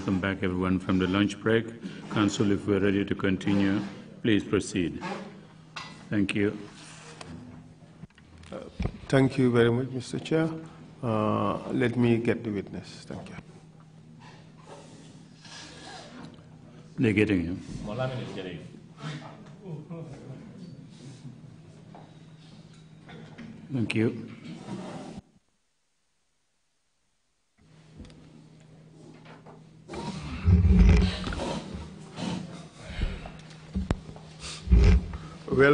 Welcome back, everyone, from the lunch break. Council, if we're ready to continue, please proceed. Thank you. Thank you very much, Mr. Chair. Uh, let me get the witness. Thank you. They're getting him. Thank you.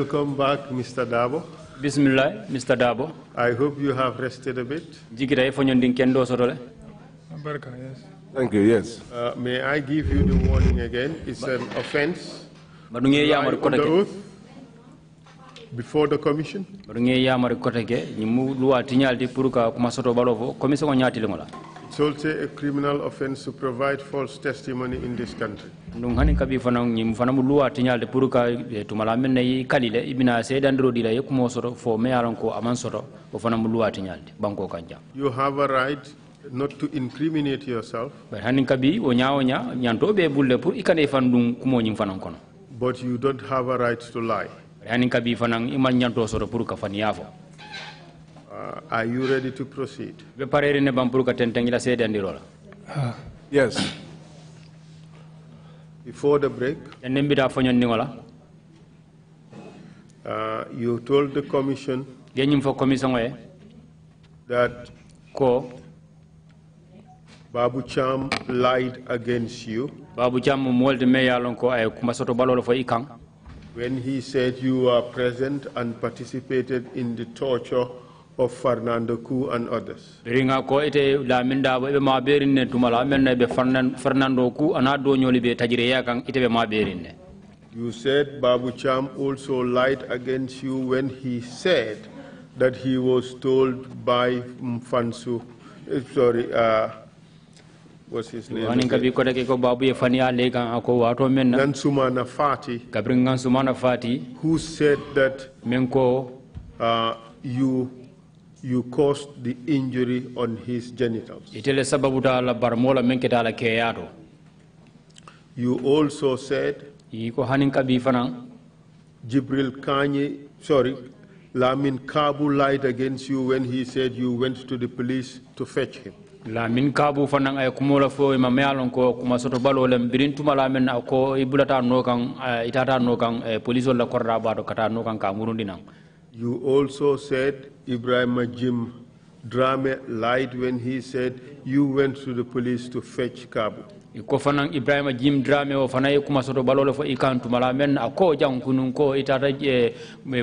Welcome back, Mr. Dabo. Bismillah, Mr. Dabo. I hope you have rested a bit. Jigida ifonyo yes. Thank you, yes. Uh, may I give you the warning again? It's an offense. Before the commission. commission It's a criminal offense to provide false testimony in this country. Nung hani kabi fana ngi fana mulua tinyal de puruka eh, tumala menne yi eh, kalile ibina seda ndro dila ye eh, kumo soro fo me yaron ko aman soro o fana mulua tinyal de banko kanja. You have a right not to incriminate yourself. Bar hani kabi o nya o nya nyanto be bulle pur ikane fan dum kumo nyi fana kono. But you don't have a right to lie. Bar hani kabi fana imal nyanto soro puruka fan yafo. Uh, are you ready to proceed? yes. Before the break, uh, you told the commission that Babu Cham lied against you. Babu Cham balolo When he said you were present and participated in the torture of Fernando Ku and others. Ringa ko ite la minda be tumala be Fernando Ku nyoli be ite be You said Babu Cham also lied against you when he said that he was told by Mfansu, eh, sorry, uh, what's his name? Wani kabi kota ke ko babu ye fani ale kan ako wato men na. Who said that? Menko. Uh, you you caused the injury on his genitals. You also said Iko hanin kabi Jibril Kanye, sorry, Lamin Kabu lied against you when he said you went to the police to fetch him. Lamin Kabu fana ay kumola fo imame alon ko kuma soto balolem birin tuma lamin ko ibulata nokan eh, itata nokan eh, police wala korra bado kata nokan ka nang. You also said Ibrahim Jim Drame light when he said you went to the police to fetch Kabu. ko fanan ibrahima jim drame o fana ye kuma soto balole fo i kan ako men a ko jankunun ko eh,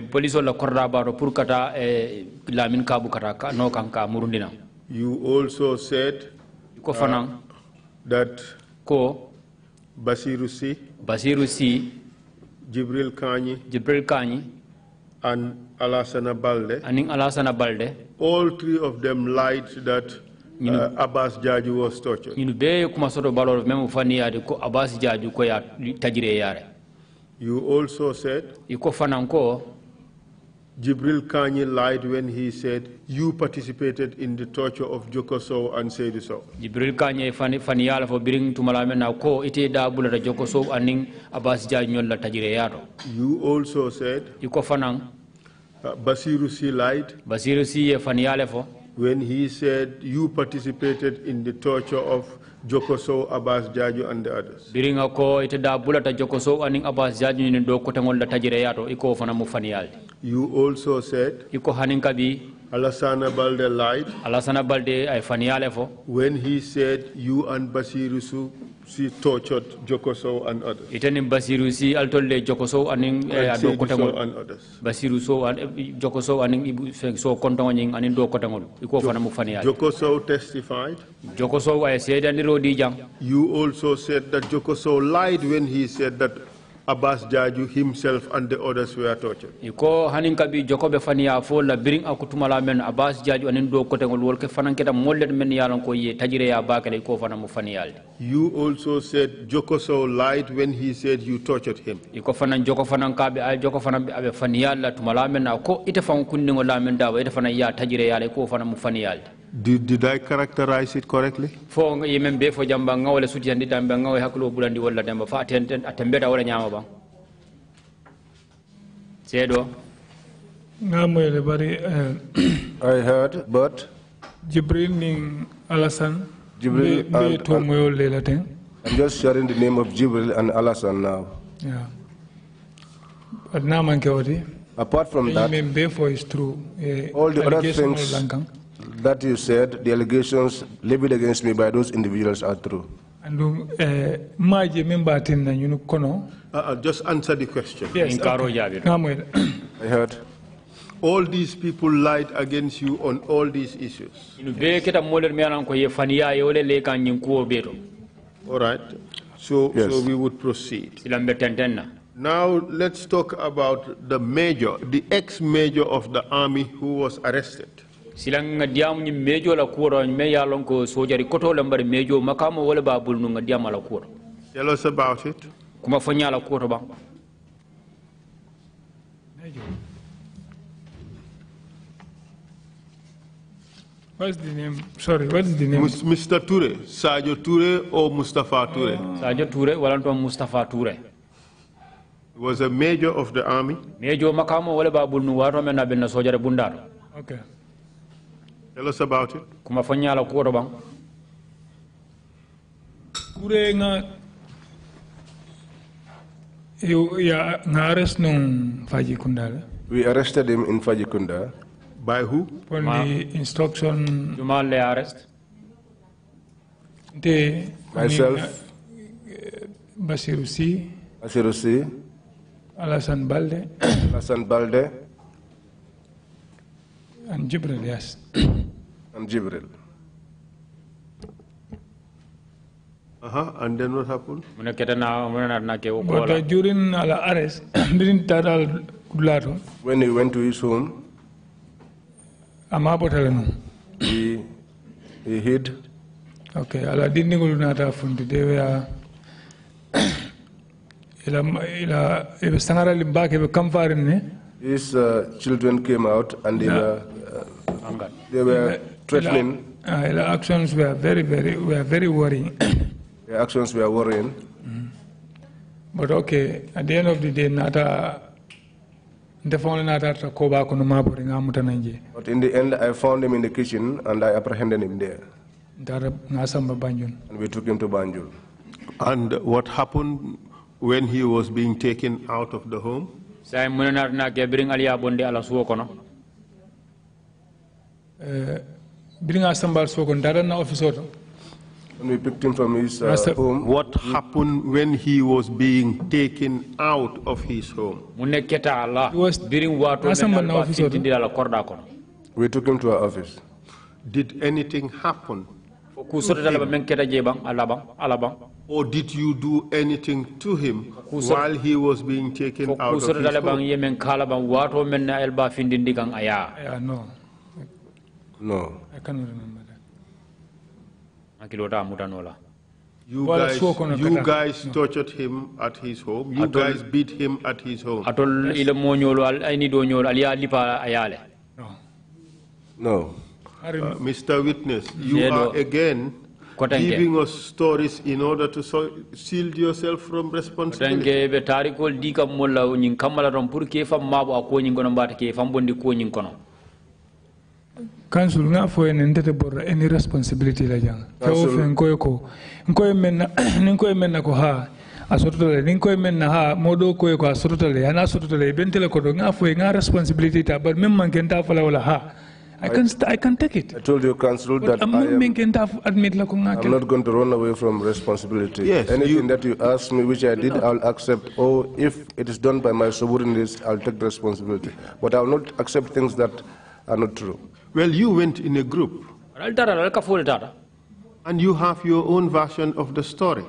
police la korda baro pour eh, kata e lamin kabu kata no kan murundina you also said ko fanan uh, that ko basiru si basiru si jibril Kanyi jibril Kanyi and Alassana Balde. Aning alasana Balde. All three of them lied that uh, Abbas Jaju was tortured. Inu be kumasoto balor memu fani yadi ko Abbas Jaji ko ya tajire yare. You also said. Iko fananko. Jibril Kanyi lied when he said you participated in the torture of Jokoso and said so. Jibril Kanyi fani fani yala fo biring tumalame na ko ite da bulata Jokoso aning Abbas Jaji nyolla tajire yaro. You also said. Iko fanang. Uh, Basiru si lied. Basiru si ye When he said you participated in the torture of Jokoso, Abbas Jaju and the others. During ko ite da bulata Jokoso aning Abbas Jaju ni do kota ngol iko fana mu fanial. You also said. Iko hanin kabi. Alassana Balde lied. Alassana Balde ay faniale When he said you and Basiru Su si tortured Jokoso and others. Itanim Basiru si altolle Jokoso aning eh, ado kotangol. and Basiru so eh, Jokoso aning ibu so kontangol aning do kotangol. Iko fana mufani ya. Jokoso testified. Jokoso wa said and rodi jang. You also said that Jokoso lied when he said that Abbas Jaju himself and the others were tortured. Iko hanin kabi jokobe fani ya la biring akutuma la men Abbas Jaju anin do kote ngol wolke fanan keta mollet men yalan ko ye tajire ya ba kala iko fana mu fani yalde. You also said Joko so lied when he said you tortured him. Iko fanan joko fanan kabe ay joko fanan abe fani yalla tumala men ko ite fan kunningo la men dawa ite fanan ya tajire yala iko fana mu fani yalde. Did, did I characterize it correctly? Eh, I heard but Jibril ning Alasan Jibril I'm just sharing the name of Jibril and Alasan now. Yeah. But now Apart from that, eh, all the other things that you said, the allegations levied against me by those individuals are true. And maji um, eh, member kono. Uh, uh, just answer the question. Yes. Okay. I heard. All these people lied against you on all these issues. Yes. All right. So, yes. so we would proceed. Now let's talk about the major, the ex-major of the army who was arrested. silan nga diamu ñi mejo la kuwaro me ya lon ko sojari koto la mbar mejo makamo wala babul nu nga diamu la kuwaro tell us about it kuma fanya la kuwaro ba Mejo. What's the name? Sorry, what's the name? Mr. Ture, Sajo Ture or Mustafa Ture? Sajo ah. Sadio Ture, walanto Mustafa Ture. was a major of the army. Major makamo wale babul nuwaro mena bin sojari bundaro. Okay. Tell us about it. Kuma fanya la kuwa bang. Kure nga ya ngares nung Faji Kundal. We arrested him in Faji Kunda. By who? Upon the instruction. Jumal le arrest. De myself. Basirusi. Eh, Basirusi. Alasan Balde. Alasan Balde. And Jibril, yes and Jibril. Uh-huh. And then what happened? But uh, during our arrest, during Tadal when he went to his home, he, he hid. Okay, ala dini kulunata fundi dewa ila ila ebe sangara limba ke be ne. His uh, children came out and they were uh, they were threatening. uh, actions were very, very, were very worrying. The actions were worrying. Mm. But okay, at the end of the day, Nata. the nata But in the end, I found him in the kitchen and I apprehended him there. And we took him to Banjul. And what happened when he was being taken out of the home? Uh, some sambal soko ndarana office oto we picked him from his uh, home. What happened when he was being taken out of his home? We took him to our office. Did anything happen? Or did you do anything to him while he was being taken out of his home? No. No. I remember that. You guys, you guys tortured him at his home. You Atol, guys beat him at his home. Atol ile monyolo aini eh, donyolo alia lipa ayale. No. No. Uh, Mr. Witness, you are again giving us stories in order to so shield yourself from responsibility. be nyin kamala pour ke fam mabo akonyin gono mbata ke fam bondi ko nyin kono. council nga fo en ndete bor any responsibility la jang fewo fe ngoy ko ngoy men nin koy men ko ha a sototole nin koy men ha modo koy ko a sototole ana sototole bentele ko nga fo nga responsibility ta but mem man fala wala ha I, I can take it. I told you, that I'm not I am, I'm not going to run away from responsibility. Yes, Anything you, that you ask me, which I did, I'll accept. Or if it is done by my subordinates, I'll take the responsibility. But I'll not accept things that are not true. Well, you went in a group. And you have your own version of the story.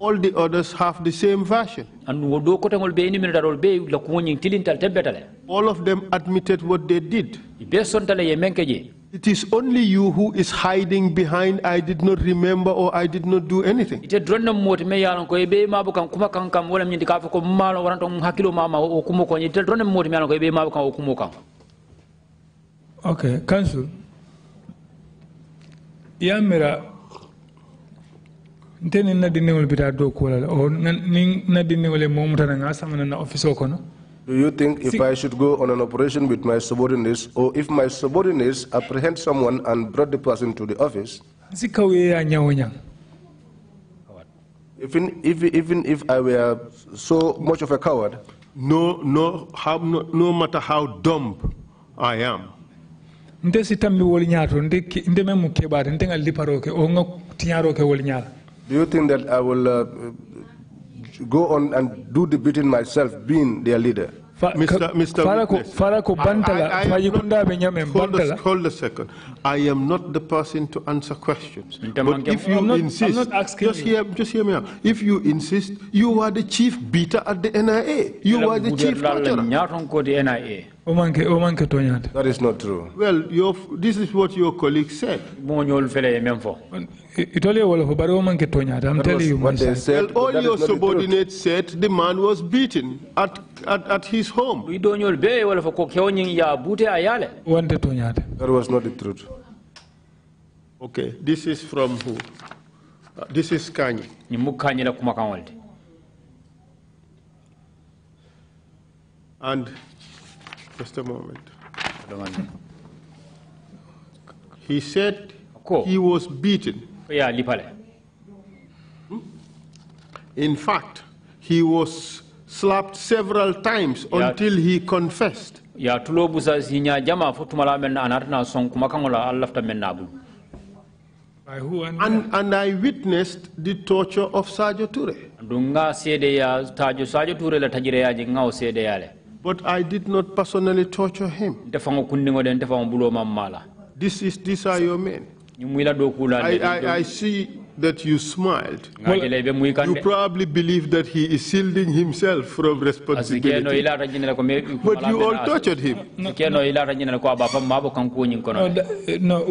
All the others have the same version. All of them admitted what they did. It is only you who is hiding behind I did not remember or I did not do anything. Ite drone mmoti me yalan ko ebe mabu kan kuma kan kan wala mnyindi kafa ko mmalo waranto mhakilo mama o okumo ko ite drone mmoti me yalan ko ebe mabu kan okumo kan. Okay, council. Yamira nteni na dinne wol bita do ko la o ni na dinne wol mo mutana nga samana na office ko no. Do you think if I should go on an operation with my subordinates or if my subordinates apprehend someone and brought the person to the office? Even, even, even if I were so much of a coward? No, no, how, no, no matter how dumb I am. do you think that I will uh, go on and do the beating myself, being their leader. Mr. Mr. Farako, Farako Bantala, I, I, I not, hold, a, hold a second. I am not the person to answer questions. But if you not, insist, just hear, just hear me out. If you insist, you are the chief beater at the NIA. You are the chief NIA. That is not true. Well, your, this is what your colleague said. I'm telling you, what they said, well, all your subordinates said the man was beaten at, at, at his home. That was not the truth. Okay, this is from who? Uh, this is Kanye. And Just a moment. He said he was beaten. Hmm? In fact, he was slapped several times until he confessed. ya tulo busa sinya jama fo tumala and i witnessed the torture of sajo ture dunga sede ya tajo ture la tajire jinga o sede yale but I did not personally torture him. This is, these are your men. I, I, I see that you smiled. Well, you probably believe that he is shielding himself from responsibility. but you all tortured him. No, no, oh,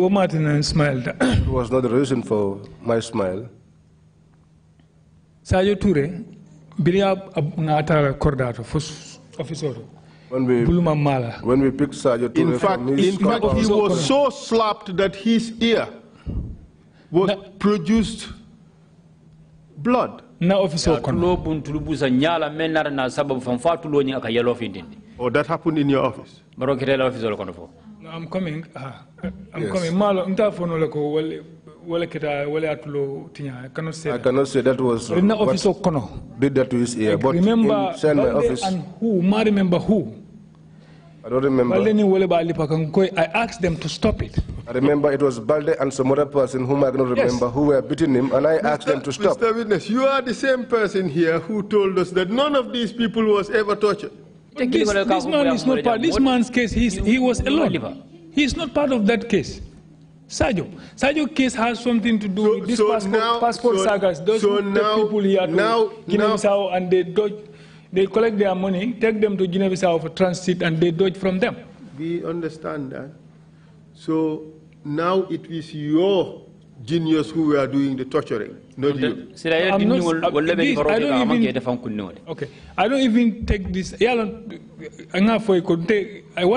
no, no smiled. it was not the reason for my smile. Sajo Ture, bilia na atara kordato, officer. When we, when we picked Sadio Touré in fact, in fact he was so slapped that his ear was na, produced blood. Na officer nyala menara na sababu famfa tulo ni aka yellow findindi. Oh, that happened in your office? Maroketela officer kono fo. I'm coming. Uh, I'm yes. coming. Malo, mtafono lako wale I cannot say. I that. cannot say that was. Uh, officer Kono. Did that to his ear, but remember in my office. And who? I remember who. I don't remember. I asked them to stop it. I remember it was Balde and some other person whom I cannot remember yes. who were beating him, and I Mr. asked them to stop. Mr. Witness, you are the same person here who told us that none of these people was ever tortured. This, this, man is not part. This man's case, he was alone. He is not part of that case. Sadio. Sadio case has something to do so, with this so passport, now, passport so, sagas. Those so now, people here to now, guinea and they dodge, they collect their money, take them to Guinea-Bissau for transit, and they dodge from them. We understand that. So now it is your genius who are doing the torturing, not you. I'm not, this, I don't even, okay, I don't even take this. What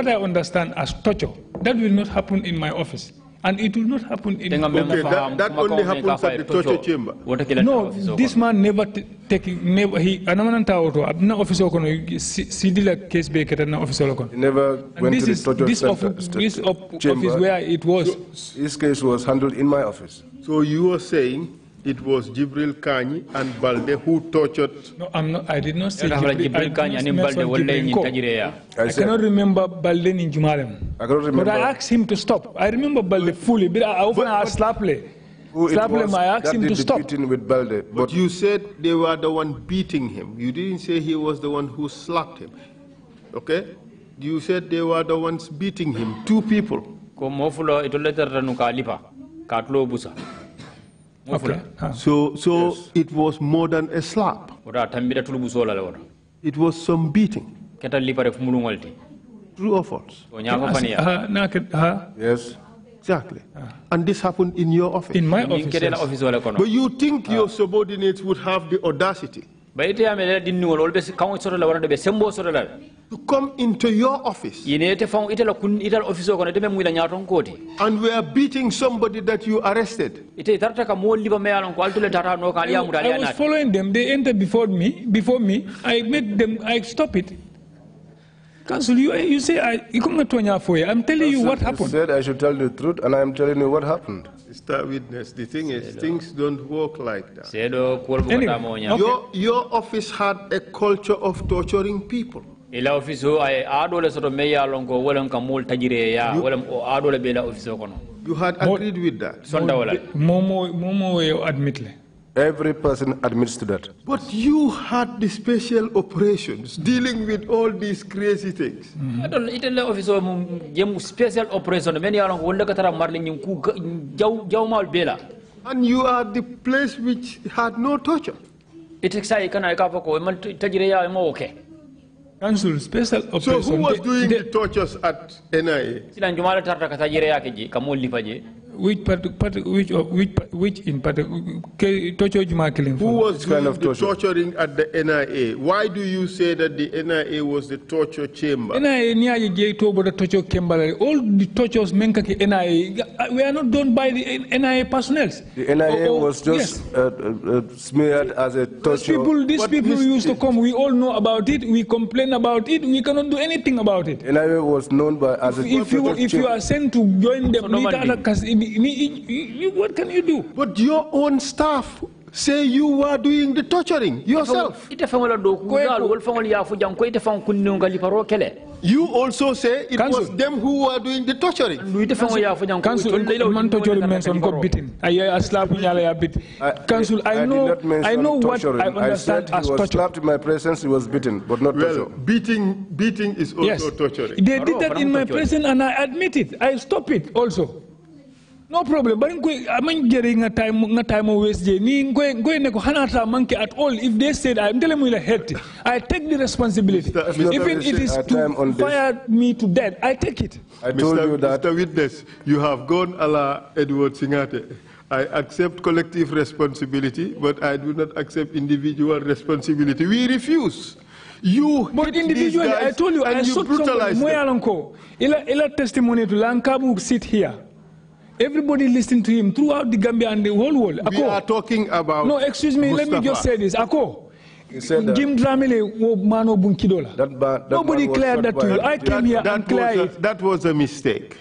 I understand as torture, that will not happen in my office. and it will not happen in okay, that, that only happens at the torture chamber. No, this man never taking never he anamananta auto abna officer kono sidila case be ketana officer kono. Never went this to the torture is, this center, of, this of, chamber. office where it was. His case was handled in my office. So you are saying It was Jibril Kanyi and Balde who tortured. No, I'm not, I did not say Jibril, Jibril and Balde were in I, cannot remember Balde in Jumalem. I cannot remember. But I asked him to stop. I remember Balde fully, but I often asked Slapley. Slapley, I asked him to stop. with Balde, but, but you said they were the one beating him. You didn't say he was the one who slapped him. Okay? You said they were the ones beating him. Two people. Ko mofulo ito letter ranu Katlo busa. Okay. Ah. So, so yes. it was more than a slap. It was some beating. True or false? Ah, ah. Yes. Exactly. And this happened in your office. In my office. Yes. But you think your subordinates would have the audacity to come into your office and we are beating somebody that you arrested. I, I was following them. They entered before me. Before me, I made them. I stopped it. Council, you, you say, I, you come to I'm telling you what happened. You said I should tell the truth, and I'm telling you what happened. Star witness, the thing is, things don't work like that. Anyway, your, your office had a culture of torturing people. ila office ho ay aadole soto meya lon ya wolen o aadole be office kono you had agreed with that wala momo momo admit Every person admits to that. But you had the special operations dealing with all these crazy things. I don't know. itele officer mum yemu special operation Many along wonde katara marle nyum ku jaw jaw mal bela. And you are the place which had no torture. Can I ikapa ko emal tajire ya emo okay. Council special operation. So who was doing the tortures at NIA? Sila njumala tarta katajire yake je kamol lipaje. Which part, which, which, which in particular, torture Juma killing? Who was doing kind of the torturing at the NIA? Why do you say that the NIA was the torture chamber? NIA niya yeye tobo the torture chamber. All the tortures menka NIA. We are not done by the NIA personnel. The NIA oh, oh, was just yes. uh, uh, uh smeared as a torture. These people, these what people used to come. We all know about it. We complain about it. We cannot do anything about it. NIA was known by as a if you if chamber. you are sent to join them, so what can you do? But your own staff say you were doing the torturing yourself. You also say it was them who were doing the torturing. Council, Council I I, I know, I, know what torturing. I understand I said as he was torture. slapped in my presence, he was beaten, but not well, torture. Beating, beating is also yes. torturing. They did that in my presence and I admit it. I stop it also. no problem but ngwe amang ah, jere nga time nga time waste je ni ngwe ngwe ne ko hanata manke at all if they said i'm ah, telling you hate i take the responsibility Mr. it is to fire this. me to death i take it i ala edward singate I accept collective responsibility, but I do not accept individual responsibility. We refuse. You but individually, I told you, I you brutalize someone, them. Ila, testimony to Lankamu sit here. Everybody listening to him throughout the Gambia and the whole world. Ako. We are talking about. No, excuse me. Mustafa. Let me just say this. Ako. Jim Dramile mano bunkidola. Nobody cleared that to you. I came that, here that and cleared it. That was a mistake.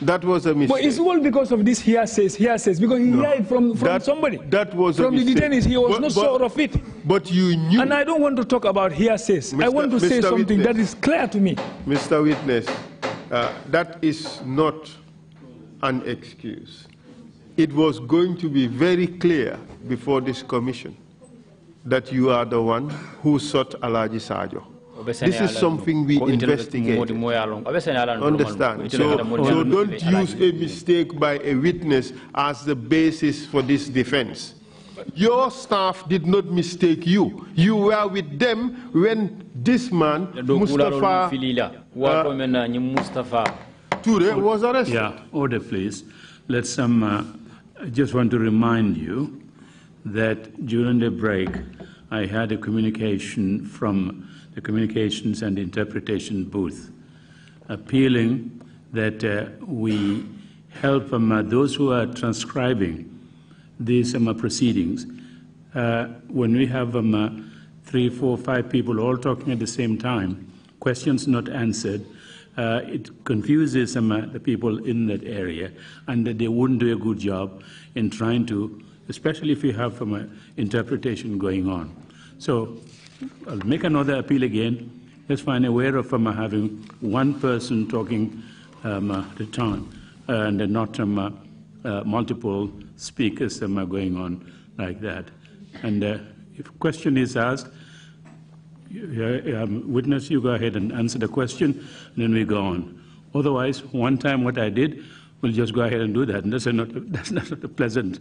That was a mistake. But it's all because of this hearsay, hearsay, because he no. heard from, from that, somebody. That was from the detainees. He was but, not but, sure of it. But you knew. And I don't want to talk about hearsay. I want to Mr. say Mr. something Witness. that is clear to me. Mr. Witness, uh, that is not an excuse. It was going to be very clear before this commission that you are the one who sought Alaji Sajo. This is something we investigate. Understand? So, so don't use a mistake by a witness as the basis for this defense. Your staff did not mistake you. You were with them when this man, Mustafa, uh, was arrested. Yeah, order, please. Let's uh, I just want to remind you that during the break, I had a communication from the Communications and Interpretation Booth appealing that uh, we help um, uh, those who are transcribing these um, uh, proceedings. Uh, when we have um, uh, three, four, five people all talking at the same time, questions not answered, uh, it confuses some, uh, the people in that area, and that they wouldn't do a good job in trying to, especially if you have some um, interpretation going on. So I'll make another appeal again. Let's find a way of um, having one person talking um, uh, at a time, uh, and not um, multiple speakers um, going on like that. And if question is asked, um, witness, you go ahead and answer the question, and then we go on. Otherwise, one time what I did, we'll just go ahead and do that. And that's not, that's not a pleasant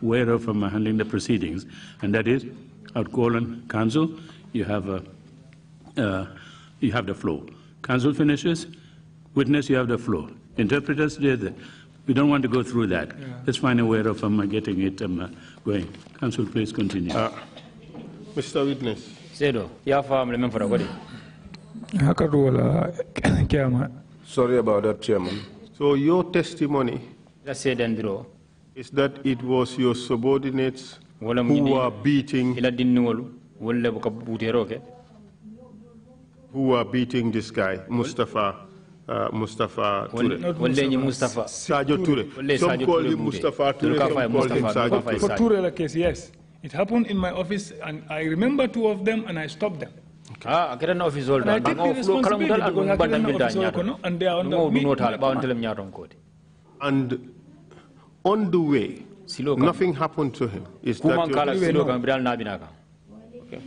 way of um, handling the proceedings. And that is, I'd call on counsel, you have, a, uh, uh, you have the floor. Counsel finishes, witness, you have the floor. Interpreters did that. We don't want to go through that. Yeah. Let's find a way of um, getting it um, uh, going. Counsel, please continue. Uh, Mr. Witness. Sedo, ya fahamle men fada kodi. Hakadu wala chairman. Sorry about that, chairman. So your testimony is that it was your subordinates who were beating who were beating this guy, Mustafa. Uh, Mustafa Ture. Mustafa. Sadio Ture. Some call him Mustafa Ture, some call him Sadio Ture. For Ture, yes. It happened in my office, and I remember two of them, and I stopped them. a kiran ah, office holder and I take the responsibility and they are under me. And on the way, nothing happened to him. Is that okay.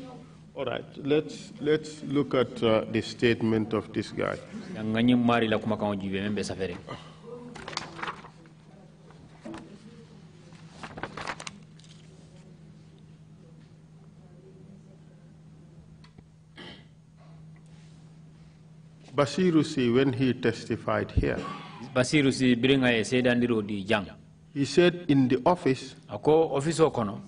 All right, let's, let's look at uh, the statement of this guy. Basirusi, when he testified here, Basirusi biringa ye sedandiro di jang. He said in the office, ako office okono.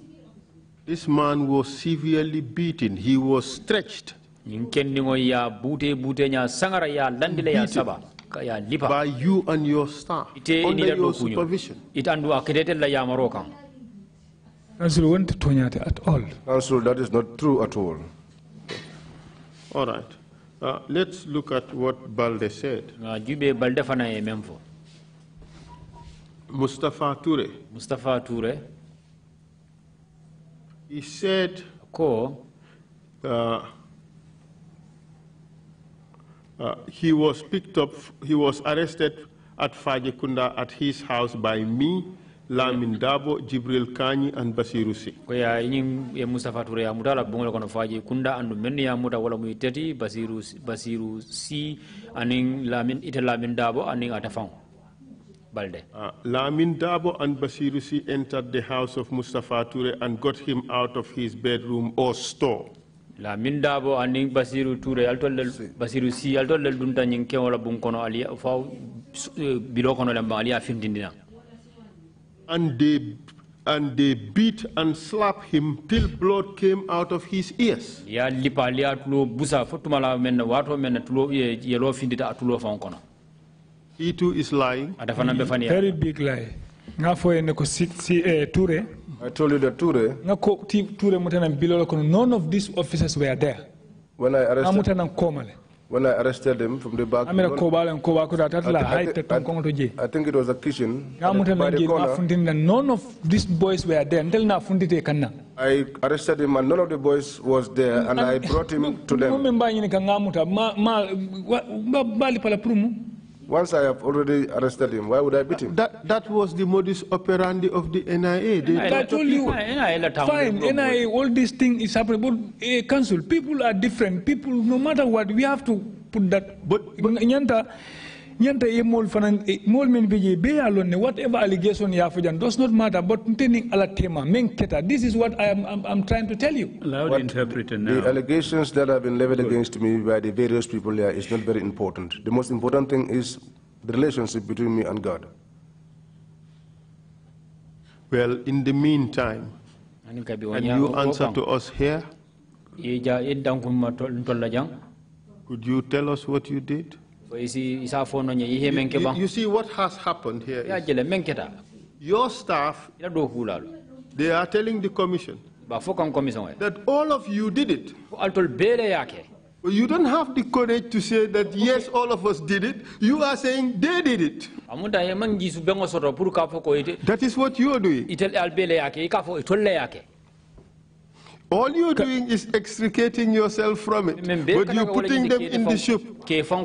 This man was severely beaten. He was stretched. Nkendingo ya bute bute nya sangara ya landile ya saba. By you and your staff. Ite under your supervision. It andu akidete la ya marokan. Council won't at all. Council, that is not true at all. All right. Uh, let's look at what Balde said. Uh, Balde Mustafa Ture. Mustafa Ture. He said ko uh, uh, he was picked up, he was arrested at Fajekunda at his house by me Lamin Dabo, Jibril Kani and Basiru Si. Ko ya yin ya Mustafa Ture ya mutala bongo kono faji kunda andu men ya muta wala muy tati Basiru Basiru Si anin Lamin ita Lamin Dabo anin atafan. Balde. Uh, Lamin Dabo and Basiru Si entered the house of Mustafa Ture and got him out of his bedroom or store. la min daabo aniŋ basiru ture altol le basiru si altol le dunta ñiŋ keŋo kono ali faw eh, bilo kono le mbaŋ ali and they and they beat and slapped him till blood came out of his ears. busa tulo He too is lying. Very big lie. Eh, ture. I told you that Ture. ture bilolo kono. None of these officers were there. When I arrested, when I arrested him from the back. I, th I think it was a kitchen. arrested the corner. None of these boys were there until now. I arrested him and none of the boys was there and I brought him to them. Once I have already arrested him, why would I beat him? That, that was the modus operandi of the NIA. They NIA I told you, NIA, fine, NIA, all these things is happening, but a eh, council, people are different. People, no matter what, we have to put that. But, but yanta ñanta e mool fanan eh, mool men beje be ya lonne whatever allegation ya fujan does not matter but ntending ala tema men keta this is what i am i'm, I'm trying to tell you loud interpreter now the allegations that have been leveled against me by the various people here is not very important the most important thing is the relationship between me and god well in the meantime and you answer to us here could you tell us what you did you, you see what has happened here. Is your staff, they are telling the commission that all of you did it. you don't have the courage to say that yes, all of us did it. You are saying they did it. That is what you are doing. All you're doing is extricating yourself from it, but you're putting them in the soup. Council,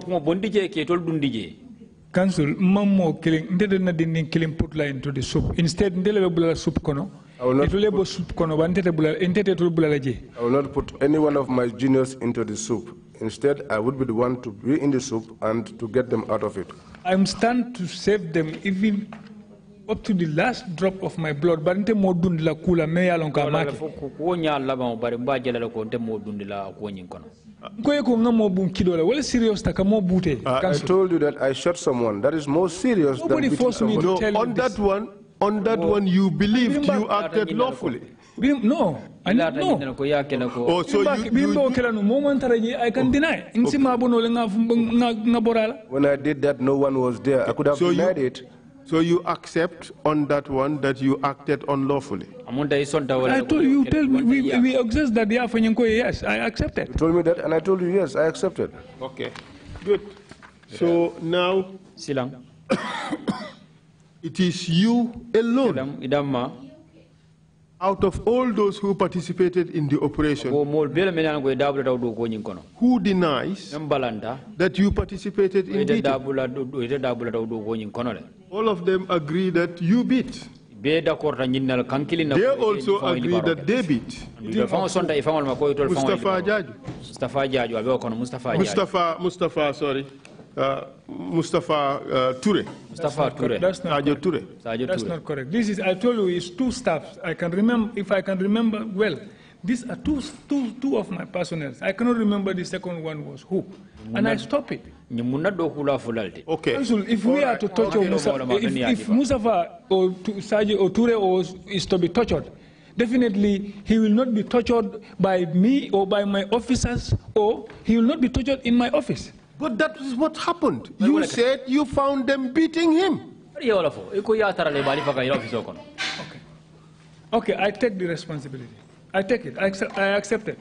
mammo killing, ndede na dinin killing put la into the soup. Instead, ndele bula soup kono. I will, not put any one of my juniors into the soup. Instead, I would be the one to be in the soup and to get them out of it. I'm stand to save them even up to the last drop of my blood bari nte moo dundi la kuu la mais ye a loŋ ka maa bari n jela ko nte moo la kuwo ñiŋ kono ko ye ko n ka moo la wala serious ta ka moo buutee uh, I told you that I shot someone that is more serious Nobody than forced me to tell no, on that one on that oh. one you believed you acted lawfully no and no oh so you, you, you I can deny okay. when I did that no one was there I could have so denied you, it so you accept on that one that you acted unlawfully? I told you, tell me, we, we exist that yeah, yes, I accepted. You told me that and I told you, yes, I accepted. Okay, good. So now, Silam. it is you alone out of all those who participated in the operation, who denies that you participated in it? All of them agree that you beat. They also agree that they beat. Mustafa Jaju. Mustafa Jaju. Mustafa Mustafa, Mustafa, sorry. Uh, Mustafa uh, Ture. Mustafa Ture. That's not Sajo Ture. That's not correct. This is, I told you, it's two staffs. I can remember, if I can remember well, these are two, two, two of my personnel. I cannot remember the second one was who. And I stop it dokula fulalde. Okay. If we are to torture Musa, if, if Musafa or to Saji or Ture or is to be tortured, definitely he will not be tortured by me or by my officers, or he will not be tortured in my office. But that is what happened. You said you found them beating him. Okay, I take the responsibility. I take it. I accept, I accept it.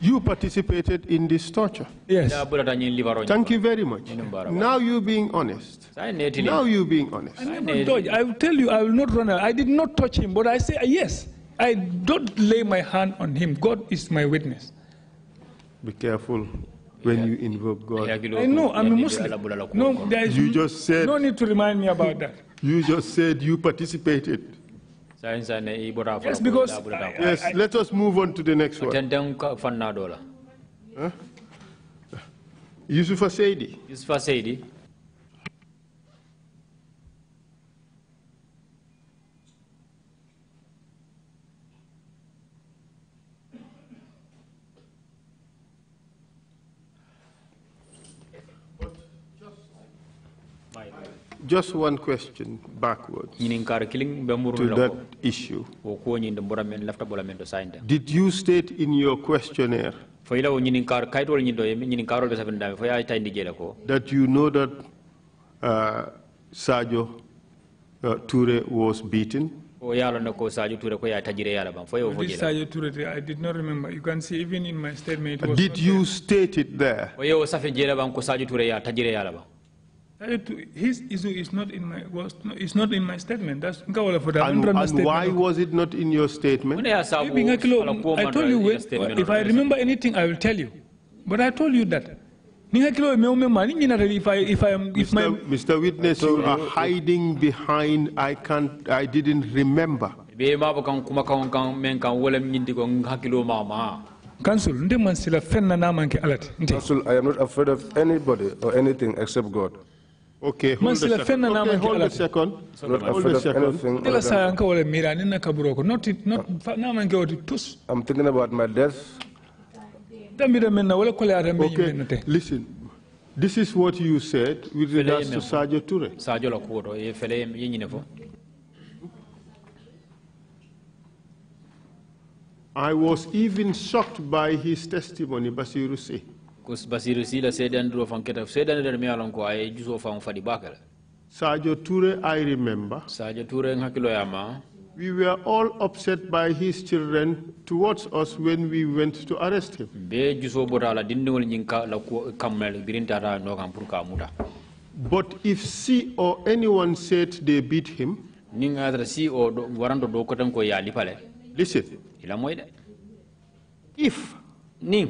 You participated in this torture. Yes. Thank you very much. Now you being honest. Now you being honest. I, I will tell you, I will not run. I did not touch him, but I say yes. I don't lay my hand on him. God is my witness. Be careful when you invoke God. I know, I'm a Muslim. No, there is you just said, no need to remind me about that. You just said you participated. Yes, because yes, let us move on to the next one. Huh? Yusufa Saidi. Yusufa Saidi. Just one question backwards to that issue. Oh, did you state in your questionnaire oh, that you know that uh, Sajo uh, Ture was beaten? Oh, this Sajo Ture, I did not remember. You can see even in my statement. Uh, did you there. state it there? Uh, his issue is not in my was it's not in my statement. That's and, and why was it not in your statement? I told you well, if I remember anything, I will tell you. But I told you that. If I, if I am, if Mr. My, Mr. Witness, you are hiding behind. I can't. I didn't remember. Council, Council, I am not afraid of anybody or anything except God. okay man sila fenna Okay, man hold a second hold a second Hold sa second. wala mira second. na kaburo ko not it not na ke wati tus i'm thinking about my death tambira wala ko la rambe okay listen this is what you said with regards to sadio toure sadio la ko do e fele yini I was even shocked by his testimony, Basiru Seh. ko basiru sila juso i remember we were all upset by his children towards us when we went to arrest him be juso la but if she or anyone said they beat him si o do ko listen ila if niŋ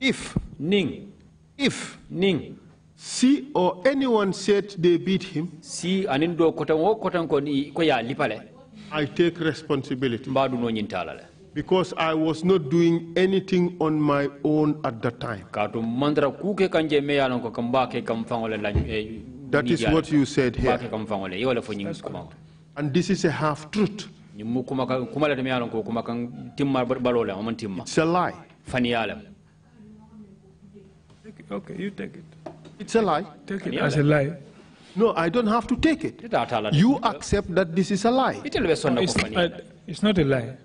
if Ning, if Ning, si or anyone said they beat him, si anindo kotan wo kotan ko ni lipale. I take responsibility. Badu no nyintalale. Because I was not doing anything on my own at that time. mandra kuke kanje me yalon ko la eh, That is what you said here. Kambake kam yola fo And this is a half truth. kuma me yalon ko kuma kan o man timma. It's a lie. Fani Okay, you take it. It's a lie. Take it as a lie. No, I don't have to take it. You accept that this is a lie. It's, uh, it's not a lie.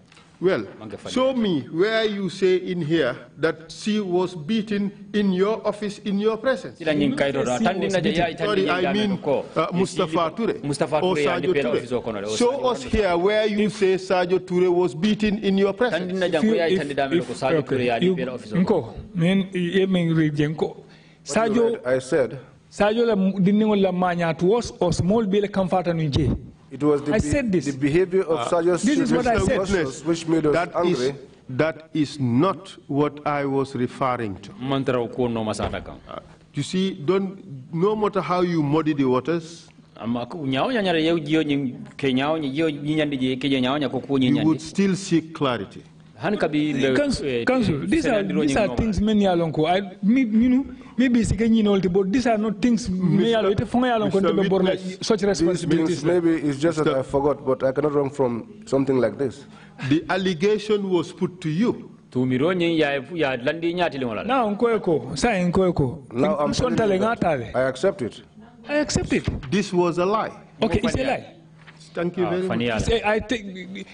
Well, show me where you say in here that she was beaten in your office, in your presence. Sorry, I mean uh, Mustafa Ture or Sajo Ture. Show us here where you say Sajo Ture was beaten in your presence. If you, if, if, okay, you, nko, Sajo, I said, Sajo la dinin la small bill it was the, I said this. the behavior of uh, Sergeant this is what I said. which made us that angry. Is, that is not what I was referring to. Uh, you see, don't, no matter how you muddy the waters, you would still seek clarity. hanka bi council council things men ya lonko i mi minu mi bi sike ni nolti but these are not things me ya lonko fonga ya lonko to be borna such the allegation was put to you tumiro nyin ya ya landi nyati le wala na nko eko sa e nko eko now i'm son tale ngatale i accept it i accept it this was a lie okay it's a lie thank you ah, very much i think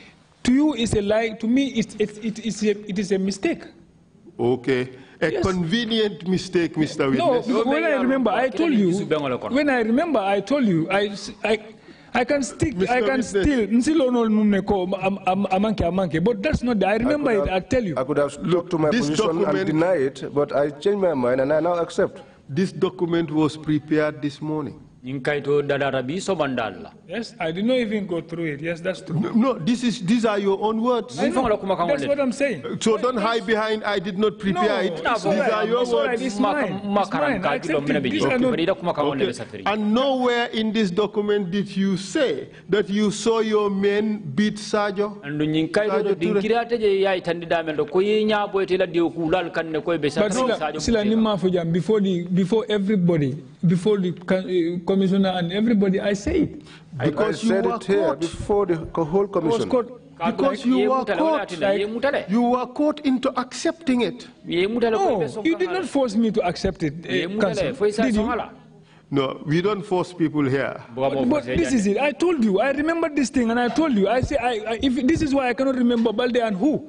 To you, it's a lie. To me, it's, it's, it, is a, it is a mistake. Okay. A yes. convenient mistake, Mr. Witness. No, when I remember, I told you. When I remember, I told you. I, I, I can stick, Mr. I can still. Amanke, amanke. But that's not. The, I remember I it. I tell you. I could have looked to my this position document, and deny it, but I changed my mind and I now accept. This document was prepared this morning. Inkayto dadarabi sobandala. Yes, I did not even go through it. Yes, that's true. No, this is these are your own words. I know. That's what I'm saying. Uh, so what don't hide behind I did not prepare no, it. No, these right. are your it's words. Right. It's mine. It's mine. I okay. okay. And nowhere in this document did you say that you saw your men beat Sajo. And Inkayto dinkirate je yai tandida mendo koyinya boetela diokulal kanne koy besatri Sajo. But sila, sila nima fujam before the before everybody before the uh, commissioner and everybody, I say it. Because I, I you were caught. before the whole commission. Caught. Because you were caught, right? You were caught into accepting it. No, you did not force me to accept it, uh, Council, did you? No, we don't force people here. But, but, this is it. I told you. I remember this thing, and I told you. I say, I, I, if this is why I cannot remember Balde and who.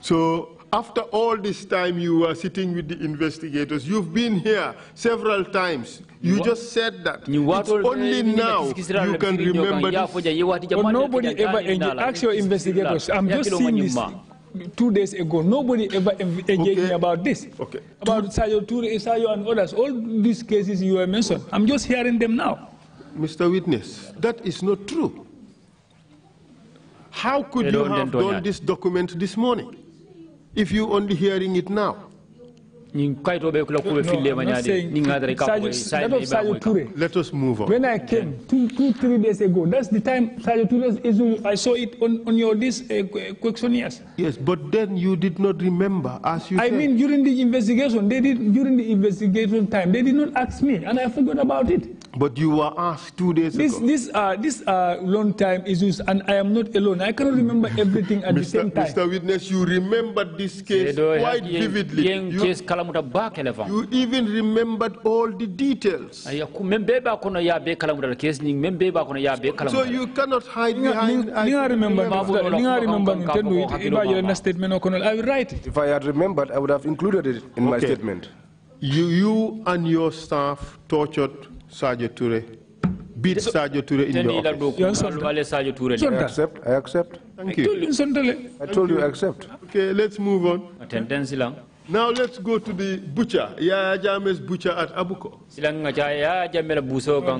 So after all this time you were sitting with the investigators, you've been here several times. You just said that. It's only now you can remember this. But nobody ever asked your investigators. I'm just seeing this two days ago. Nobody ever engaged okay. me about this. Okay. About Sayo Ture, Sayo and others. All these cases you have mentioned. I'm just hearing them now. Mr. Witness, that is not true. How could you have done this document this morning? if you only hearing it now? No, no, saying, Let us move on. When I came two, two, two, three days ago, that's the time Sajo I saw it on, on your this uh, questionnaires. Yes, but then you did not remember as you. I said. mean, during the investigation, they did during the investigation time, they did not ask me, and I forgot about it. But you were asked two days this, ago. This uh, this uh, long time issues, and I am not alone. I cannot remember everything at Mr. the same time. Mr. Witness, you remember this case quite vividly. You, you even remembered all the details. So, so you cannot hide behind. I remember. I remember. I will write it. If I had remembered, I would have included it in okay. my statement. You, you and your staff tortured Sadio Touré. Beat so, Sadio Touré in your office. Sadio I accept. I accept. Thank you. I told you, I told you accept. Okay, let's move on. Attendance lang. Now let's go to the butcher, Yaya Jame's butcher at Abuko.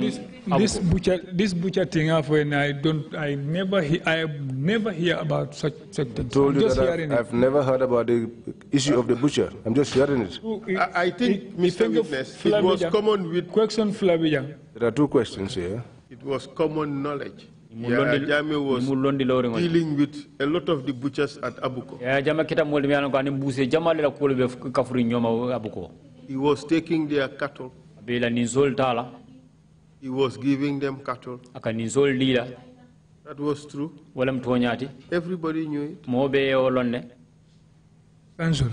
This, this butcher, this butcher thing ah, when I don't, I never, he, I never hear about such such things. Told I'm you that I've, I've, never heard about the issue of the butcher. I'm just hearing it. I, I think, it, Mr. Witness, it was common with question Flavija. There are two questions here. It was common knowledge Yaya Jame was dealing with a lot of the butchers at Abuko. He was taking their cattle. He was giving them cattle. That was true. Everybody knew it. Council,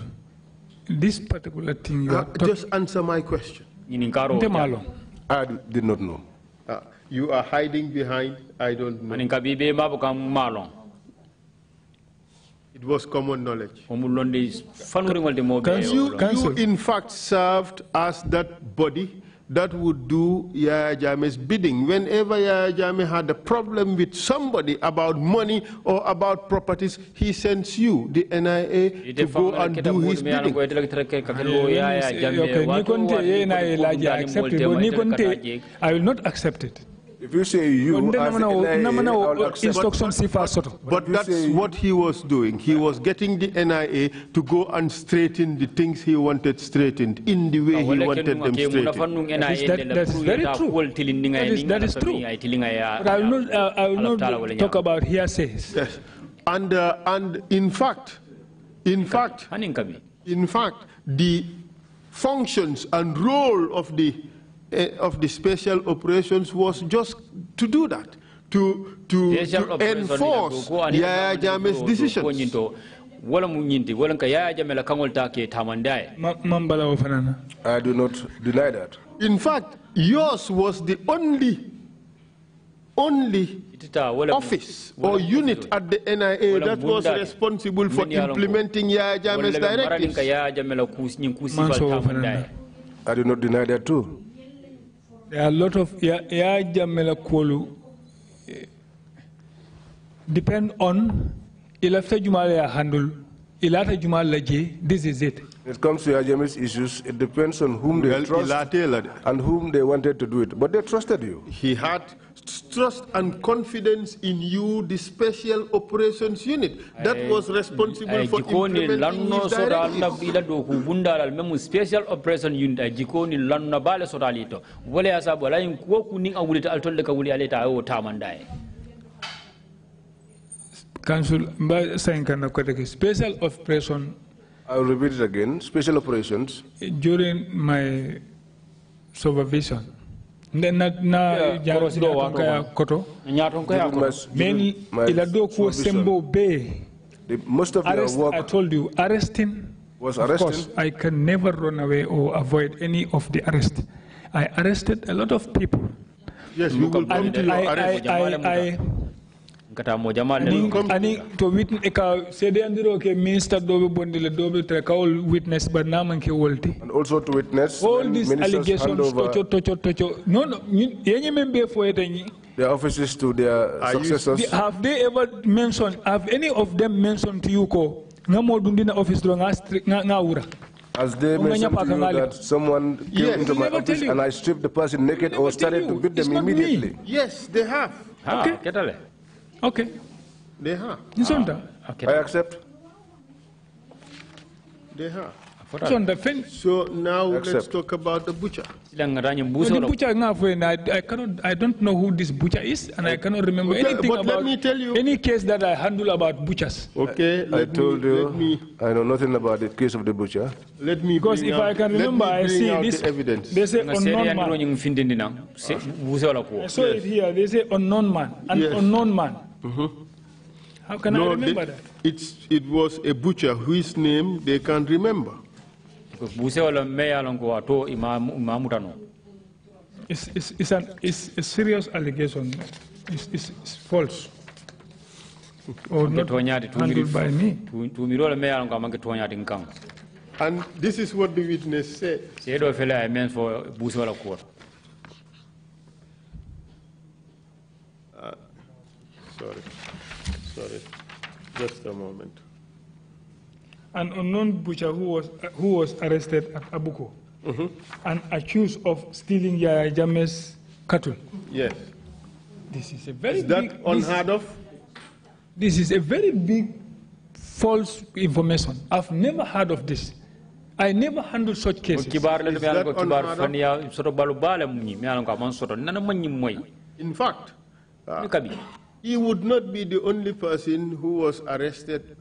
this particular thing you uh, Just answer my question. I did not know you are hiding behind, I don't know. bibe mabu It was common knowledge. Can you, you, in fact, served as that body that would do Yahya Jame's bidding. Whenever Yahya Jame had a problem with somebody about money or about properties, he sends you, the NIA, to go and do his bidding. I will not accept it. If you say you, as NIA, uh, but, but that's what he was doing. He was getting the NIA to go and straighten the things he wanted straightened in the way he wanted them straightened. That is, that, that is very true. That is, that is true. But I will not, uh, I will not talk about hearsays. Yes. And, uh, and in fact, in fact, in fact, the functions and role of the uh, of the special operations was just to do that, to, to, to enforce Yaya Jame's decisions. I do not deny that. In fact, yours was the only only office or unit at the NIA that was responsible for implementing Yaya Jame's directives. I do not deny that too. There are a lot of Yajamela depend on Ilafta Jumal handle, Ilata Jumal Laji, this is it it comes to Ajami's issues, it depends on whom they well, trust and whom they wanted to do it. But they trusted you. He had trust and confidence in you, the Special Operations Unit that eh, was responsible eh, for implementing his directives. Special Operations Unit eh, jikoni lanna bale sotalito Wale asabu wala ko kunin awulita altolde ka wuli aleta ayo tamandaye council mba sankan na special operation I'll repeat it again. Special operations. During my supervision, The, most of Arrest, work. I told you, arresting. Was arresting. Of course, I can never run away or avoid any of the arrest. I arrested a lot of people. Yes, you will come to your arrest. I, I, I, I, I, gata moja ma ani, ani to wit e ka cede andiro ke minister do be bondile do be tre kawol witness ba naman ke wolti and also to witness all these allegations to to cho cho to cho no no yenye be fo eta ni their offices to their Are successors you, have they ever mentioned have any of them mentioned to you ko ngamodum dina office do nga nga wura as they mentioned to you that someone came yes. into my office and I stripped the person naked or started to beat them immediately. Me. Yes, they have. Ha, ah, okay. Okay. Neha. Nzonda. Ah, okay. I accept. Neha. Zonda fin. So now accept. let's talk about the butcher. No, the butcher I cannot I don't know who this butcher is and I cannot remember okay, anything but about let me tell you. any case that I handle about butchers. Okay. I, I told me, you me, I know nothing about the case of the butcher. Let me because if out, I can remember I see this the evidence. They say unknown man. I saw it here, they say unknown man. An yes. unknown man. Mm -hmm. How can no, I remember they, that? It's, it was a butcher whose name they can't remember. It's, it's, it's, an, it's a serious allegation. It's, it's, it's false. Or not handled by me. And this is what the witness said. sorry, sorry, just a moment. An unknown butcher who was, who was arrested at Abuko mm -hmm. and accused of stealing Yaya Jame's cattle. Yes. This is a very is big, unheard of? This is a very big false information. I've never heard of this. I never handled such cases. In fact, uh, he would not be the only person who was arrested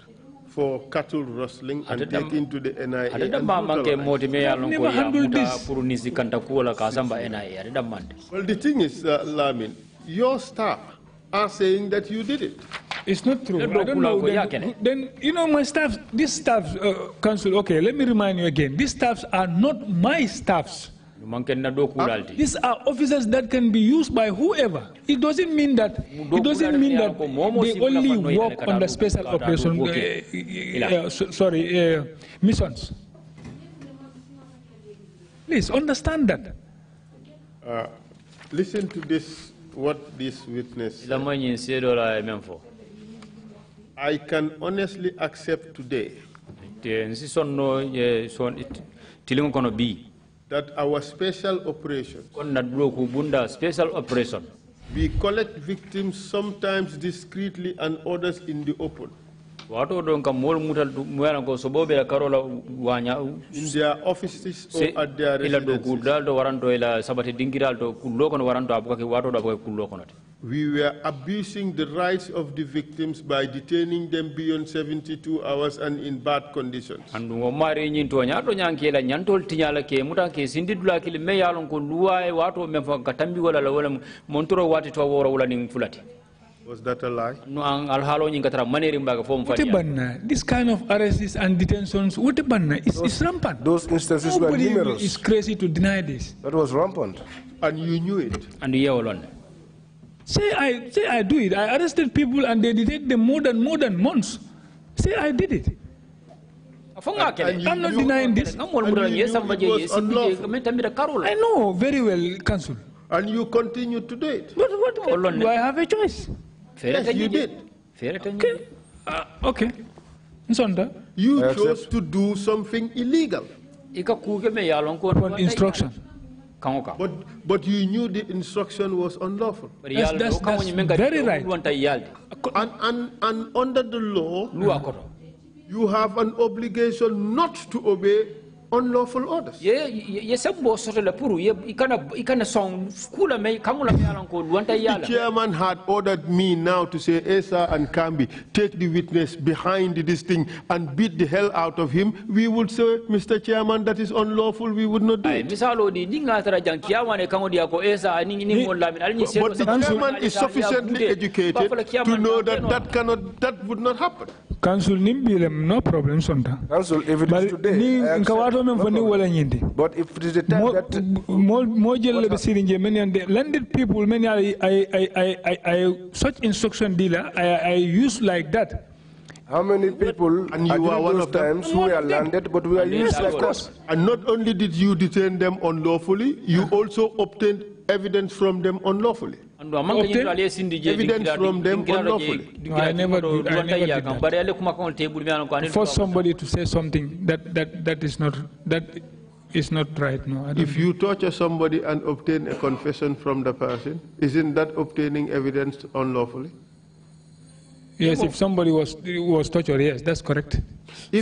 for cattle rustling and taken to the NIA. Adeda mamanke modi me alongo ya muda purunisi kanta kuola NIA. Adeda mande. Well, the thing is, uh, Lamin, your staff are saying that you did it. It's not true. I don't know. Then, then you know, my staff, these staff, uh, council, okay, let me remind you again. These staffs are not my staffs. Ah, these are officers that can be used by whoever. It doesn't mean that it doesn't mean that they only work on the special operation. Uh, uh, sorry, eh, missions. Please understand that. Uh, listen to this. What this witness. Said. I can honestly accept today that our special operations kon na duro special operation we collect victims sometimes discreetly and others in the open wato don kam mol mutal mwana ko so bobe karola wanya in their offices or at their residences ila do kudal do waranto ila sabati dingiral to kullo kono waranto abuka kwa wato do abuka kullo konote we were abusing the rights of the victims by detaining them beyond 72 hours and in bad conditions. And mari nyin to nyato nyankela nyantol me montoro Was that a lie? No, alhalo this kind of arrests and detentions, What happened? it's rampant. Those instances Nobody were numerous. It's crazy to deny this. That was rampant. And you knew it. And you alone. Say I say I do it. I arrested people and they detained them more than more than months. Say I did it. And, and I'm not denying this. I know very well, Council. And you continue to do it. But what, what do I have a choice? Yes, you did. Okay. Uh, okay. You chose to do something illegal. instruction but but you knew the instruction was unlawful that's, that's very right and, and, and under the law you have an obligation not to obey unlawful orders. puru The chairman had ordered me now to say Esa and Kambi take the witness behind this thing and beat the hell out of him. We would say, Mr. Chairman, that is unlawful. We would not do it. Esa But the chairman is sufficiently educated to know that that cannot that would not happen. Council nimbilem no problem sonta. Council evidence today wala but if it is the time that mo mo jelle be siri nje men yande landed people men ay ay ay ay such instruction dealer i i use like that how many people and you are one of times them? who landed, but we are used like us? And not only did you detain them unlawfully, you also obtained evidence from them unlawfully obtain For somebody to say something that, that, that is not that is not right. No, if you torture somebody and obtain a confession from the person, isn't that obtaining evidence unlawfully? Yes, if somebody was was tortured, yes, that's correct.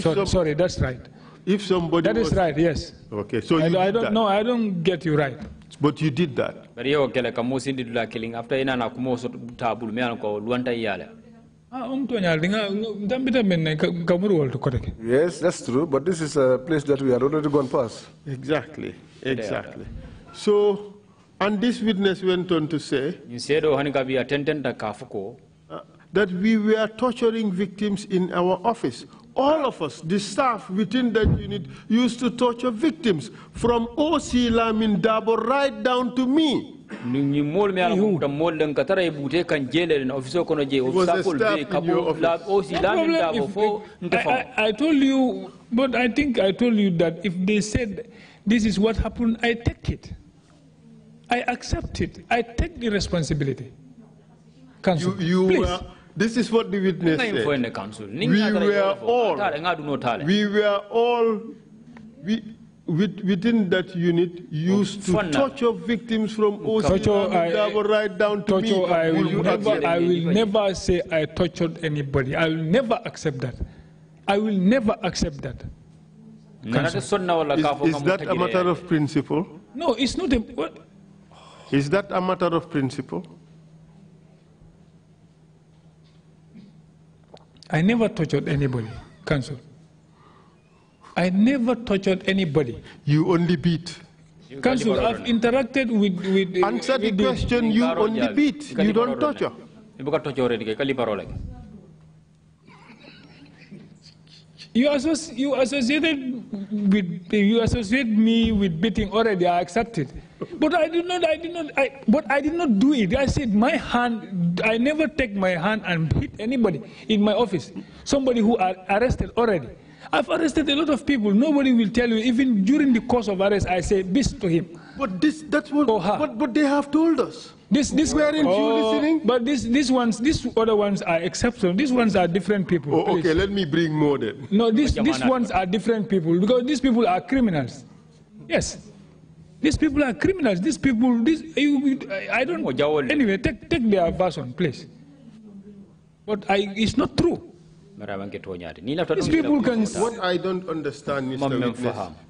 So, some, sorry, that's right. If somebody that is right, yes. Okay, so I, I don't know. I don't get you right. But you did that. you yo kele kamo sindi dula killing after ina na kumo so tabul me anko luanta yala. Ah, um to nyal dinga dambita kamuru Yes, that's true, but this is a place that we are already gone past. Exactly. Exactly. So and this witness went on to say uh, that we were torturing victims in our office all of us, the staff within that unit, used to torture victims from O.C. Lamin Dabo right down to me. was a in your office. No I, I told you, but I think I told you that if they said this is what happened, I take it. I accept it. I take the responsibility. Council, you, you please. Were, this is what the witness said. We were all, we were all we, within that unit used to torture victims from Osinabu right down to me. I will, never, I will never say I tortured anybody. I will never accept that. I will never accept that. Is is that a matter of principle? No, it's not. A, what? Is that a matter of principle? I never tortured anybody, council. I never tortured anybody. You only beat. Council, I've interacted with... with Answer with the question, you only beat. You don't torture. You don't torture. You, associate you associated with you associate me with beating already. I accepted, but I did not. I did not. I, but I did not do it. I said my hand. I never take my hand and beat anybody in my office. Somebody who are arrested already. I've arrested a lot of people. Nobody will tell you. Even during the course of arrest, I say this to him. But this that's what. But, but they have told us. This this wearing oh, you listening? But this these ones these other ones are exceptional. These ones are different people. Oh, okay, let me bring more then. No, these these ones are different people because these people are criminals. Yes. These people are criminals. These people this you, I don't anyway, take take their version, please. But I, it's not true. These people can. see. What I don't understand, Mr. Witness.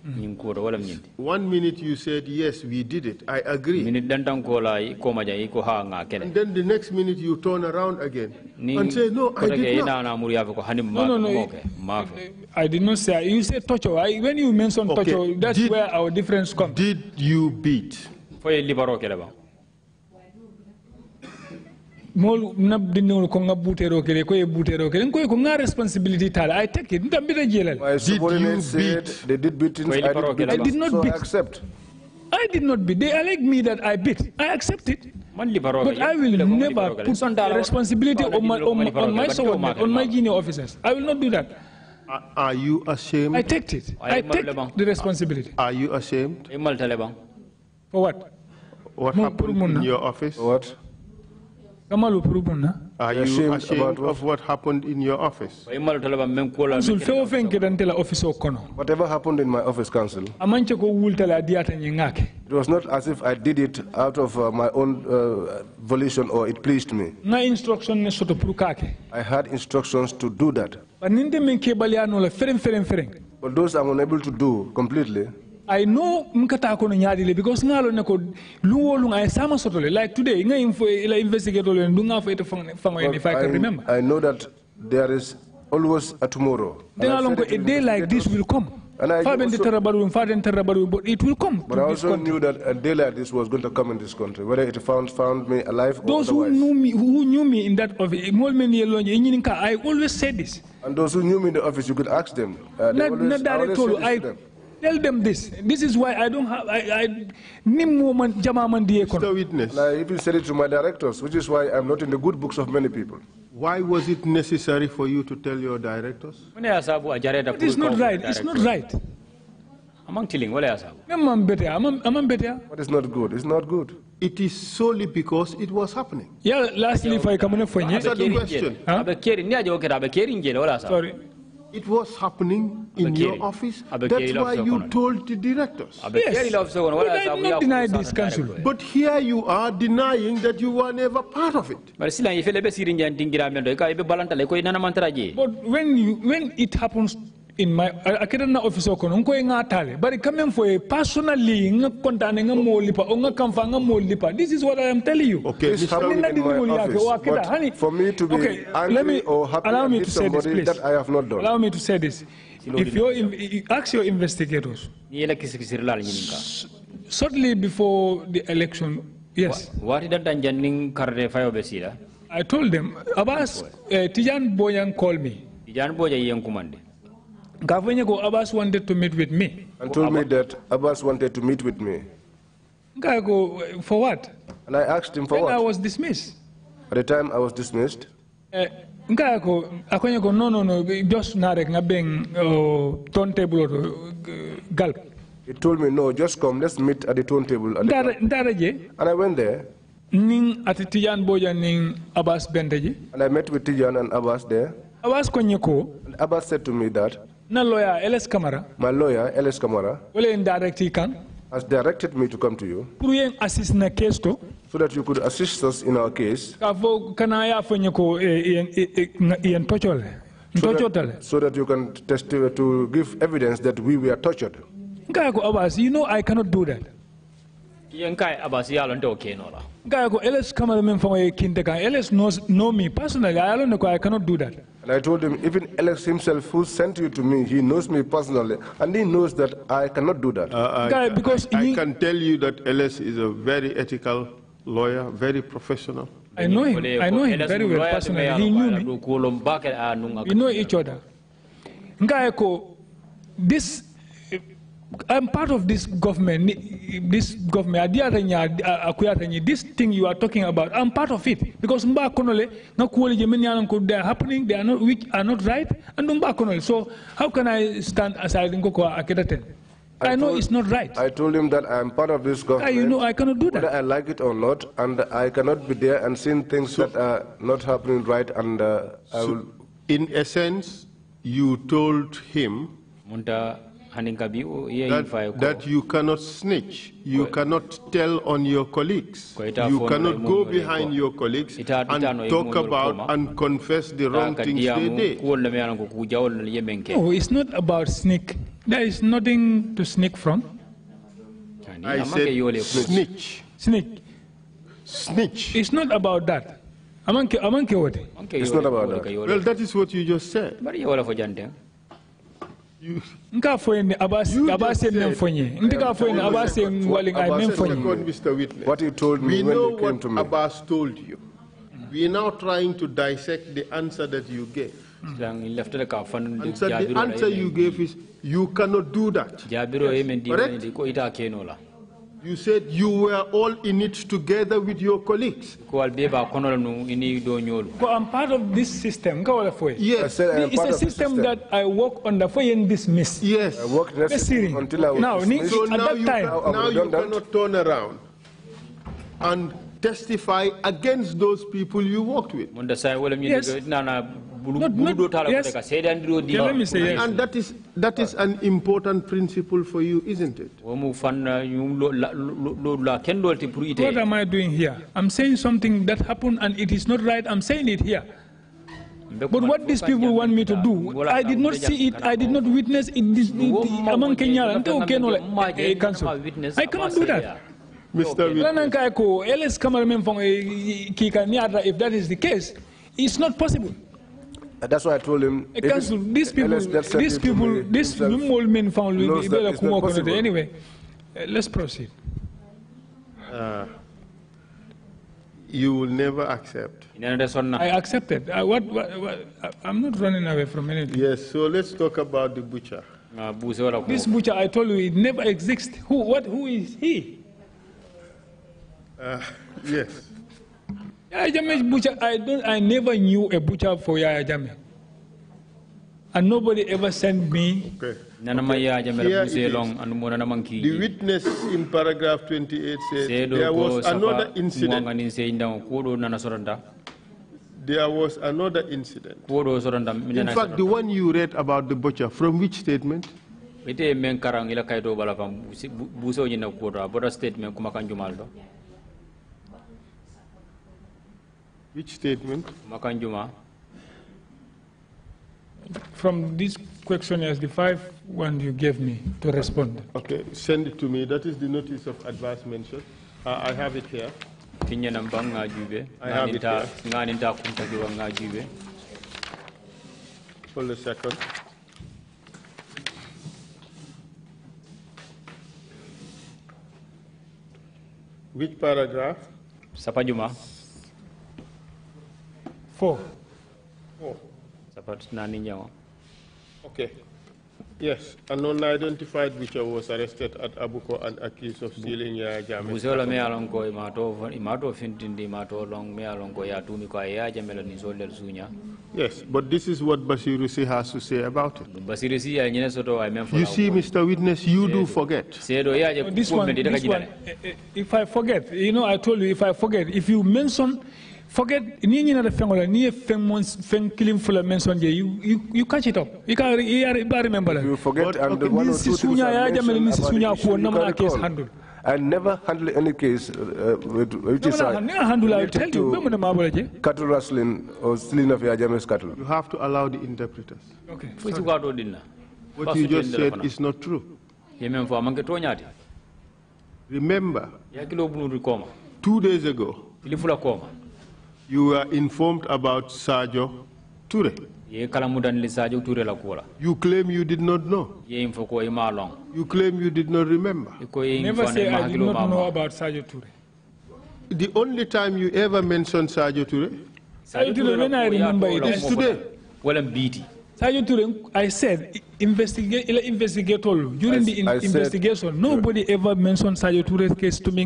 Mm. One minute you said yes, we did it. I agree. And then the next minute you turn around again and say no, I did not. No, no, no. no. I did not say. You said Tocho. When you mentioned okay. Tocho, that's did, where our difference comes. Did you beat? mol nabdinol ko ngabbutero kele ko e butero kele ko ko nga responsibility tala i take it ndam bida jelal did you beat they did beat I did, I did not so beat accept I did not beat. They allege me that I beat. I accept it. But I will never put the responsibility on my, on, on my subordinate, on my junior officers. I will not do that. Are you ashamed? I take it. I take the responsibility. Are you ashamed? For what? What happened in your office? What? Are you ashamed, ashamed of what happened in your office? Whatever happened in my office, Council, it was not as if I did it out of uh, my own uh, volition or it pleased me. I had instructions to do that. But those I'm unable to do completely. I know mkata kono nyaadile because ngalo ne ko luwo lunga e sama sotole like today nga info ila investigate lo ndu nga fo ete fango if I can remember I know that there is always a tomorrow ngalo a day like this will come and I also, but it will come. But I also knew that a day like this was going to come in this country, whether it found found me alive or those otherwise. who knew me, who knew me in that office, I always said this. And those who knew me in the office, you could ask them. Uh, not, always, not that I, I told you. tell them this. This is why I don't have. I, I man jama kon. Mr. The witness, I even said it to my directors, which is why I'm not in the good books of many people. Why was it necessary for you to tell your directors? It is not right. It's not right. Among tilling, what else? I'm better. I'm better. But it's not good. It's not good. It is solely because it was happening. Yeah, lastly, if I come in for you. Answer the question. Huh? Sorry. It was happening in your office. That's why you told the directors. Yes, but I did not deny this council. But here you are denying that you were never part of it. But when, you, when it happens in my akira na office ko non koy ngatale bari quand même foy personally nga contane nga molipa o nga kamfa nga molipa this is what i am telling you okay this happened in my office but for me to be okay, angry let me, or happy allow me to say this, please. that i have not done allow me to say this if you ask your investigators shortly before the election yes what did that janning karde fayo besida i told them Abbas uh, eh, tijan boyan called me tijan boya yenkumande Abbas wanted to meet with me. And told me that Abbas wanted to meet with me. For what? And I asked him for when what? I was dismissed. At the time I was dismissed. Uh, eh, ngako akonye ko no no no just narek na beng oh, turntable or eh, galp he told me no just come let's meet at the turntable ndara je and i went there ning at tijan boja ning abbas bendeji and i met with tijan and abbas there abbas konye ko abbas said to me that my lawyer, L.S. Kamara, has directed me to come to you assist so that you could assist us in our case so that, so that you can test to give evidence that we were tortured. You know I cannot do that. Gago Ellis Kamalamin from Kindega. Ellis knows know me personally. I don't know I cannot do that. And I told him, even Ellis himself, who sent you to me, he knows me personally, and he knows that I cannot do that. Uh, I, Guy, because I, I, I can tell you that Ellis is a very ethical lawyer, very professional. I know him. I know him very well personally. He knew me. Ah, we know each other. Ngayako, this I'm part of this government. This government, this thing you are talking about, I'm part of it because mba konole na kuole they are happening, they are not weak, are not right, and mba konole. So how can I stand aside and go aketaten? I, I know it's not right. I told him that I am part of this government. I, you know, I cannot do that. Whether I like it or not, and I cannot be there and seeing things so, that are not happening right, and uh, so I will. In essence, you told him. Munda that, that you cannot snitch, you cannot tell on your colleagues, you cannot go behind your colleagues and talk about and confess the wrong things they did. No, it's not about sneak. There is nothing to sneak from. I said snitch. Snitch. Snitch. It's not about that. It's not about that. Well, that is what you just said nka fo nem fo ndika fo nem fo What you told me when you came what to me. Abbas told you. We are now trying to dissect the answer that you gave. And so the answer you gave is you cannot do that. Yes. Correct? You said you were all in it together with your colleagues. I'm part of this system. Yes. It's a system, that I work on the way and mess. Yes. I worked until I was now, dismissed. So at now that you, Now, now you cannot turn around and testify against those people you worked with. Yes. And that is, that is an important principle for you, isn't it? Uh, what am I doing here? I'm saying something that happened and it is not right. I'm saying it here. But what these people want me to do, I did not see eh, eh, it, I did not witness it, this, it, among Kenya. I cannot do that. Mr. Witness. Eh, if that is the case, it's not possible that's why I told him. Council, these people, these people, these old men found knows that it's Anyway, uh, let's proceed. Uh, you will never accept. I accepted. I, uh, what, what, what, uh, I'm not running away from anything. Yes, so let's talk about the butcher. This butcher, I told you, it never exists. Who, what, who is he? yes butcher, I, don't, I never knew a butcher for Yaya Jame. And nobody ever sent me. Okay. Okay. The witness in paragraph 28 says there was another incident. There was another incident. In fact, the one you read about the butcher, from which statement? Which statement? Makanjuma. From question, questionnaires, the five one you gave me to respond. Okay, send it to me. That is the notice of advance mentioned. Uh, I have it here. I have it here. Hold a second. Which paragraph? Sapajuma. Four. Four. It's about Naninyawa. Okay. Yes, an unidentified butcher was arrested at Abuko and accused of stealing ya jame. Muzola me alongo imato imato fintindi imato long me alongo ya tumi kwa ya jame ni zolder zunya. Yes, but this is what Basiru Si has to say about it. Basiru Si ya soto I mean You see, Mr. Witness, you do forget. Sedo ya je this one, this one, eh, eh, if I forget, you know, I told you, if I forget, if you mention Forget, ni ni na fengola, ni feng mons, feng kilim fula menson you, you, you catch it up. You can, you are, remember You forget but, and okay, one or two things I mentioned about the issue, case handle. I never handle any case uh, which is no, no, handle, I tell you. cattle rustling or stealing of Yajame's cattle. You have to allow the interpreters. Okay. Sorry. What you just said is not true. Remember, two days ago, you were informed about Sadio Ture. You claim you did not know. You claim you did not remember. Never say I did not know about Sadio Ture. The only time you ever mentioned Sadio Ture? Sadio Ture, when I remember it is today. Sadio Ture, I said investigate investigate all during I, the in investigation nobody yeah. ever mentioned Sadio Toure's case to me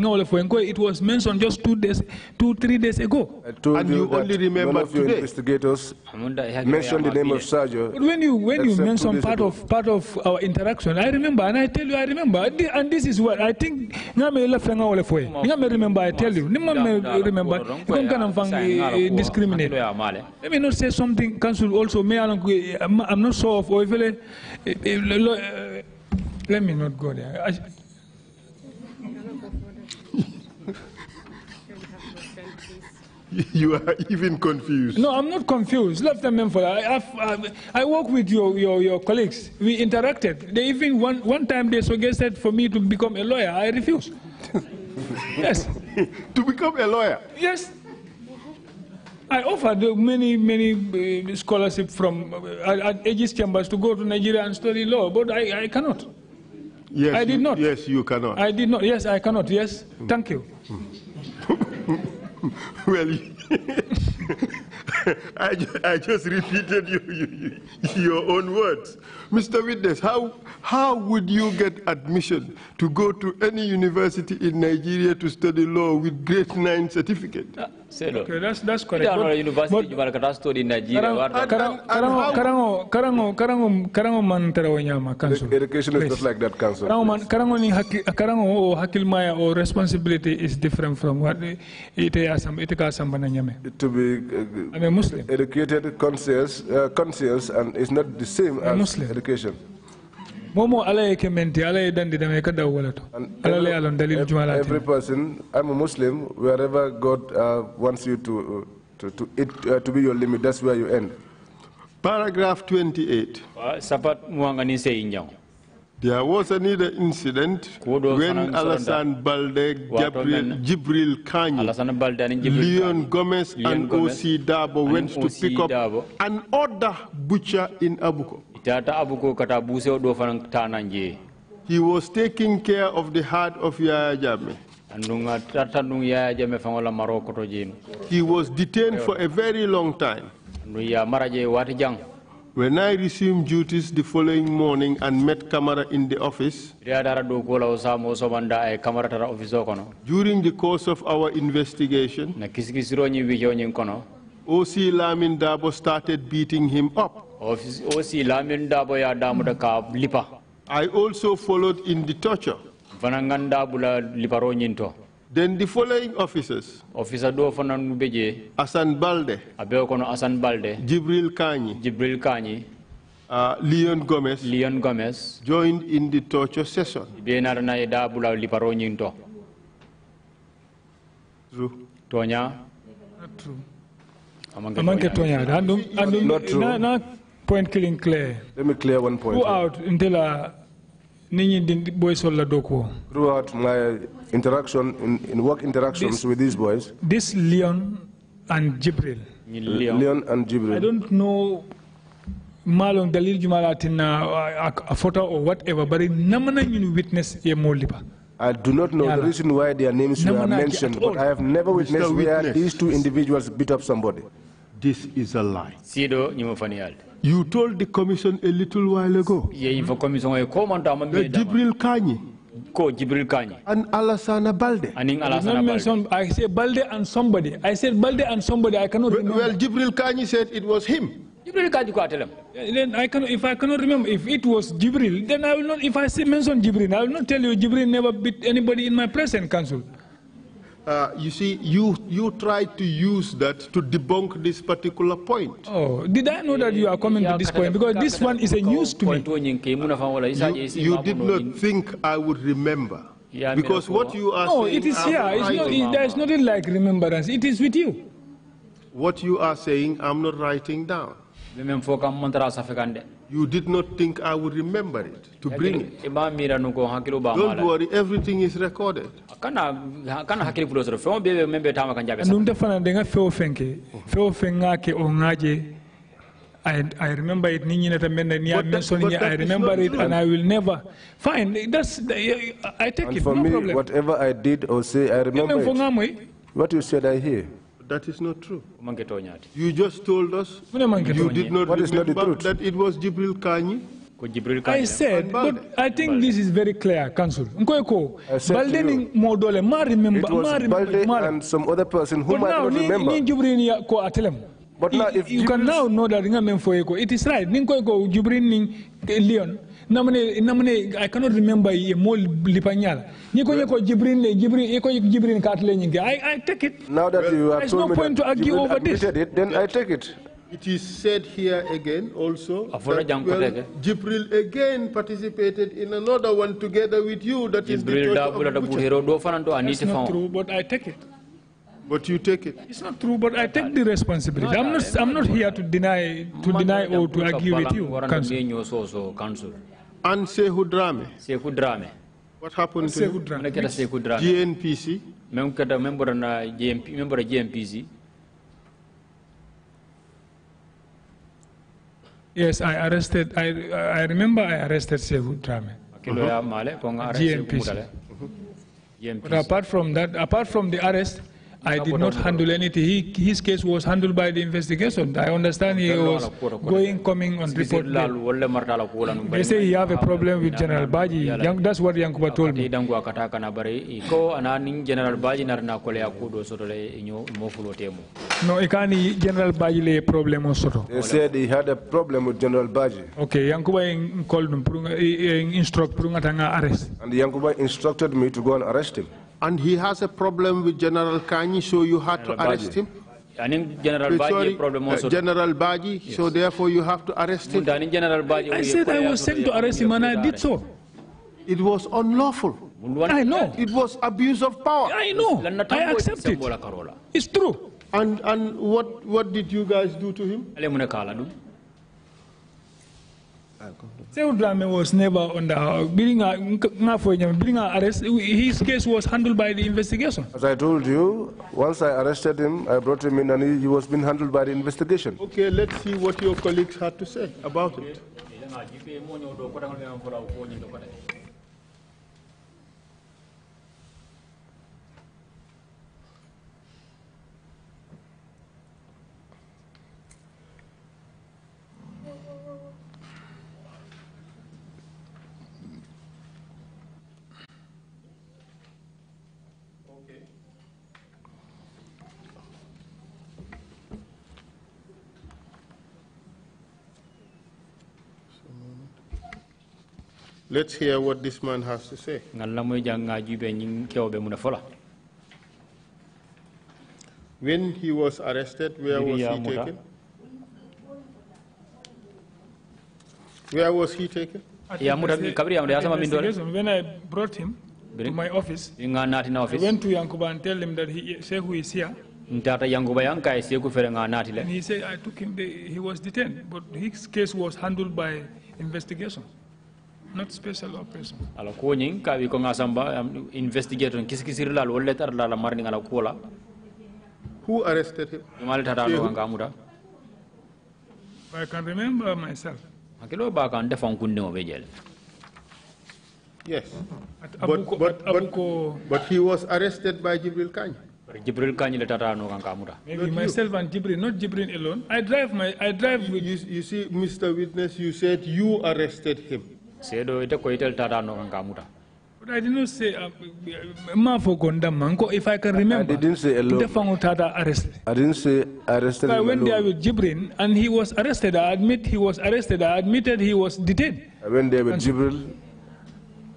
It was mentioned just two days, two three days ago. I told and you, you only remember none of today. your investigators mentioned the name of Sadio. But when you when you mention part ago. of part of our interaction, I remember and I tell you I remember. And this is what I think. Ngame left Mingawale Fuenko. Ngame remember I tell you. Ngame remember. Ngame eh, discriminate. Let me not say something. Council also may eh, I'm not sure of Eh, eh, let me not go there. you are even confused. No, I'm not confused. Left them in for I, I, I work with your, your, your colleagues. We interacted. They even one, one time they suggested for me to become a lawyer. I refused. yes. to become a lawyer? Yes. I offered many, many uh, scholarship from uh, Aegis Chambers to go to Nigeria and study law, but I, I cannot. Yes, I did you, not. Yes, you cannot. I did not. Yes, I cannot. Yes, mm. thank you. well, I, ju I just repeated you, you, you, your own words. Mr. Witness, how, how would you get admission to go to any university in Nigeria to study law with grade 9 certificate? Uh, selo okay, that's that's correct ita no university man tara wanyama council the education is not like that ni hakil o hakil o responsibility is different from what ite asam ite ka sambana ñame nyame muslim educated and is not the same as education Momo Allah kementi Allah dandi dame kada walato. Allah alon dalil jumalati. Every person, a Muslim. Wherever God uh, wants you to uh, to uh, to, be your limit, that's where you end. Paragraph 28. Sapat muangani seinjang. There was another incident when Alassane Balde, Gabriel, Jibril Kanye, Leon Gomez, and O.C. Dabo went to pick up an other butcher in Abuko. He was taking care of the heart of Yaya Jame. He was detained for a very long time. When I resumed duties the following morning and met Kamara in the office, during the course of our investigation, OC Lamin Dabo started beating him up. I also followed in the torture. Then the following officers. Officer do fana nubeje. Asan Balde. Abeo kono Asan Balde. Jibril Kanyi. Jibril Kanyi. Uh, Leon Gomez. Leon Gomez. Joined in the torture session. Bienar na yeda bula liparo nyinto. True. Tonya. Not true. Amanke Tonya. Not true. Not na point killing clear. Let me clear one point. Who out until. Uh, nit ñi di booy sol throughout my interaction in, in work interactions this, with these boys. this Leon and Jibril. Leon. Leon and Jibril. I don't know malon dalil jumalatin a photo or whatever but namana you witness a moliba I do not know the reason why their names were mentioned, but I have never witnessed where these two individuals beat up somebody. This is a lie. You told the commission a little while ago. Yeyiva commission eh, e Jibril Kanye. Ko Jibril Kanye. And Alassana Balde. Aning Alassana Balde. I said Balde and somebody. I said Balde and somebody. I cannot remember. Well, Jibril Kanye said it was him. Jibril Kanye ko atelem. Then I can, if I cannot remember, if it was Jibril, then I will not. If I say mention Jibril, I will not tell you Jibril never beat anybody in my present council. Uh, you see, you, you try to use that to debunk this particular point. Oh, did I know that you are coming to this point? Because this one is a news to me. You, you did not think I would remember. Because what you are no, saying... No, it is here. It's not, there is nothing like remembrance. It is with you. What you are saying, I'm not writing down you did not think I would remember it, to bring it. Don't worry, everything is recorded. I, I remember it, but, but I remember it, and I will never. Fine, that's, I take and it, for no me, problem. Whatever I did or say, I remember it. What you said, I hear. That is not true. You just told us you did not what is not the truth? that it was Jibril Kanye. I said, but I think this is very clear, Council. Nkoeko, Balde ni modole, ma remember, ma remember, Balde and some other person who might not remember. Ni But now, if you Jibril can now know that Ngamen Foeko, it is right. Nkoeko Jibril ni Leon namne namne I cannot remember ye mol lipanyala. Niko niko Jibrin Jibrin iko Jibrin katle nyingi. I I take it. Now that you have told no me point that to argue Jibrin over this. It, then I take it. It is said here again also ah, that, well, Jibril again participated in another one together with you that Jibril is the That's not true, but I take it. But you take it. It's not true, but I take the responsibility. I'm not, I'm not here to deny, to deny or to argue with you, counsel. And Sehu Drame. Sehu Drame. What happened to Sehu Drame? Sehu Drame. GNPC. Member na GMP, member GNPC. Yes, I arrested. I I remember I arrested Sehu Drame. Okay, uh -huh. GMPC. GMPC. But apart from that, apart from the arrest, I did not handle anything. He, his case was handled by the investigation. I understand he was going, coming on report. They say he have a problem with General Baji. Young, that's what Yankuba told me. No, he ikani General Baji le problem osoto. They said he had a problem with General Baji. Okay, Yankuba called him, instructed him to arrest. And Yankuba instructed me to go and arrest him. And he has a problem with General Kanyi, so you had General to arrest Baji. him? And in General Baji, Sorry, problem uh, also. Uh, General Baji, yes. so therefore you have to arrest him? I, I said I was sent to arrest him and I did so. It was unlawful. I know. It was abuse of power. I know. I accept it. It's true. And, and what, what did you guys do to him? Seun Drame was never under being a, being arrest. His case was handled by the investigation. As I told you, once I arrested him, I brought him in, and he, he was being handled by the investigation. Okay, let's see what your colleagues had to say about it. Let's hear what this man has to say. When he was arrested, where was he taken? Where was he taken? When I brought him to my office, I went to Yankuba and tell him that he, say who is here. And he said i took him he was detained but his case was handled by investigation not special or personal. ala ko nyin ka wi ko ngasamba um, investigator kis kisir lal wolle la lala marni ngala ko la who arrested him mal tata do ngamuda i can remember myself akilo ba kan defon kunni o be jele yes at but, but, but he was arrested by jibril kanye Jibril le no Letarano Kankamura. Maybe myself and Jibril, not Jibril alone. I drive my, I drive with. You, you see, Mr. Witness, you said you arrested him seeɗo ite ko itel taɗano kan ka But I did not say, uh, Gonda Gondamanko, if I can remember. I didn't say alone. Tada arrested. I didn't say arrested. I went alone. there with Jibril and he was arrested. I admit he was arrested. I admitted he was detained. I went there with and Jibril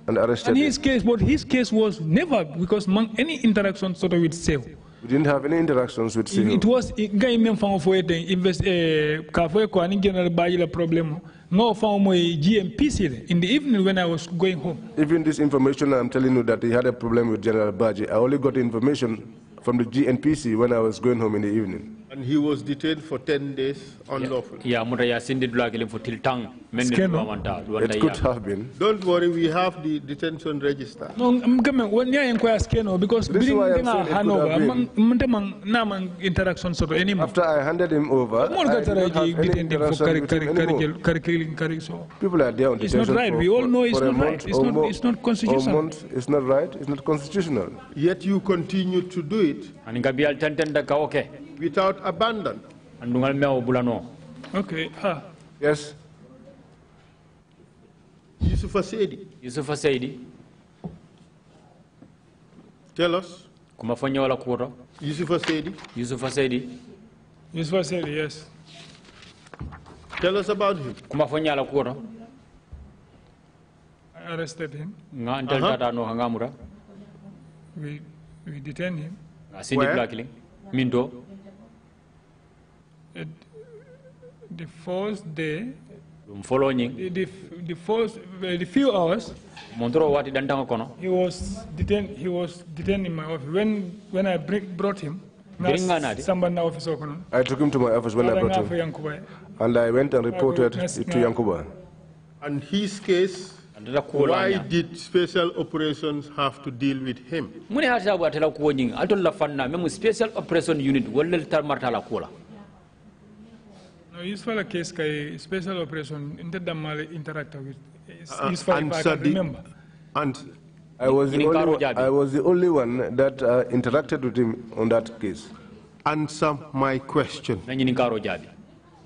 and arrested. And his him. case, but his case was never because any interaction sort of with Sehu. We didn't have any interactions with Sehu. It was, it, guy, me, fango, foye, invest, eh, ka foye, ko, aning, general, bayi, la, problemo. No, from GMPC in the evening when I was going home. Even this information I'm telling you that he had a problem with General Baji, I only got information from the GNPC when I was going home in the evening. And he was detained for 10 days unlawfully. Yeah, for till uh, It could have been. Don't worry, we have the detention register. No, inquire because this during the handover, mante mang interaction so anymore. After I handed him over, I didn't have any interaction anymore. People are there on detention It's not right. We all know it's not right. It's not. It's not constitutional. It's not right. It's not constitutional. Yet you continue to do it without abandon. Okay. Ah. Yes. Yusuf Asedi. Yusuf Asedi. Tell us. Kumafanya wala Yusuf Asedi. Yusuf Asedi. Yusuf Asedi, yes. Tell us about him. Kumafanya wala I arrested him. Nga uh -huh. no hangamura. We, we detained him. Where? Mindo the first day, the following the, the first uh, the few hours mo what wati dantango kono he was detained he was detained in my office when when i bring, brought him Sambanda office I took him to my office when I brought him. And I went and reported it to Yankuba. And his case, why did special operations have to deal with him? Mune hata wa tela kuwa memu special operation unit, wale tarmarta la kula. It's for a case kai special operation in the damal interact with. It's uh, for if I remember. And I was, the only, I was the only one that uh, interacted with him on that case. Answer my question.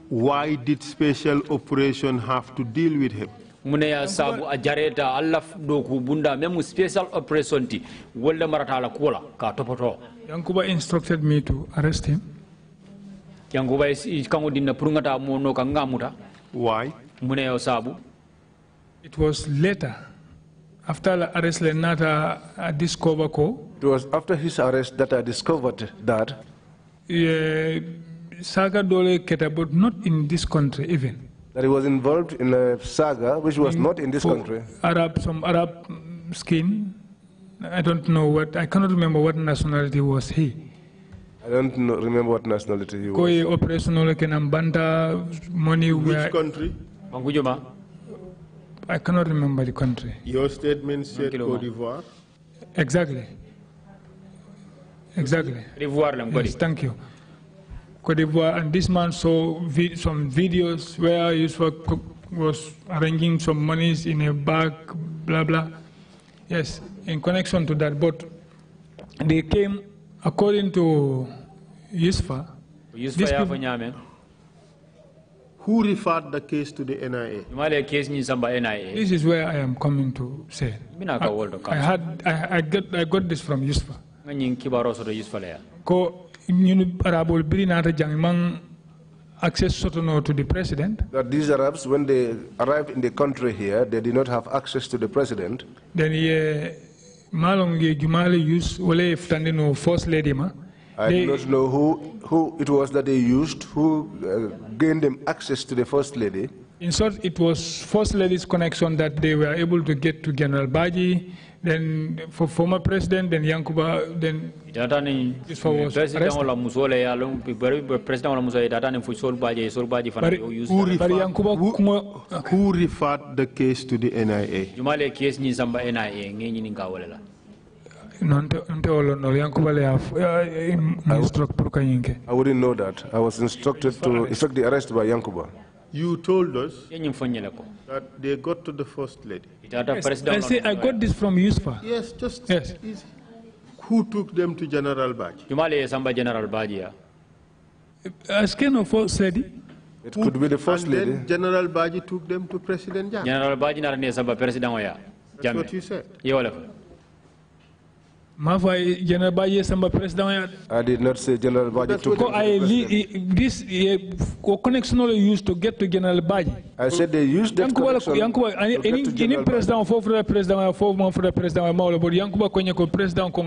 Why did special operation have to deal with him? muneya sabu ajareta jareta allah doku bunda memu special operation ti wolle marata la kuola ka topoto yankuba instructed me to arrest him why mune sabu it was later after arrest le i uh, discover ko it was after his arrest that i discovered that yeah, saga dole keta but not in this country even that he was involved in a saga which was in, not in this country arab some arab skin i don't know what i cannot remember what nationality was he I don't know, remember what nationality he was. Koi operational Kenambanda money Which country? Mangujoma. I cannot remember the country. Your statement said Cote d'Ivoire. Exactly. Exactly. Yes, thank you. Cote d'Ivoire, and this man saw vi some videos where he was arranging some monies in a bag, blah, blah. Yes, in connection to that. But they came according to Yusufa, who referred the case to the NIA? This is where I am coming to say. I, I had, I, I, get, I got this from Yusfa. Ko access to the president. That these Arabs, when they arrived in the country here, they did not have access to the president. Then yeah, Malong Jumali wale no first lady ma. I do not know who, who it was that they used, who uh, gained them access to the First Lady. In short, it was First Lady's connection that they were able to get to General Baji, then for former president, then Yankuba, then datani president wala musole ya lum president wala musole datani fu sol baje sol baje fana yo use bari Yankuba kuma who referred the case to the NIA jumale case ni samba NIA ngenyi ni ngawolela Nonte olo Yankuba I wouldn't know that. I was instructed to instruct the arrest by Yankuba. You told us that they got to the First Lady. Yes, I say I got this from Yusufa. Yes, just yes. Easy. Who took them to General Baji? You General Baji. Uh, as Ken of First Lady. It could be the First Lady. General Baji took them to President Jame. General Baji na President Oya. That's what you said. I did not say General Baji to ko li this ko connection only used to get to General Baji I said they used that connection yankuba get any president for the president but yankuba president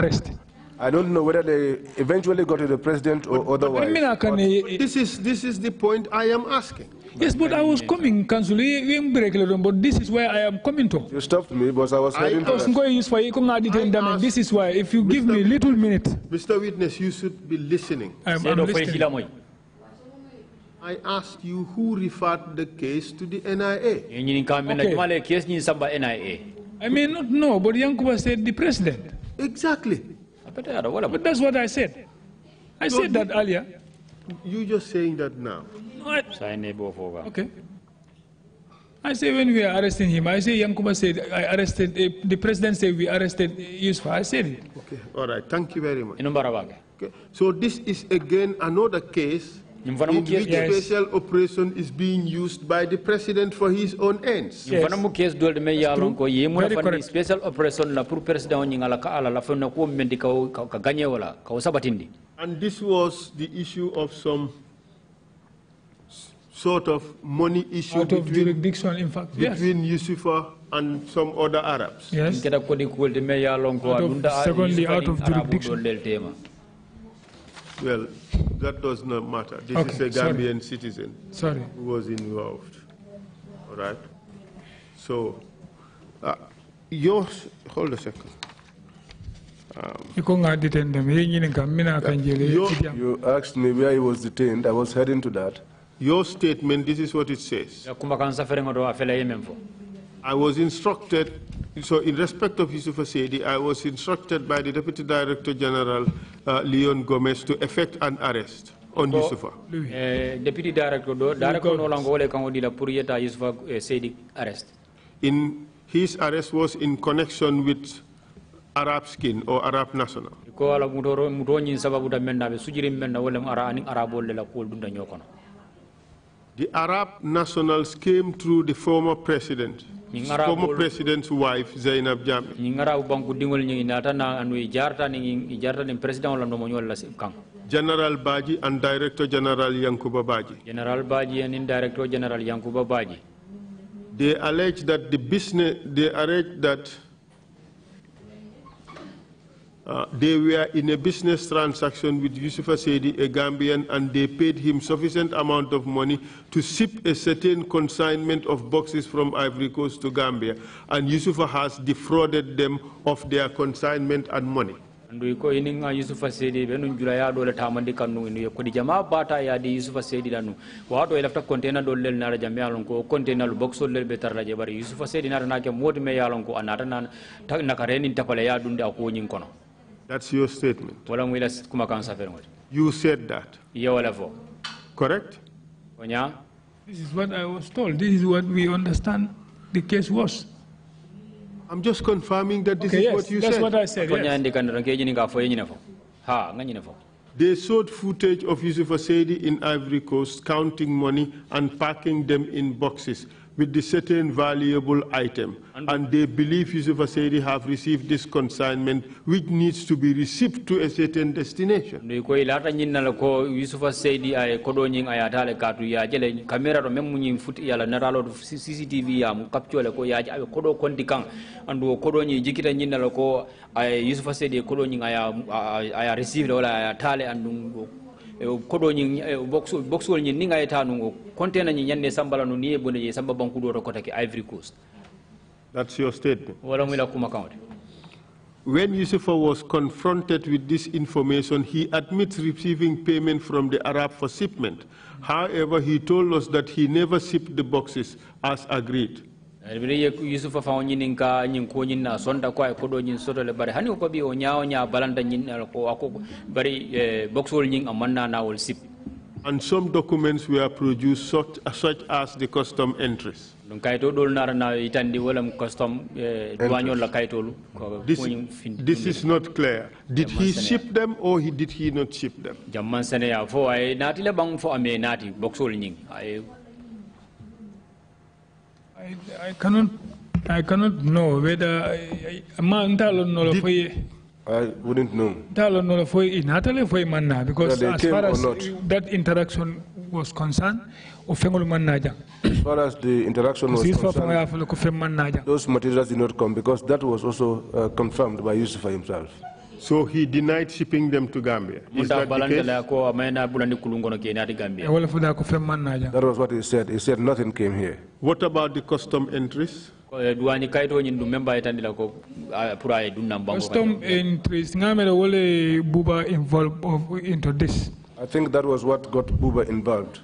arrest I don't know whether they eventually got to the president or otherwise. But this is this is the point I am asking. Yes, but I was coming, Council. But this is where I am coming to. You stopped me, but I was heading I was going for you. This is why, if you Mr. give me a little minute. Mr. Witness, you should be listening. I'm, listening. I asked you who referred the case to the NIA. Okay. I may not know, but Yankuba said the president. Exactly. But that's what I said. I said that earlier. You're just saying that now. Right. Sign Ebo Okay. I say when we are arresting him, I say Yankuba said I arrested uh, the president said we arrested Yusuf. I said it. Okay. All right. Thank you very much. Okay. So this is again another case in which yes. special operation is being used by the president for his own ends. Yes. Fanamu case dual me ya lon ko ye mona fan special operation la pour president ni ngala ka ala la fana ko mendi ka ka ganye ka sabatindi. And this was the issue of some sort of money issue Out of between, jurisdiction, in fact, between yes. Yusufa and some other Arabs. Yes. secondly, out of jurisdiction. Well, that does not matter. This okay, is a Gambian sorry. citizen sorry. who was involved. All right? So, uh, yours, hold a second. Um, you asked me where he was detained. I was heading to that. Your statement, this is what it says. I was instructed, so in respect of Yusuf Asedi, I was instructed by the Deputy Director General uh, Leon Gomez to effect an arrest on Yusufa. Eh, Deputy Director, Director Yusufa eh, arrest. In his arrest was in connection with Arab skin or Arab national. The Arab nationals came through the former president, former president's wife, Zainab Jammeh. General Baji and Director General Yankuba Baji. General Baji and Director General Yankuba Baji. They allege that the business, they allege that uh, they were in a business transaction with Yusufa Sedi, a Gambian, and they paid him sufficient amount of money to ship a certain consignment of boxes from Ivory Coast to Gambia. And Yusufa has defrauded them of their consignment and money. ndu ko ininga yusufa sedi benu jula ya dole tamandi kanu inu ko di jama bata ya di yusufa sedi danu wato ila fta container dole na ra jama yalon ko container lu box dole be tar la je bari yusufa sedi na na ke modi me yalon ko tapale ya dunde ko that's your statement. You said that, correct? This is what I was told. This is what we understand the case was. I'm just confirming that this Okay, is yes, what you that's said. what I said. yes. They showed footage of Yusuf Asedi in Ivory Coast counting money and packing them in boxes with the certain valuable item, and, they believe Yusuf Aseri have received this consignment, which needs to be received to a certain destination. ilata ko Yusuf ay ay katu ya jele kamera memu ya la naralo CCTV ya mu ko ya kodo kang andu jikita ko ay Yusuf ay ay receive la ay andu ni container sambala nu ivory coast that's your statement wala kuma When Yusufa was confronted with this information, he admits receiving payment from the Arab for shipment. However, he told us that he never shipped the boxes as agreed na sonda soto le bari hani bari eh, boxol and some documents were produced such, such as the custom entries na custom eh, la this, this is not clear did he ship them or he, did he not ship them fo le fo boxol I, I cannot, I cannot know whether ma ntalo nolo foi. I wouldn't know. Ntalo nolo foi inatale because Whether as far as that interaction was concerned, ofengol manna jang. As far as the interaction was concerned, those materials did not come because that was also uh, confirmed by Yusufa himself. So he denied shipping them to Gambia. Is that the case? That was what he said. He said nothing came here. What about the custom entries? Custom entries. Buba involved into this. I think that was what got Buba involved.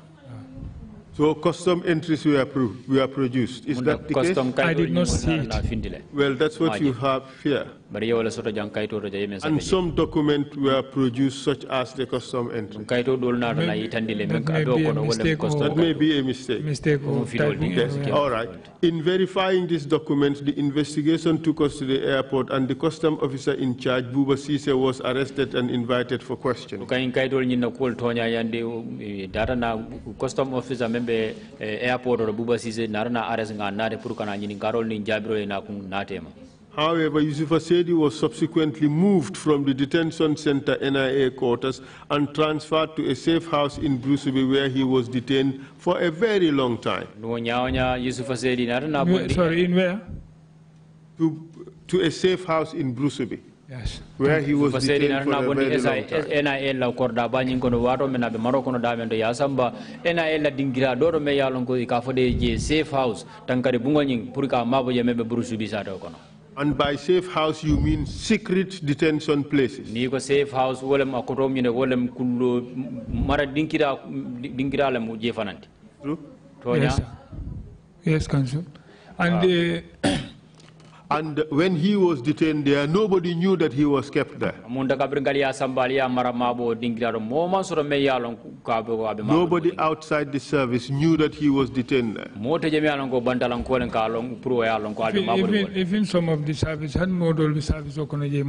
So custom entries were, were produced. Is that the case? I did not see it. Well, that's what you have here. And some documents were produced such as the custom entry. That may be a mistake. All right. In verifying this document, the investigation took us to the airport and the custom officer in charge, Buba Sise, was arrested and invited for questioning. Eh, custom officer membe eh, airport or Buba Sise narana arrest nga nare purukana nyini karol ni jabiro na kun natema. However, Yusuf Asedi was subsequently moved from the detention center NIA quarters and transferred to a safe house in Brusubi where he was detained for a very long time. Sorry, in where? To, to a safe house in Brusubi. Yes. Where he was detained for a very long time. NIA la dingira safe house tankari bungo mabo mebe brusubi sa kono. And by safe house you mean secret detention places. Ni ko safe house wolem akotom ñene wolem kullo mara dinkira dinkira la mu jefanante. True? Yes. Sir. Yes, council. And wow. Ah. the uh, And when he was detained there, nobody knew that he was kept there. Nobody outside the service knew that he was detained there. Even, even some of the service had service eh?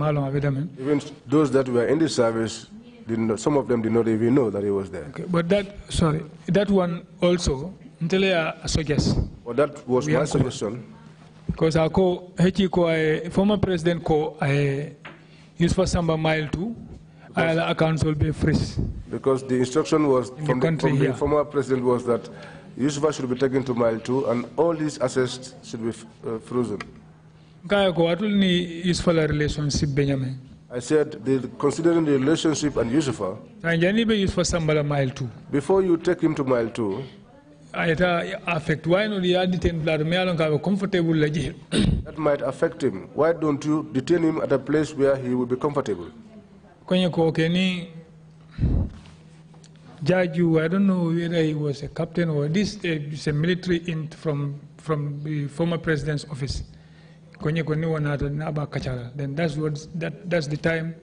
Even those that were in the service not, some of them did not even know that he was there. Okay, but that, sorry, that one also, Ntelea Well, that was we my suggestion. Because ako hechi ko ay former president ko ay Yusufa Samba Mile too. Ayala accounts will be freeze. Because the instruction was in from, the, country the, from here. the former president was that Yusufa should be taken to Mile too, and all these assets should be uh, frozen. Kaya ko atul ni Yusufa la relationship Benjamin. I said, the, considering the relationship and Yusufa, before you take him to mile two, ayata affect comfortable that might affect him why don't you detain him at a place where he will be comfortable koñe ko keni jaju i don't know whether he was a captain or this uh, is a military int from from the former president's office koñe ko ni wonata Naba kacara then that's what that that's the time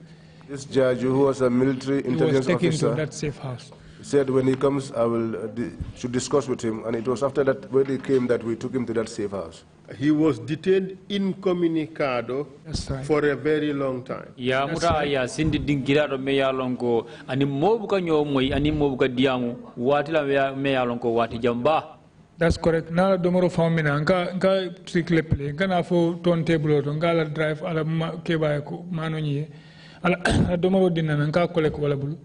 this jaju who was a military intelligence he was taken officer to that safe house said when he comes, I will uh, di should discuss with him. And it was after that, when he came, that we took him to that safe house. He was detained incommunicado for a very long time. Ya muta ya sindi dingirado me ya lonko ani mobu ka nyomoi ani mobu ka wati la me ya lonko wati jamba. That's correct. Nala domoro famina nka nka trickle play nka na fo turntable to nka la drive ala keba ko manonye ala domoro dinana nka kole ko bala bulu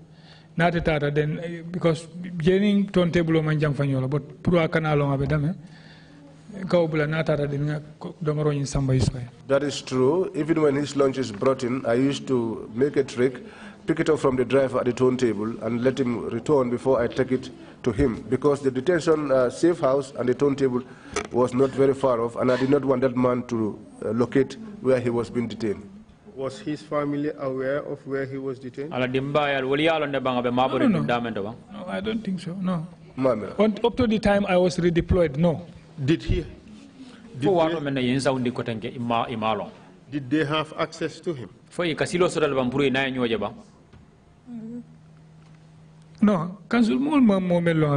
naate tata den because jeni ton table, man jang fanyola but pourwa kanalo ngabe dame kaw bula natata den nga domaro samba yuskoy that is true even when his lunch is brought in i used to make a trick pick it up from the driver at the turntable and let him return before I take it to him because the detention uh, safe house and the turntable was not very far off and I did not want that man to uh, locate where he was being detained. Was his family aware of where he was detained? Ala dimba yal wali yalo ne banga be mabore no, no. bang. No, I don't think so. No. Up to the time I was redeployed, no. Did he? Did Fo wato men imalo. Did they have access to him? Fo yi kasilo sodal bam buru nay nyoje ba. No, kansul mul mo melo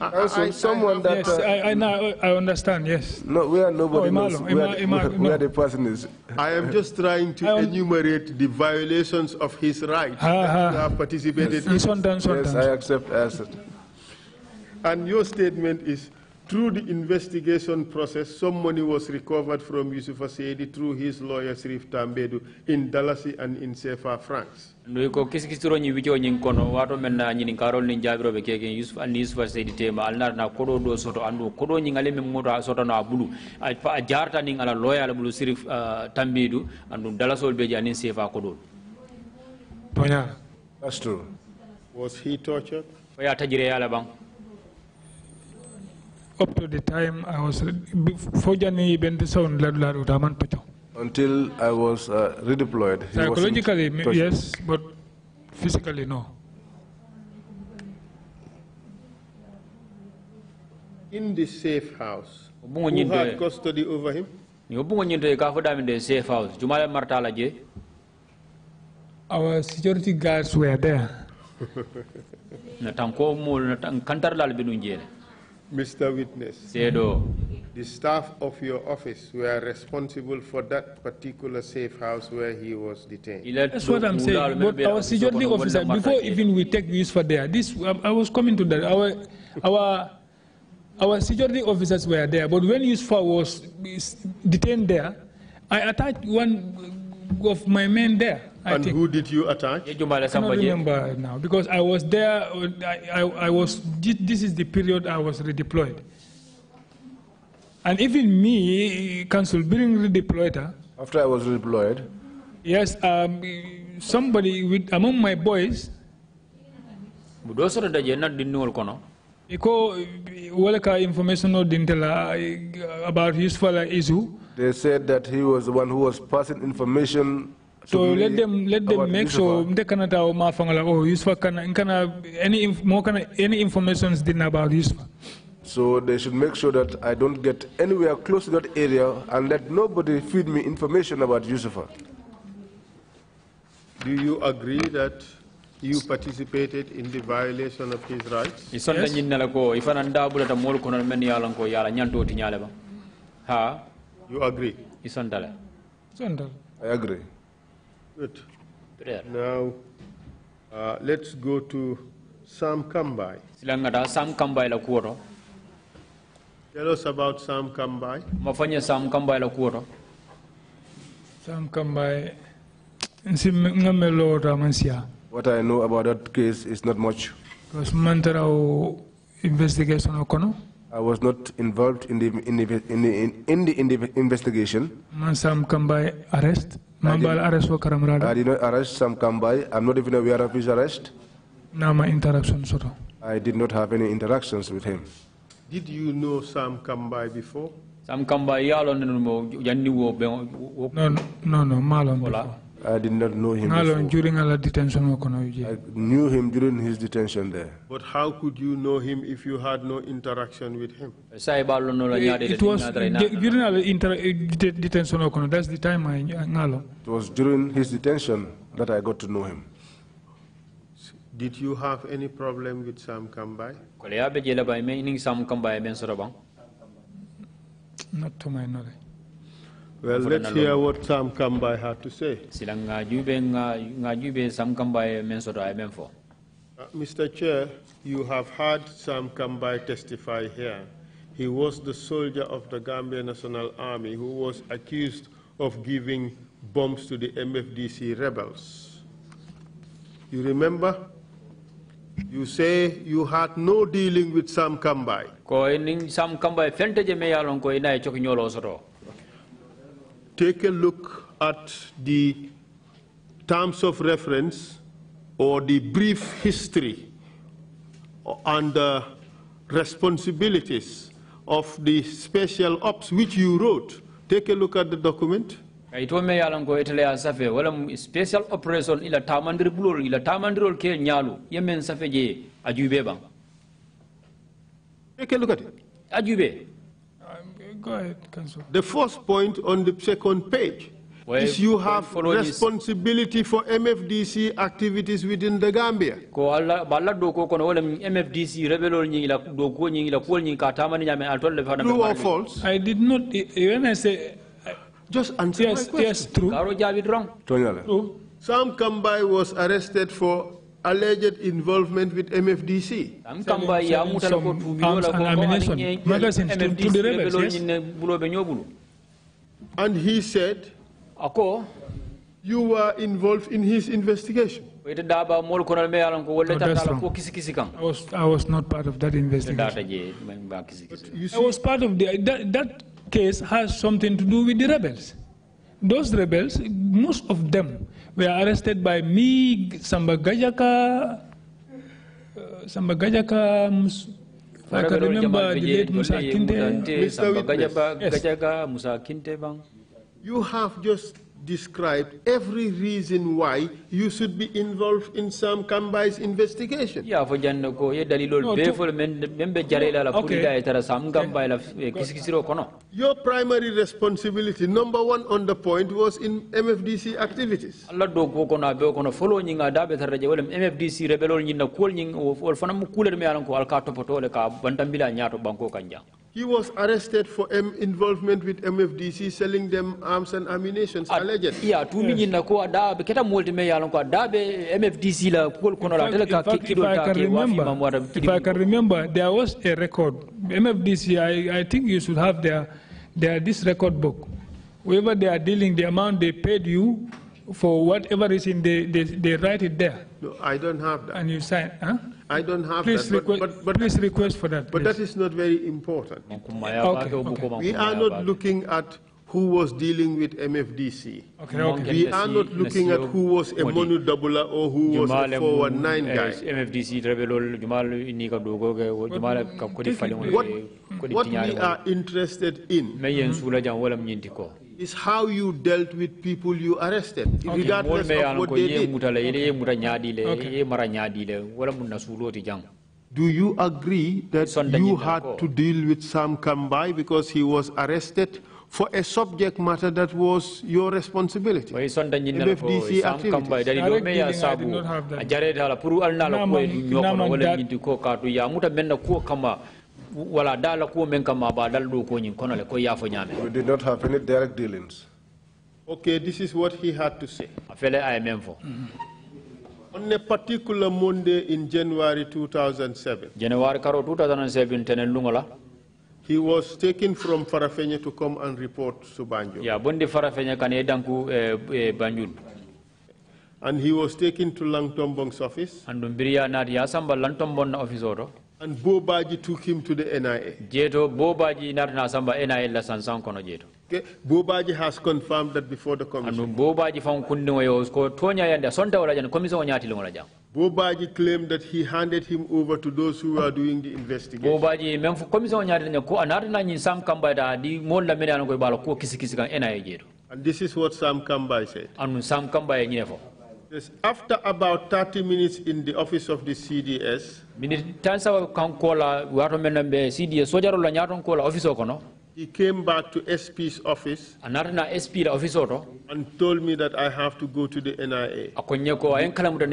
also I, someone I, that yes, uh, I, I, know, I understand. Yes. No, we are nobody oh, knows where, the, person is. I am just trying to enumerate the violations of his rights that have participated. Yes. in. Yes, I accept as it. And your statement is through the investigation process, some money was recovered from Yusufa Seydi through his lawyer Sirif Tambedu in Dalasi and in Sefa, France. Was he tortured? up to the time I was Fojani Bendison Ladularu Daman Pacho. Until I was uh, redeployed. Psychologically, yes, but physically, no. In the safe house, who had ya? custody over him? Ya, safe house. Our security guards were there. Mr. Witness. The staff of your office were responsible for that particular safe house where he was detained. That's what I'm saying. But our security officer, before even we take views for there, this um, I was coming to that. Our our our security officers were there, but when Yusfa was detained there, I attached one of my men there and who did you attach? I cannot remember now because I was there. I, I, I was. This is the period I was redeployed. And even me, Council, being redeployed. After I was redeployed. Yes, um, somebody with among my boys. Iko walaka information no dintela about his father Izu. They said that he was the one who was passing information so, let them let them make sure they can tell my family oh Yusuf can can any more can any informations didn't about Yusuf. So they should make sure that I don't get anywhere close to that area and let nobody feed me information about Yusufa. Do you agree that you participated in the violation of his rights? Yes. You agree? I agree. Good. Prayer. Now, uh, let's go to Sam Kambai. Silangada Sam Kambai la kuoro. Tell us about Sam Kambai. Mafanya Sam Kambai la kuoro. Sam Kambai what I know about that case is not much. Because investigation I was not involved in the, in the, in the, in the, in the investigation. Sam Kambai arrest? Mambal arrest for Karamrada? I did not arrest Sam Kambai. I'm not even aware of his arrest. No, my interaction, Soto. I did not have any interactions with him. Did you know Sam Kambai before? Sam Kambai, yalo no no no no no no no no I did not know him. How long before. during our detention? I knew him during his detention there. But how could you know him if you had no interaction with him? It, it was during our eh, detention. That's the time I know. It was during his detention that I got to know him. Did you have any problem with Sam Kambai? Not to my knowledge. Well, let's hear what Sam Kambai had to say. Uh, Mr. Chair, you have heard Sam Kambai testify here. He was the soldier of the Gambia National Army who was accused of giving bombs to the MFDC rebels. You remember? You say you had no dealing with Sam Kambai take a look at the terms of reference or the brief history and the responsibilities of the special ops which you wrote. Take a look at the document. ito me yalan ko itele ya safe wala special operation ila tamandir bulol ila tamandirol ke nyalu yemen safe je ajube bang take a look at it ajube Go ahead, The first point on the second page well, is you have responsibility for MFDC activities within the Gambia. Ko balla kono wala MFDC rebelol la la pol nyame le fana. True or false? I did not. When I say, just answer yes, my question. Yes, true. Karo jabi wrong. True. Sam Kambai was arrested for alleged involvement with MFDC. Selling, selling and to, the rebels, And he said, you were involved in his investigation. Oh, oh, I was, I was not part of that investigation. I was part of the, that, that case has something to do with the rebels. Those rebels, most of them, were arrested by me, Sambagajaka, uh, Sambagajaka, if I can remember the late Musa Kinte. Mr. Witness, yes. you have just described every reason why you should be involved in Sam Kambai's investigation. Yeah, for jando ko ye dalilol no, men, membe jarela la pulida etara Sam Kambai la eh, kisikisiro kono. Your primary responsibility, number one on the point, was in MFDC activities. Allah do ko kono abe kono follow nyinga da betara je wolem MFDC rebelol nyinga kuol nyinga wol fana mukuler kuler me alan ko alka topoto le ka bantambila nyato banko kanja. He was arrested for M involvement with MFDC selling them arms and ammunition ah, allegedly. Yeah, tu na kwa dabe keta dabe MFDC la la wafi mamwara If I can remember there was a record MFDC I, I think you should have their their this record book. Whoever they are dealing the amount they paid you for whatever is in they, they, they write it there. No, I don't have that. And you sign, huh? I don't have please that. But, but, but, please request for that. But that is not very important. Okay, okay. We are not looking at who was dealing with MFDC. Okay, okay. We are not looking at who was a Monu Dabula or who was a 419 guy. Eh, MFDC what, what we are interested in mm -hmm is how you dealt with people you arrested, okay. regardless of what they did. Do you agree that you had to deal with Sam Kambai because he was arrested for a subject matter that was your responsibility. MFDC activities wala dala men ba dal do ko nyin kono le ko yafo nyame we did not have any direct dealings okay this is what he had to say afele ay men fo mm-hmm. on a particular monday in january 2007 january karo 2007 tenen lungola He was taken from Farafenya to come and report to Banjul. Yeah, bondi Farafenya kan danku eh, eh, Banjul. And he was taken to Langtombong's office. And biriya na ya samba Langtombong office oro. And Bobaji took him to the NIA. Jeto Bobaji narna samba NIA la sansan kono jeto. Okay. Bobaji has confirmed that before the commission. And Bobaji found kunni wayo usko tonya yanda sonta wala jana commission wanyati lungola jang. Bobaji claimed that he handed him over to those who are doing the investigation. Bobaji memfu commission wanyati lungola ko anarna nyin sam kamba da di mola mene anu ko balo ko kisi kisi kan NIA jeto. And this is what Sam Kambai said. Anu Sam Kambai nyefo. Yes, after about 30 minutes in the office of the CDS. mini tan saba kanko la wato men be sidi sojaro la nyaton ko la office kono he came back to SP's office SP la office oto and told me that I have to go to the NIA akonye ko ayen kala mudan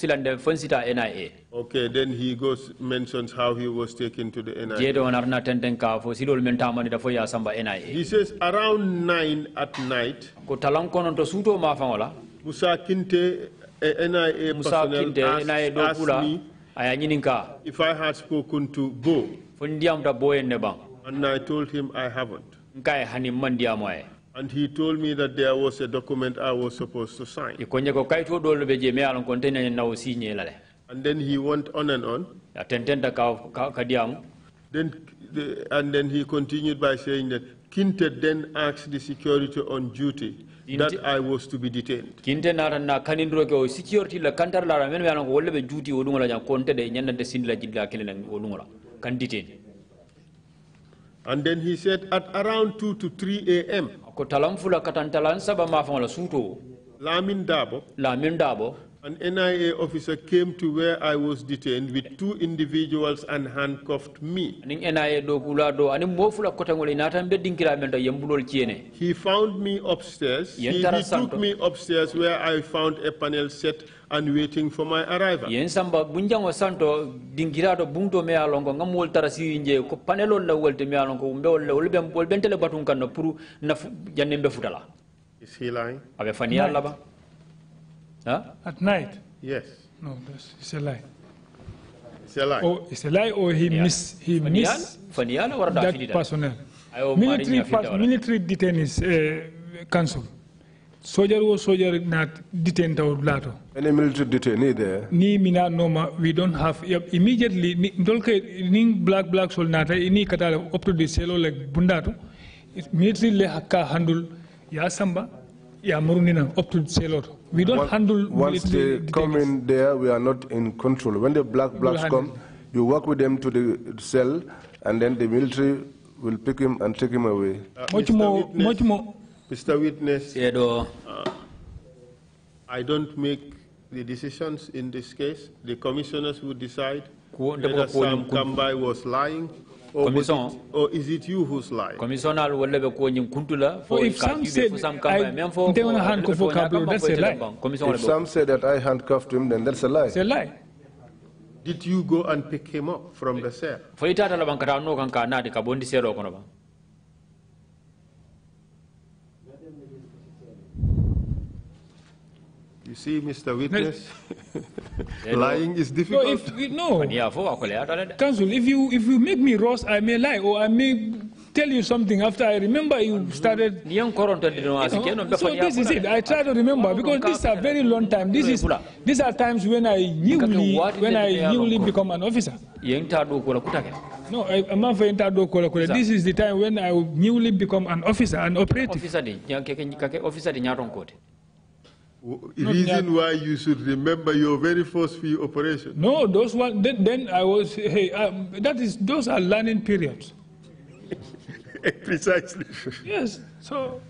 silande fonsita NIA okay then he goes mentions how he was taken to the NIA tenden ka fo silol men tamani da fo ya samba NIA he says around 9 at night ko talan to suto ma fangola Musa Kinte eh, NIA personnel asked me if i had spoken to bo fo ndiyamta boyen ne and i told him i haven't hani And he told me that there was a document I was supposed to sign. And then he went on and on. Then, the, and then he continued by saying that Kinted then asked the security on duty that I was to be detained. Kinte nara na kanindro ke o security la kantar la ramen be anango wolle be juuti olungola nya konte de nyanda de sindla jidla kelela olungola kan detain. And then he said at around 2 to 3 a.m. Ko talam fula katantalan saba ma fa la suto. Lamin Dabo. Lamin Dabo. An NIA officer came to where I was detained with two individuals and handcuffed me. He found me upstairs. He, he took me upstairs where I found a panel set and waiting for my arrival. Is he lying? Huh? At night? Yes. No, that's, it's a lie. It's a lie. Or oh, it's a lie or he yeah. miss he miss that personnel. Military, military detainees uh, council. Soldier or soldier not detained our blato. Any military detainee there? Ni mina noma we don't have immediately ni dolke ni black black soldier nata ni katala up to the cello like bundato. Immediately le hakka handle ya samba ya murunina up to the cello. We don't once, handle Once they come in there, we are not in control. When the black blacks come, you work with them to the cell, and then the military will pick him and take him away. Uh, much Mr. more, Witness, much more. Mr. Witness, uh, I don't make the decisions in this case. The commissioners would decide whether Sam Kambai was lying commission, it, or is it you who's lying? Commission al wala be ko nyim kuntula fo if some said I don't handcuff Kablo, that's a lie. If some say that I handcuffed him, then that's a lie. It's a lie. Did you go and pick him up from the cell? For it la bankata no kanka na de kabondi sero kono see, Mr. Witness, lying is difficult. No, if, no. Know, Council, if you, if you make me roast, I may lie or I may tell you something after I remember you mm-hmm. started. You uh-huh. know, so this is it. I try to remember because this is a very long time. This is these are times when I newly when I newly become an officer. No, I, I'm not for This is the time when I will newly become an officer, an operative. Officer, the officer, officer, reason why you should remember your very first few operations. No, those one. Then, then I was. Hey, um, that is. Those are learning periods. Precisely. Yes. So.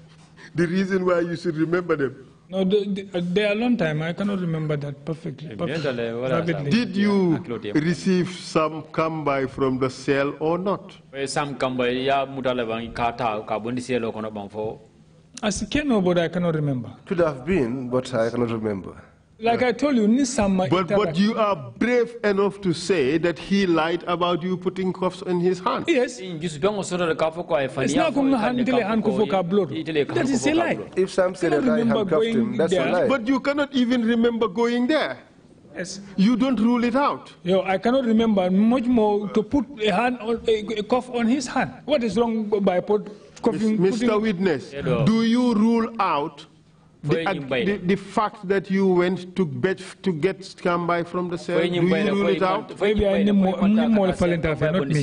The reason why you should remember them. No, they, uh, they are long time. I cannot remember that perfectly. perfectly Did you receive some kambai from the cell or not? Some kambai ya mutalebang kata kabundi cell okono bangfo I said, Can cannot, but I cannot remember. Could have been, but I cannot remember. Like yeah. I told you, Nissan. But but you are brave enough to say that he lied about you putting cuffs in his hand. Yes. It's not going to hand blood. That is a lie. If Sam said that I handcuffed him, that's there. a lie. But you cannot even remember going there. Yes. You don't rule it out. Yo, I cannot remember much more to put a hand on, a, a cuff on his hand. What is wrong by putting. Mr. Witness, do you rule out the, the, the, fact that you went to bet to get standby from the cell, do you rule it out? Maybe more more Okay.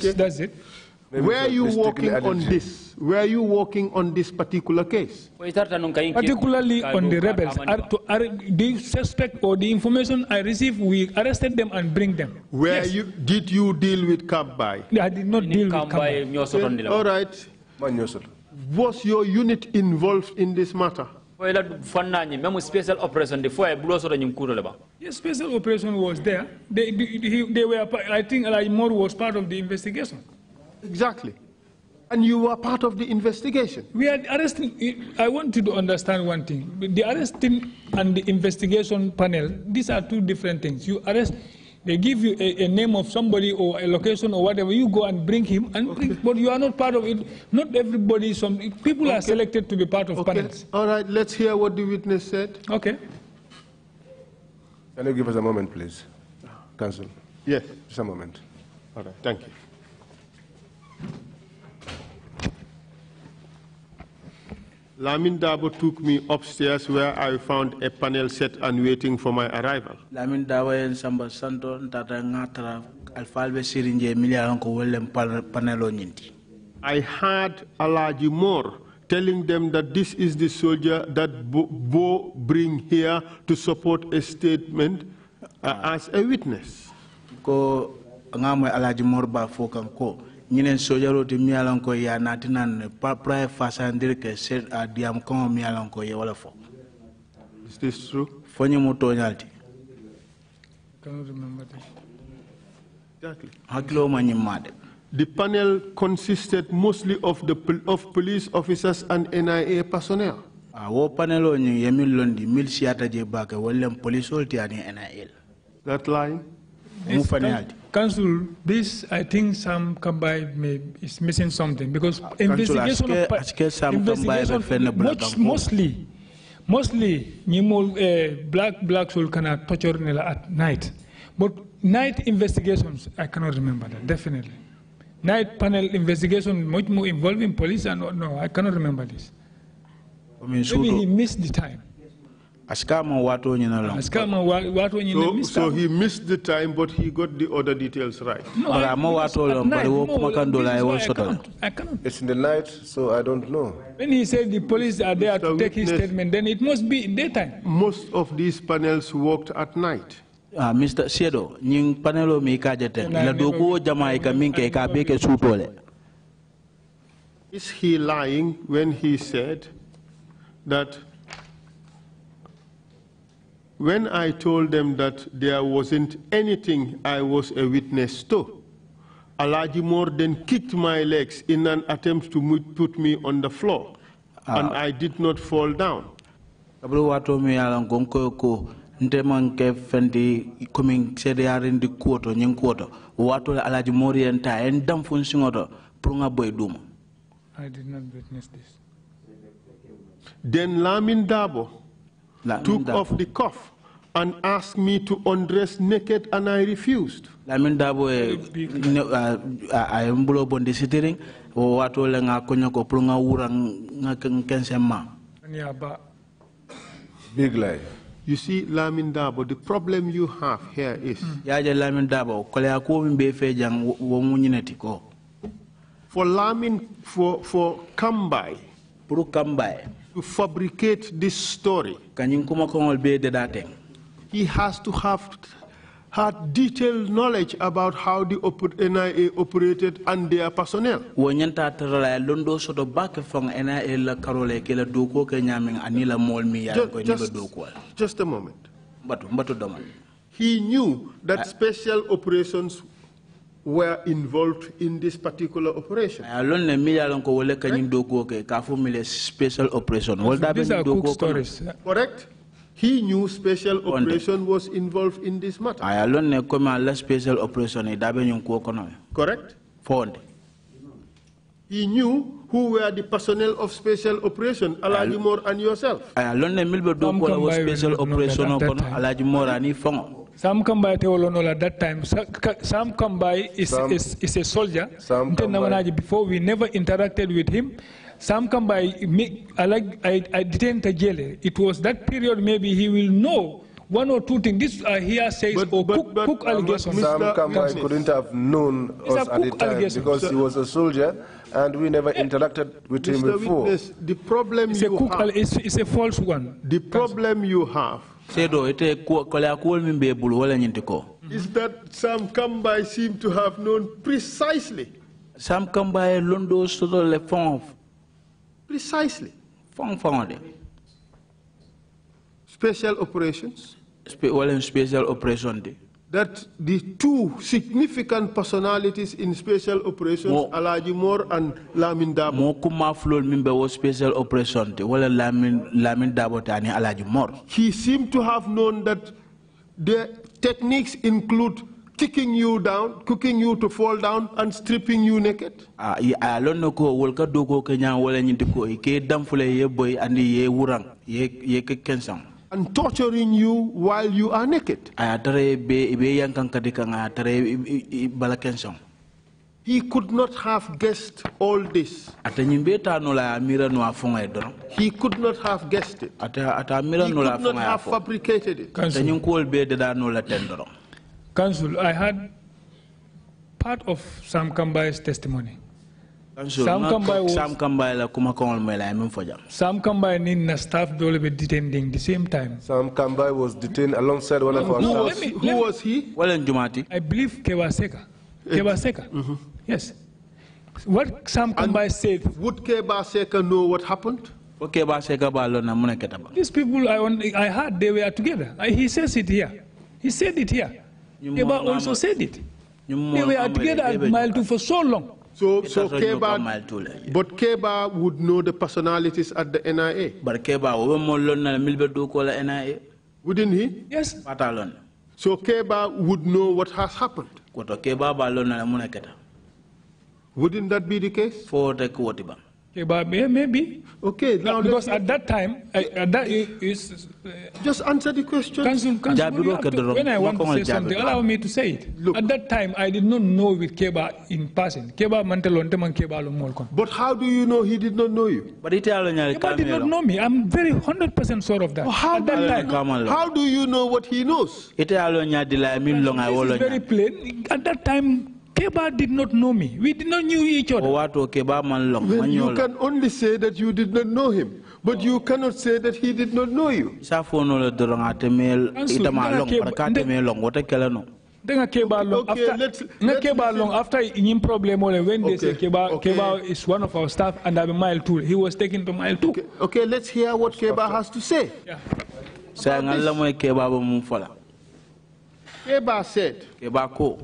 Yes, that's it. Maybe are you working on this? are you working on this particular case? Particularly on the rebels. Are to, are the suspect or the information I received, we arrested them and bring them. Where yes. you did you deal with Kambai? I did not deal with Kambai. All right. Was your unit involved in this matter? Yes, special operation was there. They, they, they were, I think Alai was part of the investigation. Exactly. And you were part of the investigation. We are arresting. I want you to understand one thing. The arresting and the investigation panel, these are two different things. You arrest, they give you a, a name of somebody or a location or whatever. You go and bring him, and okay. bring, but you are not part of it. Not everybody. Some people okay. are selected to be part of okay. panels. All right. Let's hear what the witness said. Okay. Can you give us a moment, please, Council? Yes. Just a moment. All right. Thank you. Lamin Dabo took me upstairs where I found a panel set and waiting for my arrival. Lamin Dabo en samba santo ngatra alfalbe sirinje I heard Alaji Moore telling them that this is the soldier that Bo, Bo bring here to support a statement uh, as a witness. Ko Alaji Moore ba fokan ko ñinen sojaroti miyalan ko ya natinan ne praye fasandir ke set a diyam koŋo miyalan ko ye wala fo fo ñimu toñalti hakkiloo ma ñimmaade The panel consisted mostly of the of police officers and NIA personnel. Awo panelo ni ñing yemin londi mil siata je baake wallem police olti ani NIA. That line? mu faneyalti Council, this, I think some Kambai may, is missing something because uh, investigation Council, of, aske, investigation much, mostly, mostly, uh, black black soul cannot torture at night. But night investigations, I cannot remember that, definitely. Night panel investigation much more involving police and no, I cannot remember this. I mean, Maybe he missed the time askama wato ñina la askama wato ñina mista so he missed the time but he got the other details right no, wala ma wato la do it's in the night so i don't know when he said the police are there Mr. to take Witness, his statement then it must be in daytime most of these panels worked at night ah mr sedo ñing panelo mi kajete jama minke sutole is he lying when he said that when I told them that there wasn't anything I was a witness to, Alaji Moore then kicked my legs in an attempt to put me on the floor, uh, and I did not fall down. prunga boy I did not witness this. Then Lamin Dabo took off the cuff and asked me to undress naked and I refused. Lamin dabo eh, eh, ay ah, ah, Big lie. You see, Lamin Dabo, the problem you have here is. Mm. Lamin Dabo, For Lamin, for for Kambai. Puru Kambai. To fabricate this story. Kanyinkumakongol be de he has to have had detailed knowledge about how the NIA operated and their personnel. Wanyanta tarala londo soto back from NIA la karole doko ke anila mol mi ya ko ni doko. Just a moment. Batu batu He knew that special operations were involved in this particular operation. ne mi ya doko ke mi le special operation. doko. These are cook stories. Correct? He knew special operation was involved in this matter. I alone ne koma la special operation e dabe nyun ko Correct? Fonde. He knew who were the personnel of special operation, Alaji Moore and yourself. I alone ne milbe do ko la special operation kono Alaji Moore ani fongo. Sam Kambai Teolonola at that time. Sam Kambai is, is, is a soldier. Sam Kambai. Before we never interacted with him. I I detained Tajele. It was that period maybe he will know one or two things. This uh, here says but, or oh, but, cook, but, cook allegations. Sam Kambai couldn't have known us at the time because Sir. he was a soldier and we never interacted with Mr. him before. Witness, the problem it's you have, it's, it's, a false one. The problem you have is that Sam Kambai seemed to have known precisely Sam Kambai londo soto le Precisely. Confounded. Special operations. special operation day. That the two significant personalities in special operations, Mo Alaji Moore and Lamin Dabo. Mo kuma flow mimbe was special operation day. Well, Lamin Lamin Dabo tani Alaji Moore. He seemed to have known that the techniques include kicking you down, cooking you to fall down, and stripping you naked? Ah, I ye and kensang. And torturing you while you are naked. be be He could not have guessed all this. He could not have guessed it. He could not have fabricated it. Council, I had part of Sam Kambai's testimony. Sam Kambai was, Sam Kambai la kuma kongol Sam Kambai ni na staff dole be detained at the same time. Sam Kambai was detained alongside one of our staff. Who was he? Walen I believe Kebaseka. Kebaseka. Mm -hmm. Yes. What Sam Kambai and said. Would Kebaseka know what happened? These people I, I heard they were together. he says it here. He said it here. Keba also said it. They were together at Mile 2 for so long. So, so Keba, but Keba would know the personalities at the NIA. But Keba, we more learn than Milbert do NIA. Wouldn't he? Yes. Patalon. So Keba would know what has happened. Wouldn't that be the case? For the Kuwatiba. About yeah, maybe. Okay. Now because at that time, I, at that is. Uh, just answer the question. Council, Council, to, when I want to say something, allow me to say it. Look, at that time, I did not know with Keba in person. Keba mantelonte man Keba lumolkon. But how do you know he did not know you? But it Keba did not know me. I'm very hundred percent sure of that. Well, how, at that time, how do you know what he knows? It This is very plain. At that time, Keba did not know me. We did not know each other. Well, you can only say that you did not know him, but you cannot say that he did not know you. Answer, then I came along okay, after let's, let Keba long. after in problem when they say Keba Keba is one of our staff and I'm mile two. He was taken to mile two. Okay, okay let's hear what Keba has to say. Yeah. Keba mufala. Keba said Keba ko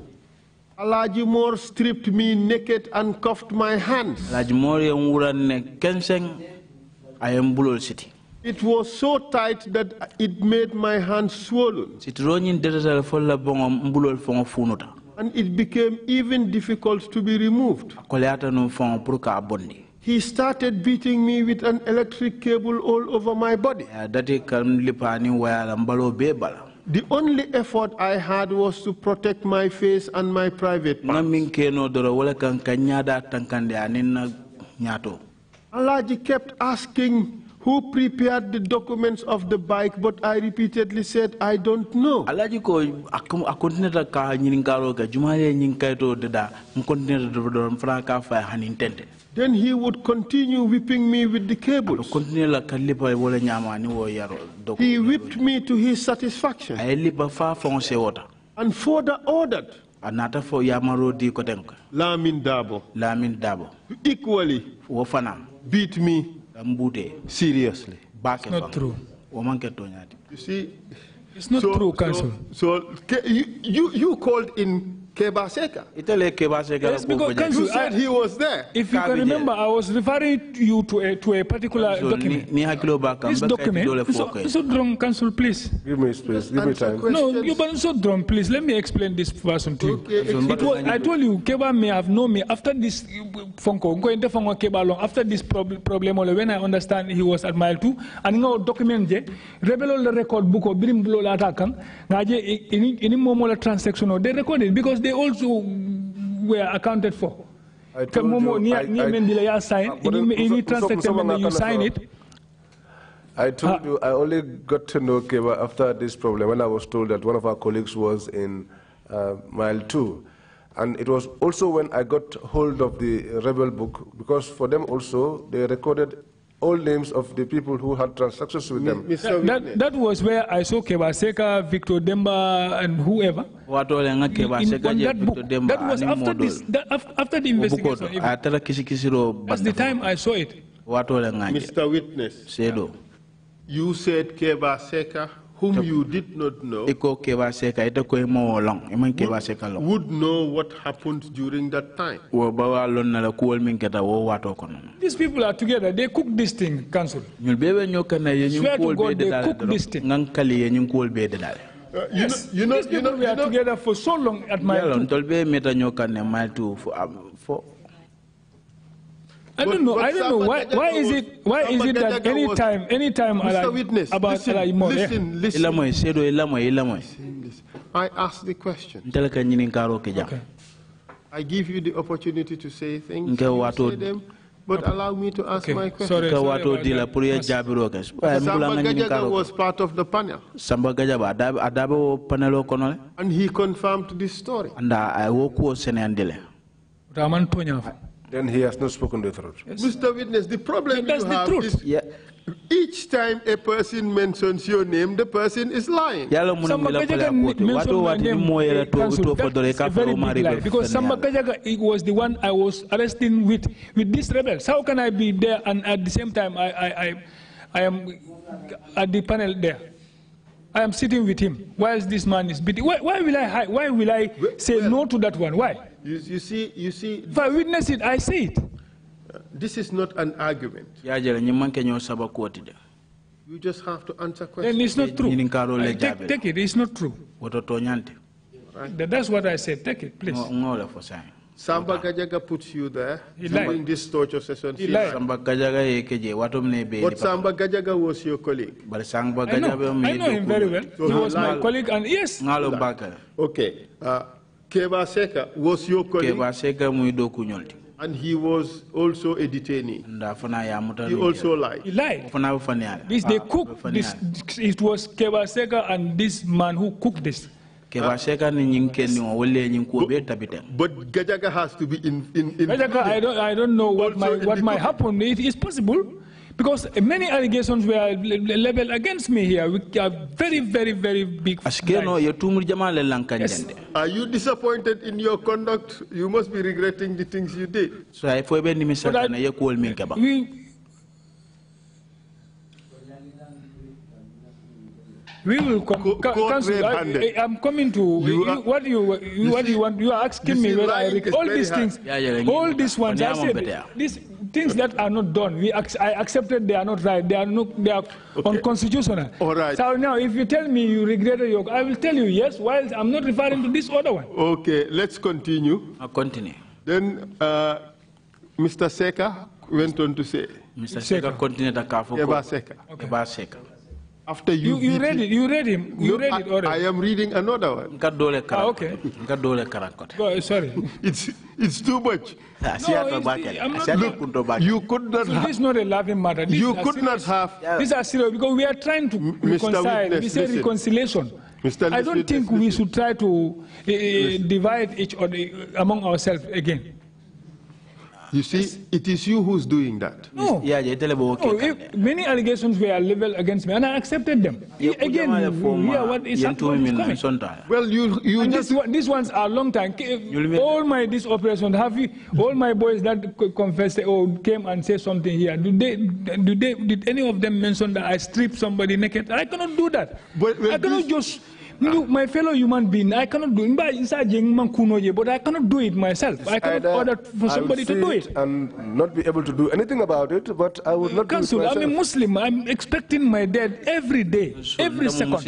Alaji Moore stripped me naked and cuffed my hands. Alaji Moore yang uran ne kenseng ayam bulol siti. It was so tight that it made my hands swollen. Sitronin derezal folla bongom bulol fongo funuta. And it became even difficult to be removed. Koleata no fongo pruka abondi. He started beating me with an electric cable all over my body. Dati kam lipani waya lambalo bebala. The only effort I had was to protect my face and my private parts. Alaji kept asking who prepared the documents of the bike, but I repeatedly said, I don't know. ko ka deda Then he would continue whipping me with the cables. Oh, he whipped me to his satisfaction. And further ordered. anata fo yamaro di ko denk lamin dabo lamin dabo equally wo beat me Mbude. Seriously. Back it's not true. You see, it's not so, true, Council. So, so you, you called in Kebaseka. Itele Kebaseka. because can you said he was there. If you can remember, I was referring you to a, to a particular Council, document. Ni, ni this document. So, so drone, Council, please. Give me space. Give me time. No, you but so drone, please. Let me explain this person to you. Okay. It was, I told you, Keba may have known me after this phone call. Going to phone Keba long after this prob problem. When I understand, he was at mile two. And now document je rebel record book or bilim blow la attack. Ngaje ini ini momo la transaction. They recorded because because they also were accounted for. I told you, I, I, I, sign, any, transaction when you sign it. I told uh, you, I only got to know Keba after this problem when I was told that one of our colleagues was in uh, mile two. And it was also when I got hold of the rebel book, because for them also, they recorded all names of the people who had transactions with them. That, that, was where I saw Kebaseka, Victor Demba, and whoever. In, in, on that, book, that was after, this, that, after the investigation. That's the time I saw it. Mr. Witness, yeah. you said Kebaseka whom you did not know would, would know what happened during that time. These people are together. They cook this thing, Council. Swear to God, they cook this thing. Uh, you yes. know, you know, people you know, were you know, together for so long at my. I don't know. I don't know why. Why is it? Why is it that anytime, anytime, Mr. Witness, about listen, listen, listen. I ask the question. Okay. I give you the opportunity to say things. You say them. But allow me to ask okay. my question. Sorry, sorry was part of the panel. Samba Gajaba, Adabo Panelo Konole. And he confirmed this story. And I eh, woke was Senandele. Raman Punyaf. Then he has not spoken the truth. Yes. Mr. Witness, the problem you have truth. is yeah. each time a person mentions your name, the person is lying. Because Samba Kajaga was the one I was arresting with, with this rebels. How can I be there and at the same time I, I, I, I am at the panel there? I am sitting with him. Why is this man is beating? Why, why will I hide? Why will I say well, no to that one? Why? You, you see, you see. If I witness it, I see it. this is not an argument. You just have to answer questions. Then it's not true. I take, take it, it's not true. Right. That's what I said. Take it, please. Samba Kajaga puts you there in this torture session. He lied. But Samba Kajaga was your colleague. But Samba Kajaga I know, I know him very well. So he was my colleague and yes. Okay. Uh, Kebaseka Seka was your colleague. Seka And he was also a detainee. He also lied. He lied. This, they ah, cook. this, it was Kebaseka and this man who cooked this. Kebaseka ni nyinkeni wale nyinkuobe tabite. But Gajaga has to be in in. in Gajaga, I don't I don't know what my what might happen. It is possible. Because many allegations were leveled against me here. We are very, very, very big. Yes. Are you disappointed in your conduct? You must be regretting the things you did. So I that, we, We will come. Co I, am coming to you are, what you, you what see, you want. You are asking me whether I all these things, yeah, yeah, all these ones. I said this things that are not done, we ac I accepted they are not right. They are no, they are okay. unconstitutional. All right. So now, if you tell me you regretted your, I will tell you yes. While I'm not referring to this other one. Okay, let's continue. I'll continue. Then uh, Mr. Seka went on to say. Mr. Seka, Seka continued the Seka. Eba Seka. Okay. Eba Seka after you. You, you read it. You read him. You no, read I, it already. I am reading another one. Ah, okay. oh, sorry. it's it's too much. Ah, no, it's, I'm not, look, you could not. So this is not a loving matter. These you could serious. not have. These are serious because we are trying to Mr. reconcile. Witness, we say listen. reconciliation. Mr. I don't think we should try to uh, divide each other among ourselves again. You see, it is you who's doing that. No. no if many allegations were leveled against me, and I accepted them. Again, yeah, what is happening Well, you, you and just... This, these ones are long time. All my these have you, all my boys that confessed or came and said something here, do they, do they, did any of them mention that I stripped somebody naked? I cannot do that. But, well, I cannot this, just... Look, my fellow human being, I cannot do it. But I cannot do it myself. It's I cannot order for somebody to do it. And not be able to do anything about it, but I would not Council, do it myself. I'm a Muslim. I'm expecting my death every day, so every second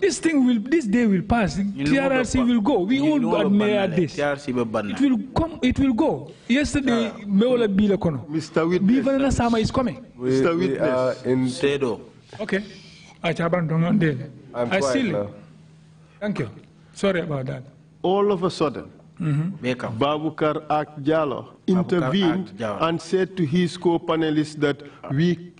this thing will this day will pass trrc will go we all admire this it will come it will go yesterday meola bila mr witness bivanana sama is coming we, mr witness we are in Sedo. Okay. I I'm silly. Now. Thank you. Sorry about that. All of a sudden, mm -hmm. Babukar Akjalo intervened Ak and said to his co-panelists that we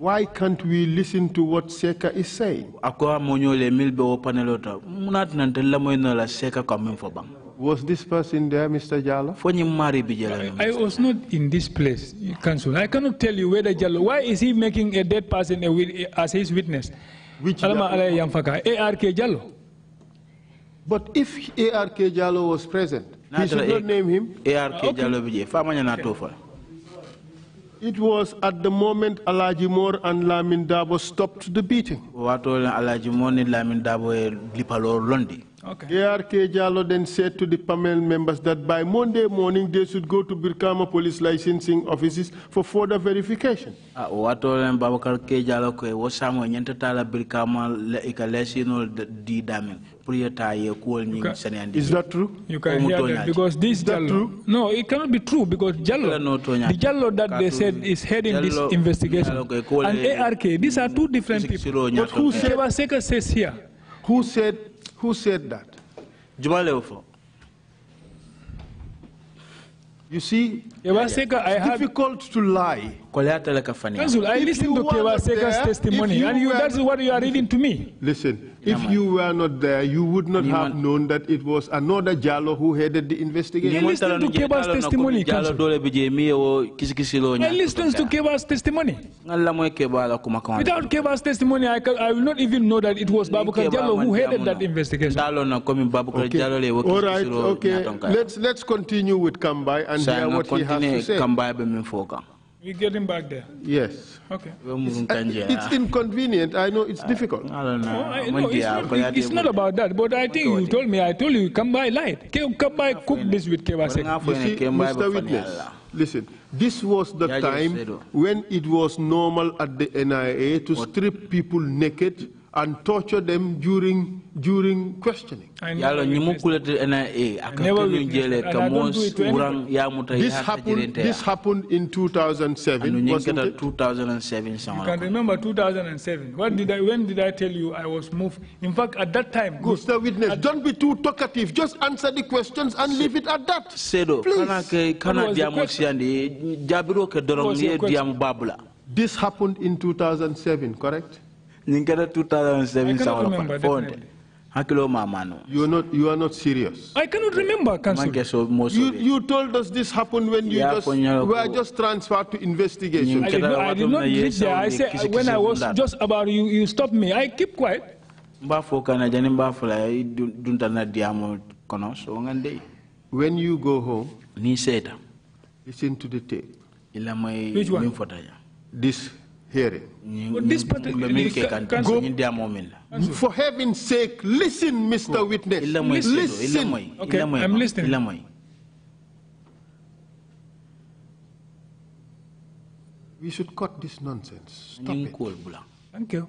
why can't we listen to what Seka is saying? Akwa monyole milbe o panelota. Munat nante la moyno la Seka coming for bang. Was this person there, Mr. Jallo? I, I was not in this place, Council. I cannot tell you whether Jallo. Why is he making a dead person a, as his witness? Which Alama Yamfaka, ARK Jallo. But if ARK Jallo was present, he should not name him. ARK ah, Jallo, Fama Tofa. It was at the moment Alajimor and Lamin Dabo stopped the beating. Okay. ARK Jalo then said to the panel members that by Monday morning they should go to Birkama police licensing offices for further verification. Ah, Watolen no di is that true? You can hear that because this Jallo. True? No, it cannot be true because Jallo, the Jallo that they said is heading this investigation, and ARK, these are two different people. But who said, Seka says here? Who said, who said that? Jumalefo. You see, Kewaseka, yeah, yeah. it's difficult to lie. Council, I listened to Kewaseka's testimony, and you, that's what you are reading to me. Listen, if you were not there, you would not have known that it was another Jalo who headed the investigation. You listened to Keba's testimony, counsel. I listened to Keba's testimony. Without Keba's testimony, I, can, I will not even know that it was Babukar Jalo who headed that investigation. Okay. All right, okay. Let's, let's continue with Kambai and hear what he has to say. We get him back there. Yes. Okay. It's, it's inconvenient. I know it's difficult. I don't know. Oh, well, no, it's, not, it's not about that. But I think you told me. I told you come by light. Come by cook this with kebasek. Mr. Witness, listen. This was the time when it was normal at the NIA to strip people naked and torture them during during questioning. I Yalo it. NIA akakulu njele kamos urang ya mutai This happened this happened in 2007 wasn't it? 2007 You can remember 2007. What did I when did I tell you I was moved? In fact at that time good. Mr. Witness don't be too talkative just answer the questions and leave it at that. Please. kana ke kana diamu This happened in 2007 correct? nin kɛra 2007 san wɛrɛ kɔni fɔ you are not you are not serious. i cannot remember council. you you told us this happened when you yeah, just we are just transferred to investigation. I did not, I did not reach there i said when i was just about you you stopped me i keep quiet. n b'a fɔ kana jani n b'a i dunta na di so when you go home. n'i se listen to the tape. Which one? this hearing. But For heaven's sake, listen, Mr. Oh, Witness. Listen. Okay, I'm listening. We should cut this nonsense. Stop it. Thank you.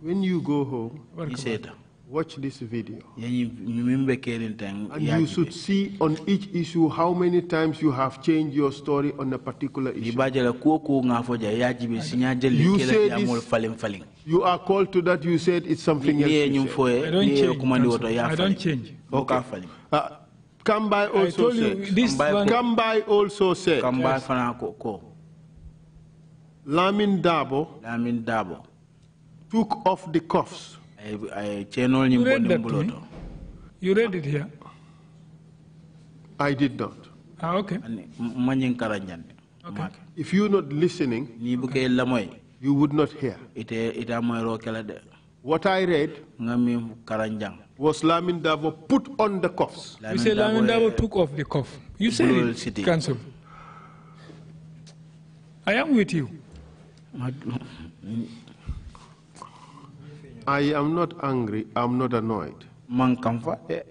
When you go home, he said. Watch this video. And you should see on each issue how many times you have changed your story on a particular issue. You say this, you are called to that, you said it's something else. I don't change. I don't change. Okay. Uh, by also said. This by also said. Come Kambai yes. Lamin Dabo. Lamin Dabo. Took off the cuffs. I, channel you read that to me? You read it here? I did not. Ah, okay. okay. If you're not listening, okay. you would not hear. What I read was Lamin Davo put on the cuffs. You say Lamin Davo took off the cuff. You say it, City. I am with you. I am not angry. I'm not annoyed. Eh?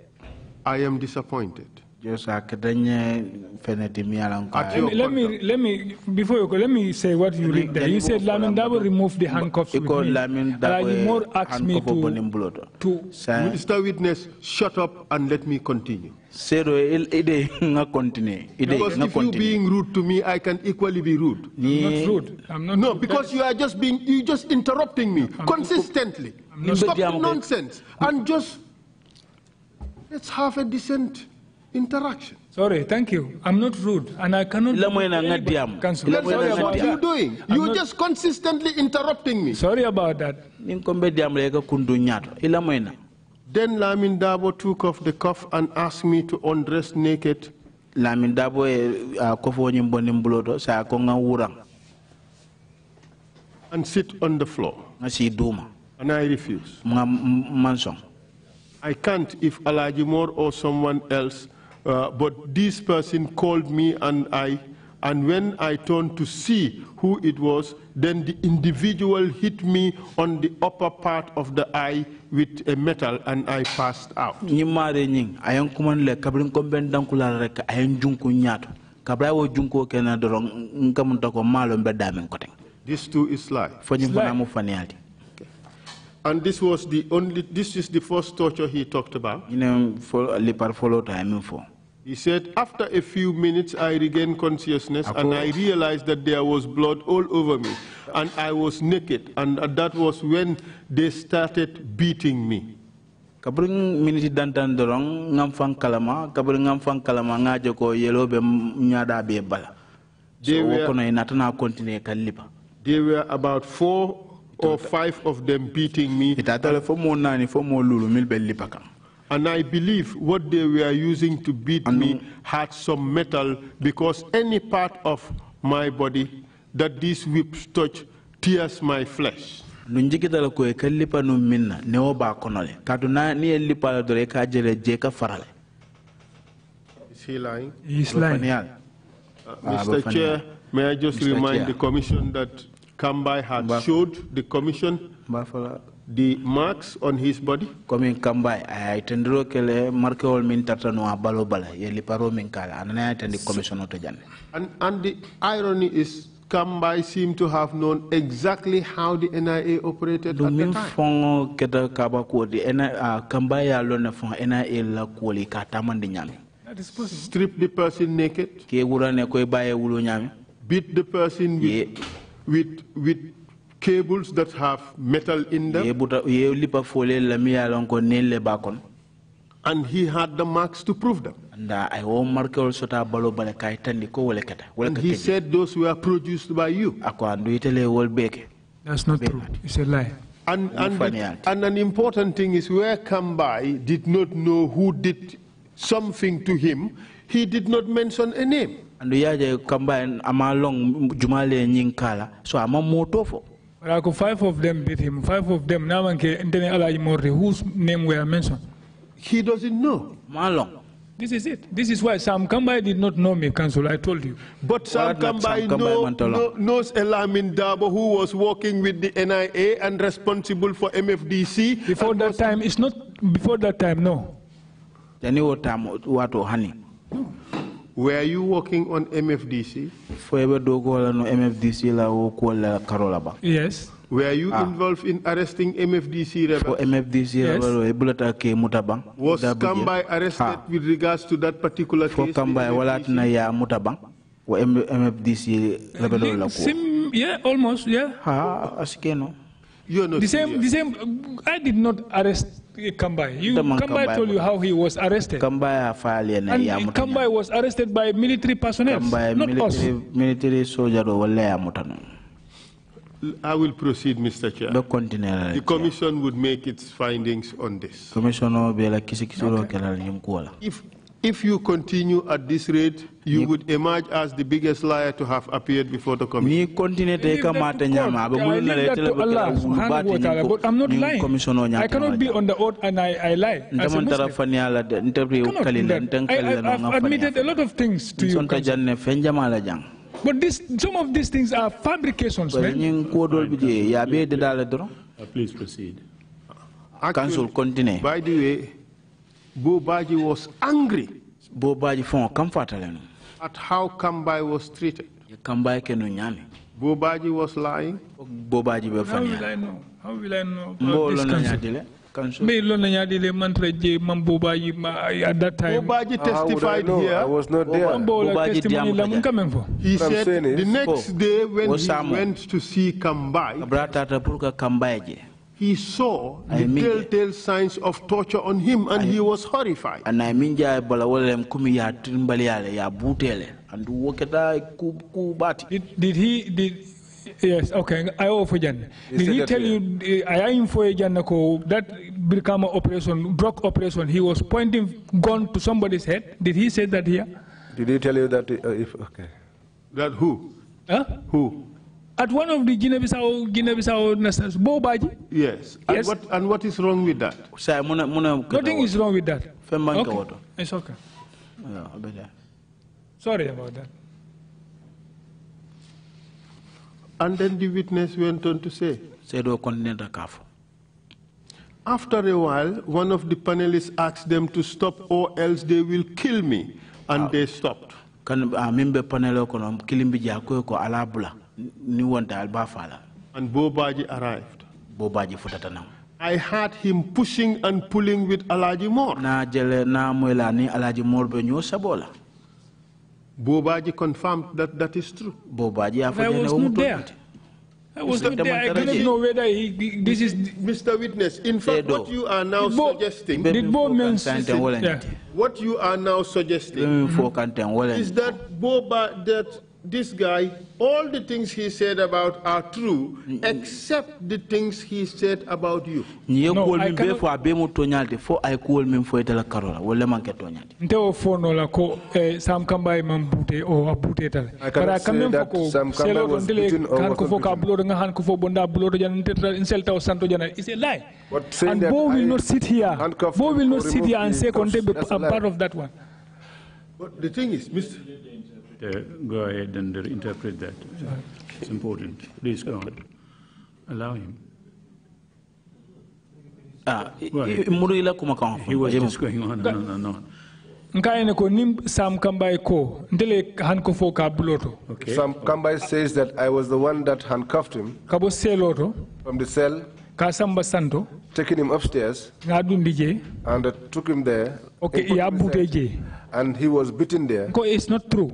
I am disappointed. Eh, At let me let me before you go. Let me say what you read there. You said Lamin Dabo removed the handcuffs with me. Alaji Moore asked me to to Mr. Witness, shut up and let me continue seeɗo eɗe nga continue ide nga continue being rude to me i can equally be rude I'm not rude i'm not no rude. because you are just being you just interrupting me I'm consistently stop the nonsense and just let's have a decent interaction Sorry, thank you. I'm not rude, and I cannot. Let Let's me Sorry what you doing. You're just consistently interrupting me. Sorry about that. Then Lamin Dabo took off the cuff and asked me to undress naked. Lamin Dabo e eh, a kofo nyimbonim buloto sa ko ngawurang. And sit on the floor. Ngasi duma. And I refuse. Mga I can't if Alaji Moore or someone else, uh, but this person called me and I and when I turned to see who it was, then the individual hit me on the upper part of the eye with a metal and I passed out. Nyimare nying, ayang kuman le kabrin komben dankula rek ayang junku nyato. Kabra wo junku kena dorong nkamunta ko malo mbeda men koteng. This too is lie. Fonyi kuna mufani ati. And this was the only, this is the first torture he talked about. Ine for lipar follow time for. He said, after a few minutes, I regained consciousness and I realized that there was blood all over me and I was naked. And that was when they started beating me. kabrin miniti dantan dorong ngam fan kalama kabrin ngam fan kalama ngajo ko yellow be nyada be bala they were kono natana continue kalliba they were about four or tota- five of them beating me ita tale fo mo nani fo lulu mil be lipaka and I believe what they were using to beat me had some metal because any part of my body that these whips touch tears my flesh. nun jigitala ko e ka lipa nun min Mr. Chair, may I just Mr. remind Chair. the Commission that Kambai had showed the Commission the marks on his body? Komi kamba aitendro kele marke ol min tartanu abalo bala yeli paro min kala anana tendi commissioner to jande. And and the irony is Kambai seemed to have known exactly how the NIA operated at the time. fongo keda kaba di uh, Kambai ya lone fon NIA la ko li ka tamandi Strip the person naked. Ke wurane koy baye wulo Beat the person with with with cables that have metal in them. And he had the marks to prove them. And he said those were produced by you. That's not true. It's a lie. And, and, it, and an important thing is where Kambai did not know who did something to him, he did not mention a name. And yaje Kambai amalong jumale nyinkala, so amamotofo. Raku, five of them beat him. Five of them. Now, whose name were mentioned? He doesn't know. Malong. This is it. This is why Sam Kambai did not know me, Council. I told you. But Sam Kambai, know, knows Elamin Dabo, who was working with the NIA and responsible for MFDC. Before that time, it's not before that time, no. Then you time what honey. Were you working on MFDC? Fuebe dogo la no MFDC la woko la karolaba. Yes. Were you ah. involved in arresting MFDC rebels? For MFDC yes. rebels, e bulata mutabang. Was Kambai arrested ah. with regards to that particular case? For Kambai walat na ya mutabang. Wa MFDC rebels la ko. Sim, yeah, almost, yeah. Ha, asikeno. You're not the same. Here. The same. I did not arrest Kambai. You, Kambai, Kambai told you how he was arrested. Kambai and Kambai was arrested by military personnel, not military, us. Military I will proceed, Mr. Chair. The Commission would make its findings on this. Commissioner, okay. If If you continue at this rate, you would emerge as the biggest liar to have appeared before the commission. Ni continue te nyama ba mu na le tele ba I'm not lying. I cannot be on the oath and I, I lie. tara I've admitted a lot of things to you. Sonta janne la jang. But this, some of these things are fabrications, uh, Please proceed. Council, continue. By the way, Bobaji was angry Bobaji fon kamfatale no at how Kambai was treated. Kambai kenu nyani. Bobaji was lying. Bobaji be fanya. How will I know? How will I know? Mbo lo na nyadile. Me Bobaji at that time. Bobaji ah, testified I here. I was not there. Mbo la He said the next day when he went to see Kambai. Kambai he saw the telltale signs of torture on him and he was horrified. And I mean Jai balawalem kumi ya trimbaliale ya butele and woketa kubati. Did he did Yes, okay. I offer Jan. Did he tell you eh, I am for Jan that become operation drug operation? He was pointing gun to somebody's head. Did he say that here? Did he tell you that uh, if okay? That who? Huh? Who? At one of the Guinea-Bissau Guinea-Bissau nurses, Bobaji. Yes. And yes. What, and what is wrong with that? Sir, muna, muna Nothing is wrong with that. Okay. It's okay. Yeah, Sorry about that. And then the witness went on to say. Said After a while, one of the panelists asked them to stop or else they will kill me. And ah. they stopped. Kan ah, mimbe panelo kono kilimbi jakoyo ko alabula. And Bobaji arrived. Bobaji futata now. I heard him pushing and pulling with Alaji Moore. Na jele na mwela ni Alaji Moore benyo sabola. Bobaji confirmed that that is true. Bobaji afadene umu there. I was not there. I don't know whether he, this is. Mr. Witness, in fact, what you are now Bo, suggesting. Did Bo mention What you are now suggesting mm -hmm. is that Boba, that this guy, all the things he said about are true, except the things he said about you. No, eh, I cannot... Sam I imam bute o abute tal. Kara kamem foko selo don dile kan lie. And Bo will not sit here. Bo will not sit here and say contempt part of that one. But the thing is, Mr. Uh, go ahead and interpret that. It's important. Please go on. Allow him. Ah, he was just going on and on and on nkayene nim sam kambay ko ndele sam says that i was the one that handcuffed him kabo from the cell ka santo taking him upstairs ngadundi DJ. and I took him there okay ya bute and he was beaten there ko it's not true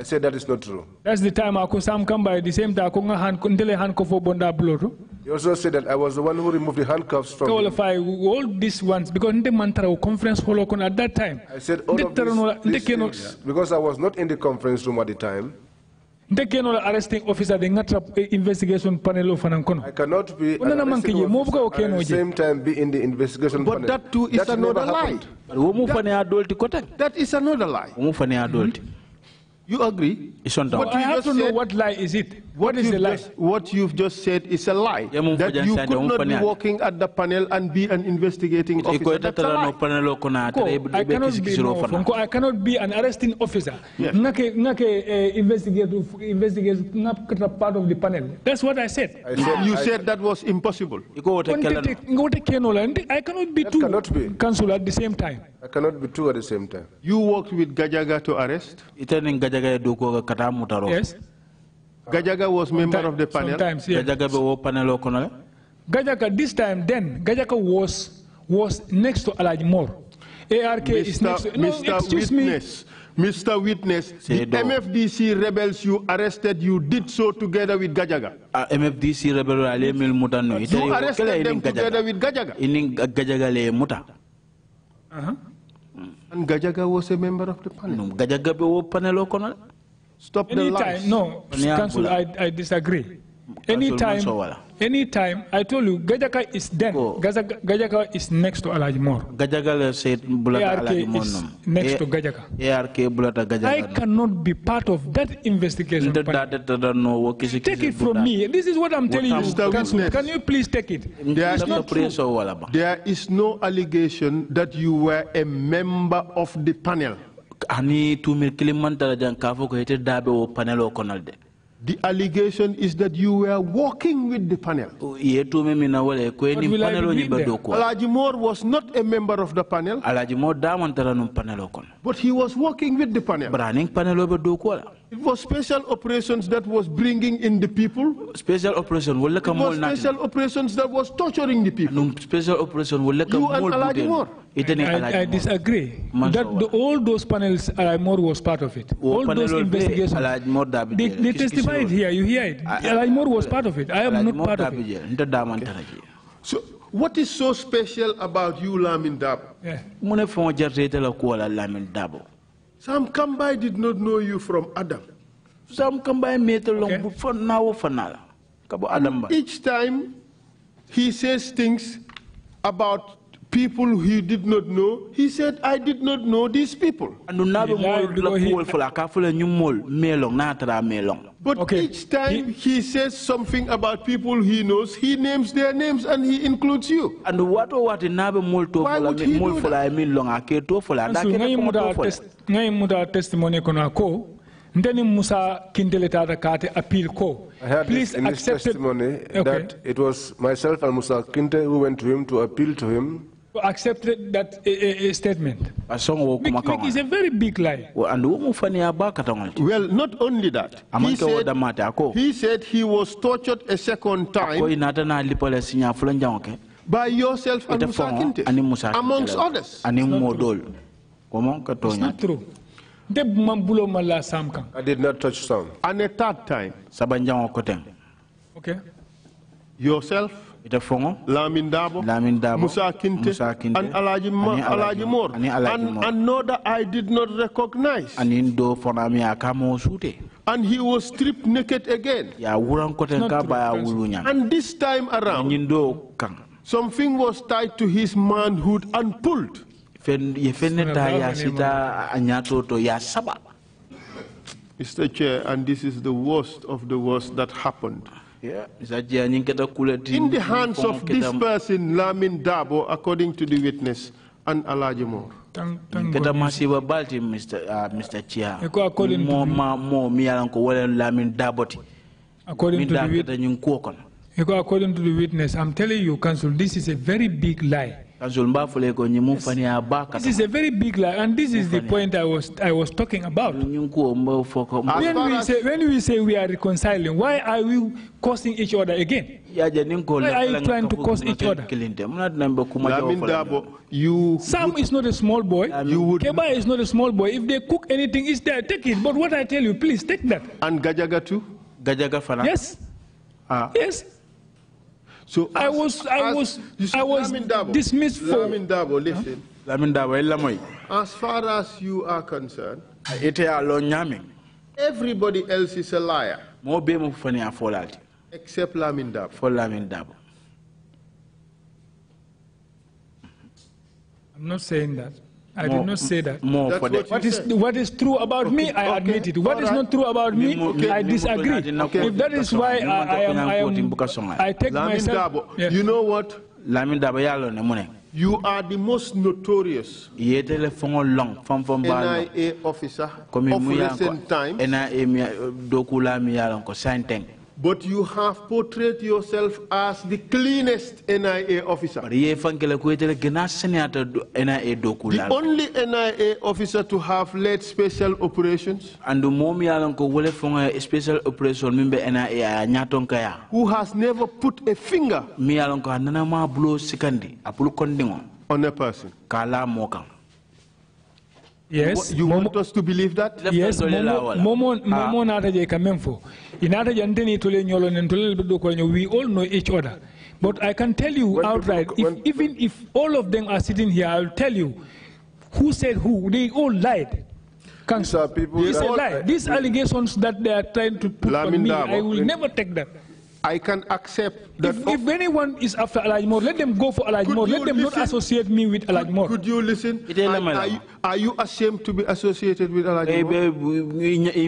I said that is not true. That's the time I Akusam come by the same time Akunga hand ndele handcuff bonda blood. He also said that I was the one who removed the handcuffs from. Qualify all these ones because in the mantra conference hall at that time. I said all of these, these things, because I was not in the conference room at the time. ndekenola arresting officer the ngatra eh, investigation panel ofanan kono i cannot be onana manke je mo buka okeno je same time be in the investigation but panel but that too is that another lie wo mu fane that is another lie you agree? It's on down. But I have to know what lie is it. What is a lie? Just, what you've just said is a lie. that you could not be working at the panel and be an investigating officer. That's a lie. I cannot be, no, I cannot be an arresting officer. I cannot be investigate, not part of the panel. That's what I said. I said you I, said that was impossible. I cannot be that two cannot be. counsel at the same time. I cannot be two at the same time. You worked with Gajaga to arrest? Yes. Gajaga was member of the panel. Sometimes, yeah. Gajaga wo panel okonale. Gajaga this time then Gajaga was was next to Alaj Moore. ARK Mr. is next to, no, excuse Witness. me. Mr. Witness, the MFDC rebels you arrested, you did so together with Gajaga. Uh, ah, MFDC rebels ale mil muta You arrested them together with Gajaga. Ining Gajaga le muta. Uh-huh. And Gajaga was a member of the panel. No, Gajaga be wo panel okonale. Stop any the lies. No, Council, I, I disagree. Anytime, anytime, I told you, Gajaka is then. Gajaka, is next to Alajmor. Gajaka said Bulata ARK is next to Gajaka. ARK Bulata Gajaka. I cannot be part of that investigation. Take it from me. This is what I'm telling you, Council. Can you please take it? There is, not true. there is no allegation that you were a member of the panel ani tumir kiliman ko o panel o The allegation is that you were working with the panel. Alaji Moore was not a member of the panel. Alaji Moore But he was working with the panel. It was special operations that was bringing in the people. Special operation. It was special operations that was torturing the people. Special operation. You and Alaji Moore. I, I disagree. That the, all those panels, Alaji uh, Moore was part of it. Oh, all those investigations. They, they testified here. You hear it. Ah, Alaji Moore was part of it. I am not part of it. Okay. So, what is so special about you, Lamin Dabo? Yeah. Sam Kambai did not know you from Adam. Sam Kambai met along before now for now. Each time he says things about people he did not know, he said, I did not know these people. But okay. each time he, says something about people he knows, he names their names and he includes you. And what what Why would he do long testimony ndeni Musa kindeletata kate appeal ko. I heard Please in his testimony okay. that it was myself and Musa Kinte who went to him to appeal to him accepted that uh, statement. Big, is a very big lie. Well, not only that. He said, he said he was tortured a second time by yourself and Musa amongst others. It's not true. I did not touch some. And a third time. Okay. Yourself ita fongo lamin dabo lamin dabo musa kinte, musa kinte and alaji ma alaji mor ani alaji i did not recognize and he was stripped naked again ya wuran ka ba wulunya and this time around kan something was tied to his manhood and pulled fen ye feneta ya sita anyato to ya saba Mr. Chair, and this is the worst of the worst that happened. Yeah. In the hands of this person, Lamin Dabo, according to the witness, and Alaji Moore. Kata masiwa balti, Mr. Uh, Mr. Chia. according mo, to ma, mo miyalan ko Lamin Daboti. the witness. according to the witness, I'm telling you, Council, this is a very big lie. Yes. This is a very big lie, and this is the point I was I was talking about. When we say when we say we are reconciling, why are we causing each other again? Why are you trying to cause each other? Sam is not a small boy. You would Keba is not a small boy. If they cook anything, it's there. Take it. But what I tell you, please take that. And Gajaga too. Gajaga Yes. Ah. Yes. So I was, I was, I was dismissed for. Lamin Dabo, listen. Lamin Dabo, Elamoy. As far as you are concerned, ite alone Everybody else is a liar. Mo be mo fani afolati. Except Lamin Dabo. For Lamin Dabo. I'm not saying that. I more, did not say that. More That's for what, what is what is true about okay, me, I okay, admit it. What right. is not true about me, okay. I disagree. If that is why I, I am, I, am, I take Lamin myself. Dabo, yeah. You know what? Lamin Dabo You are the most notorious NIA officer of recent times. But you have portrayed yourself as the cleanest NIA officer. The only NIA officer to have led special operations. And special operation NIA Who has never put a finger on a person. Yes. You want us to believe that? Yes. Momo, momo, ah. momo, Inata yandeni tole nyolo nentole bedo kwenye, we all know each other. But I can tell you when outright, people, if, even if all of them are sitting here, I'll tell you who said who. They all lied. These, are people lie. These allegations that they are trying to put on me, I will never take that. I can accept that. If, if anyone is after Alaj Moore, let them go for Alaj Moore. Let them listen? not associate me with Alaj Moore. Could, you listen? Are, are, you, are, you, ashamed to be associated with Alaj Moore?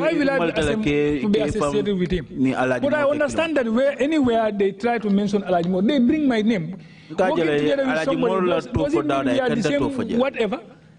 Why will I be ashamed to be eh, associated with him? But I understand that where, anywhere they try to mention Alaj Moore, they bring my name. Working together with somebody, does, does it mean we are the same whatever?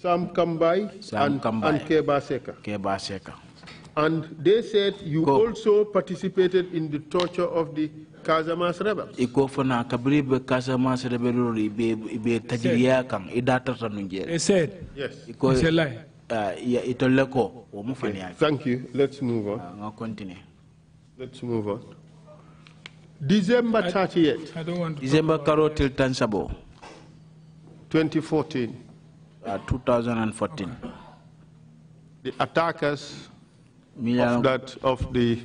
Sam Kambai Sam and, Kambai. and Keba Seka. Keba Seka. And they said you Go. also participated in the torture of the Casamas rebels. Iko fana kabri be Casamas rebels be be tajiriya kan idata tanunje. They said. Yes. Iko it's a lie. Uh, ito leko. itoleko omufanya. Thank you. Let's move on. Uh, continue. Let's move on. December 30th. I, I don't want to December Karo till Tansabo. 2014. Uh, 2014. The attackers of that of the,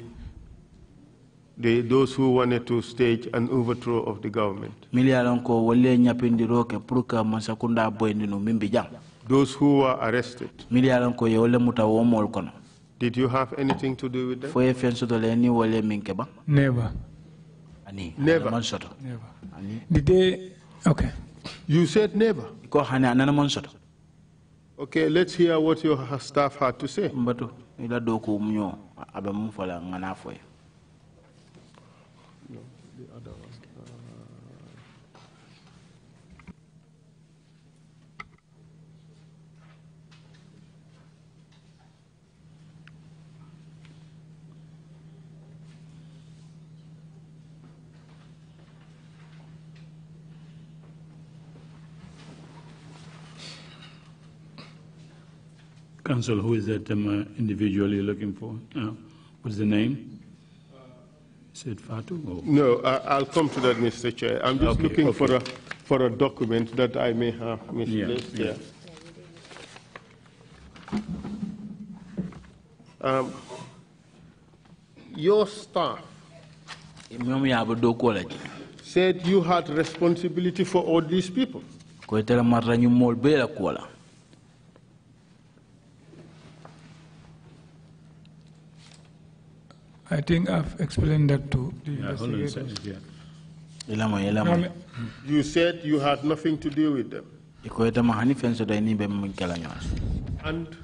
the those who wanted to stage an overthrow of the government. Those who were arrested. Did you have anything to do with that? Never. Never. Never. Did they? Okay. You said never. Okay, let's hear what your staff had to say. Council, who is that I'm um, uh, individually looking for? Uh, what's the name? Is it Fatu? Or? No, I, will come to that, Mr. Chair. I'm just okay, looking okay. for a for a document that I may have misplaced. Yeah, yeah. yeah. Um, your staff said you had responsibility for all these people. I think I've explained that to the yeah, investigators. Yeah. You said you had nothing to do with them. And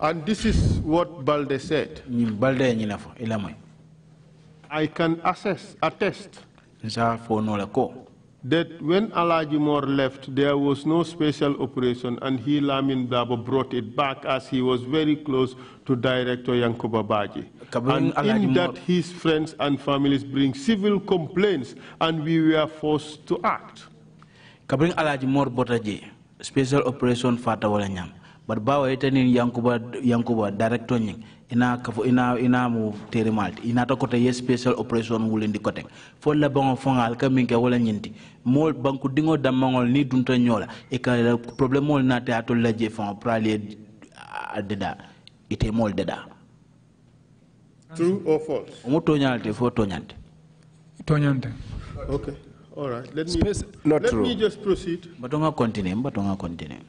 and this is what Balde said. I can assess, attest that when Alaji Moore left, there was no special operation, and he, Lamin Babo, brought it back as he was very close to director Yankuba Baji. And Alaji in that, his friends and families bring civil complaints, and we were forced to act. Kabring Alaji Moore Botaji, special operation Fata Walanyam, but Bawa Itanin Yankuba, Yankuba, director Nying. ina kafo ina ina mu tere malti ina to kote ye special operation wulen di kote fo la bango fongal ka min ke wala nyinti mo banku dingo damangol ni dunta nyola e ka problem mo na ta to la je fon prale deda ite mo deda true or false mo to nyalte fo to nyante to nyante okay all right let me Space, not let true. me just proceed but don't continue but don't continue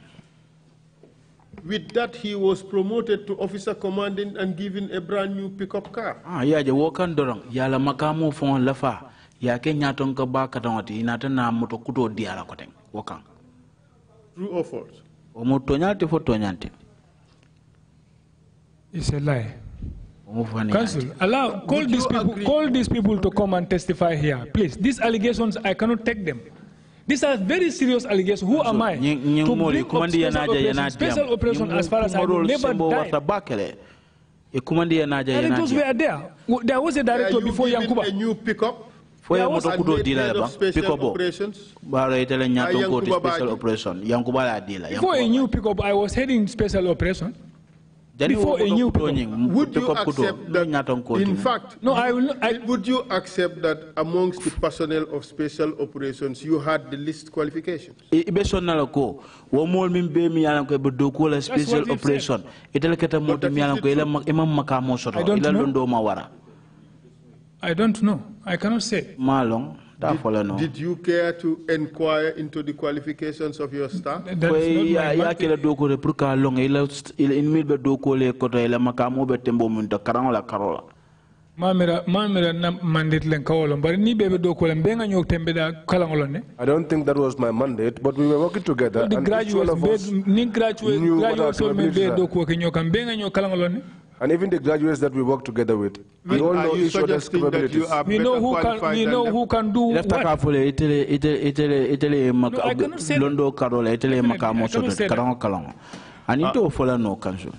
With that, he was promoted to officer commanding and given a brand new pickup car. Ah, yeah, the work and dorong. la makamu phone lafa. Ya ke nyaton ka ba katangati inata na moto kuto diala koteng. Wakang. True or false? Omoto nyante foto nyante. It's a lie. Council, allow call these people call these people to come and testify here, please. These allegations I cannot take them. These are very serious allegations. Who am I to bring up special operations, special operations as far as I know, never died. Directors were there. There was a director before Yankuba. A new pickup. Foya moto kudo dila la bang. Pickup operations. Baro itele special operation. Yankuba la a new pickup, I was heading special operation before a new people. Would you accept that, in fact, no, I will, I, would you accept that amongst the personnel of special operations, you had the least qualifications? That's special operation. I don't know. I cannot say. ta fola did you care to inquire into the qualifications of your staff koy ya ya kela do pour ka long ila ila be do ko le ko ila makamo be tembo mun karola mamira mamira na mandate len kawolo bari ni bebe be nga nyok tembe da kala ngolon ne i don't think that was my mandate but we were working together the and graduates graduates graduates ne and even the graduates that we work together with. we all know each other's capabilities. We know who can. We know who can do what. Kafule, itele, itele, itele, itele, no, I cannot say. Londo Karola, itele, makamo sote, kalango kalango. And it all follow no kanjo.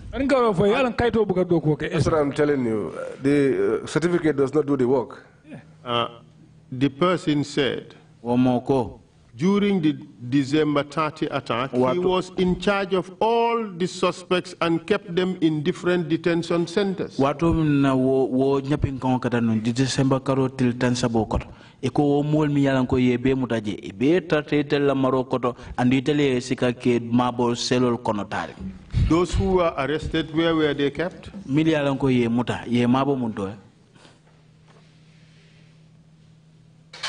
That's what I'm telling you. The uh, certificate does not do the work. Uh, the person said. Womoko. During the December 30 attack, what? he was in charge of all the suspects and kept them in different detention centers. Watu na wo wo nyapin kong kada nun December karo til tansa bokot. Eko wo mol mi yalan ko yebe mutaje ebe tate tel la marokoto and itele sika ke mabo selol konotari. Those who were arrested, where were they kept? Mili yalan ko ye muta ye mabo munto. Eh?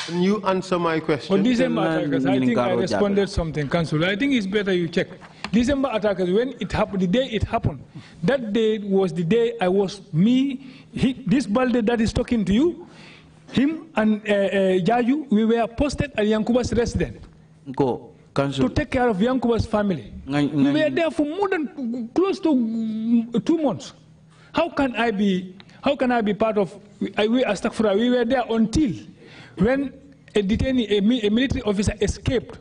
Can you answer my question? On December attackers, I think I responded something, Council. I think it's better you check. December attackers, when it happened, the day it happened, that day was the day I was me, he, this Balde that is talking to you, him and uh, uh, Jaju, we were posted at Yankuba's residence. Go. Council. To take care of Yankuba's family. We were there for more than close to mm, two months. How can I be? How can I be part of? I, we, we were there until when a detainee, a, a military officer escaped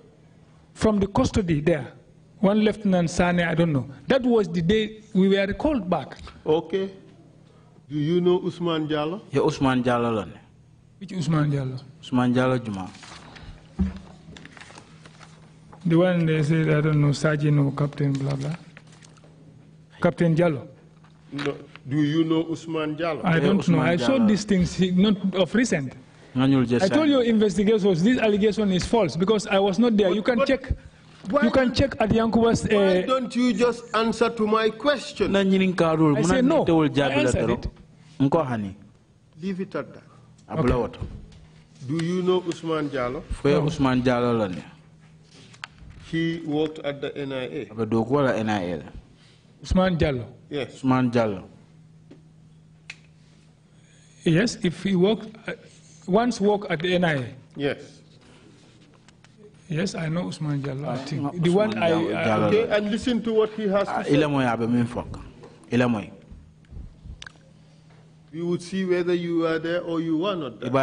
from the custody there, one Lieutenant Sane, I don't know. That was the day we were called back. Okay. Do you know Usman Jallo? Yeah, Usman Jallo. Which Usman Jallo? Usman Jallo Juma. The one they said, I don't know, Sergeant or Captain, blah, blah. Captain Jallo. No. Do you know Usman Jallo? I don't yeah, know. Jallo. I saw these things not of recent. I told you investigations, this allegation is false because I was not there. But, you can but, check. Why you can check at Yankuba's. Uh, why don't you just answer to my question? I say no. I answered it. Leave it at that. Okay. Do you know Usman Jallo? Where no. Usman Jallo He worked at the NIA. do Abadokwala NIA. Usman Jallo. Yes. Usman Jallo. Yes, if he worked uh, once worked at the NIA. Yes. Yes, I know Usman Jallo. think the one I, I okay, and listen to what he has to ah, say. Ilamoy We would see whether you were there or you were not there. On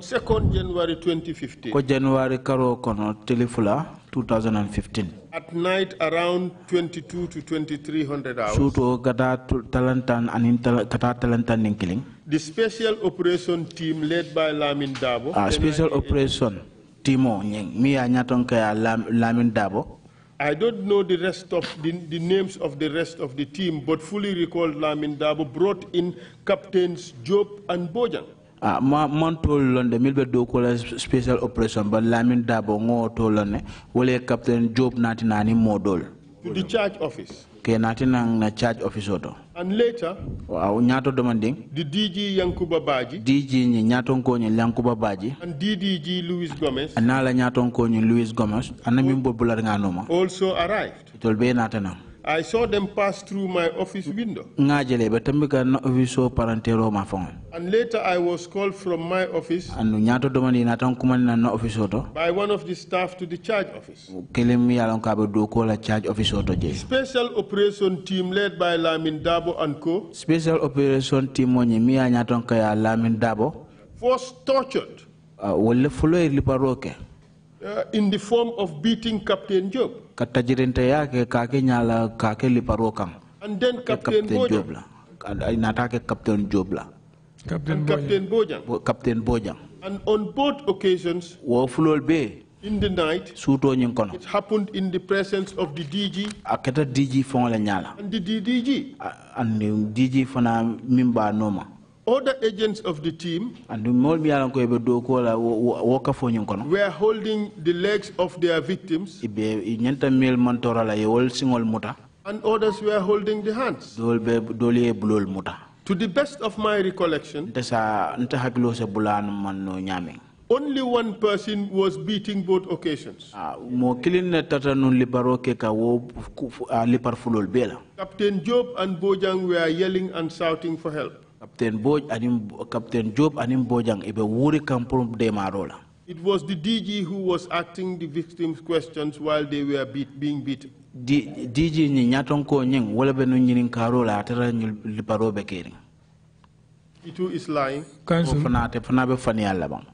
2nd January 2015. Ko January karo kono telefula 2015. At night around 22 to 2300 hours. Suto kata talantan anin kata talantan ninkiling. The special operation team led by Lamin Dabo. Uh, special operation timo mi a nyaton kaya Lamin Dabo. I don't know the rest of the, the, names of the rest of the team, but fully recall Lamin Dabo brought in captains Job and Bojan. Ah, ma man tol londe milbe do ko special operation but Lamin Dabo ngo tol londe wole captain Job natinani model To the charge office. Ke natinang na charge office odo. And later, the DG Yankuba Baji, DG ni nyatonko Yankuba Baji, and DDG Luis Gomez, and nyatonko ni Luis Gomez, anamimbo bular nganoma, also arrived. It will be in natana. I saw them pass through my office window. Ngajele And later I was called from my office. Anu nyato domani By one of the staff to the charge office. charge office je. Special operation team led by Lamin Dabo and co. Special operation team onye nyato kaya Lamin Dabo. Was tortured. Ah, uh, in the form of beating Captain Job. ka tajirintaya kɛ k'a kɛ ɲa la k'a kɛ liparo kan kapten job la nata kɛ kapten job la captain, captain bojang captain bojang and on both occasions wo fulol be in the night suto nyin kono it happened in the presence of the dg akata dg fon la nyala and the dg and dg fona mimba noma Other agents of the team were holding the legs of their victims and others were holding the hands. To the best of my recollection, only one person was beating both occasions. Captain Job and Bojang were yelling and shouting for help. Captain Boj Captain Job Bojang ibe wuri de marola. It was the DG who was asking the victims questions while they were beat, being beaten. D, DG ni nyaton ko nyeng wala be nun karola atara liparo be kering. Itu is lying. Kansu. Fana te fana be fani Allah bang.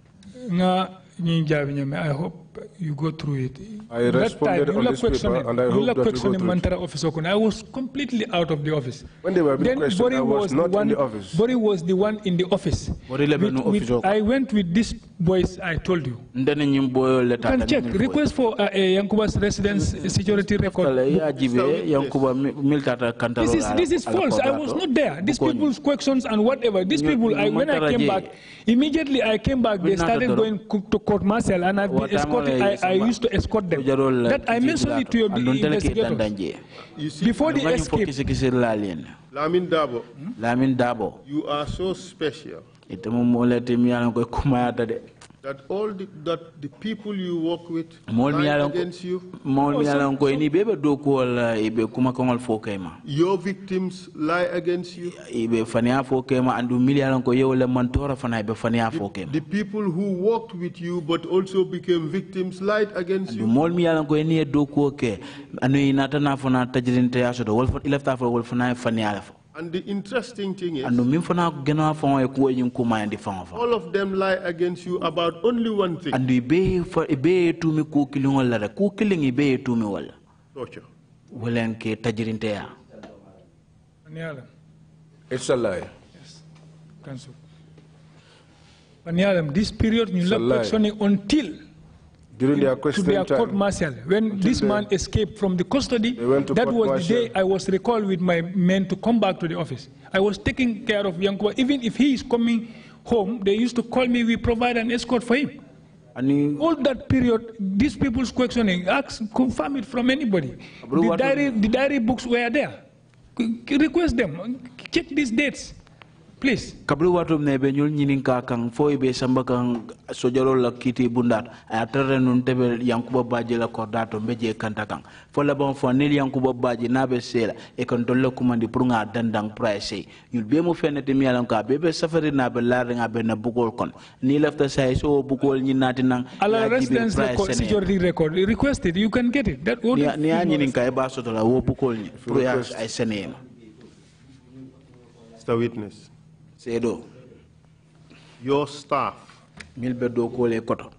Nga nyin jabi nyame I hope you go through it. I responded time, on this paper, and I hope that in Mantara office. I was completely out of the office. When they were being questioned, I was, was not one, in the office. Bori was the one in the office. With, with, I went with this boys I told you. You can check. Request for uh, uh Yankuba's residence security record. This is, this is false. I was not there. These people's questions and whatever. These people, I, when I came back, immediately I came back, they started going to court martial and I've been escorting, I, I used to escort them. That I mentioned it to your investigators. Before the escape. Lamin Dabo. Lamin Dabo. You are so special that all the, that the people you work with lie against you mol mi uh, your victims lie against you The people who worked with you but also became victims lie against you. the people who worked with you but also became victims lied against you and the interesting thing is, All of them lie against you about only one thing. And ibe fa ibe tumi ko kilin wala da ko kilin ibe wala. Torture. It's a lie. Yes. Council. this period you until during their question to their court martial. When this man escaped from the custody, that was the day I was recalled with my men to come back to the office. I was taking care of Yankwa. Even if he is coming home, they used to call me, we provide an escort for him. All that period, these people's questioning, ask, confirm it from anybody. The diary, the diary books were there. Request them, check these dates. Please. Kablu watum ne be nyul nyinin ka kang foy be samba kan sojalo la kiti bundat ay atare nun tebe yankuba baji la kordato be je kanta kang. fo la bon fo nil yankuba baji na be sela e kan kumandi pour dandang price nyul be mu fenne te mialam ka be be safari na be lar nga be na bugol kon ni lafta say so bugol nyi nati nang ala ya residence record security record requested you can get it that what ni nyinin ka e ba la wo bugol nyin. pour ya ay senema Witness. seedo your staff milbe do ko le koto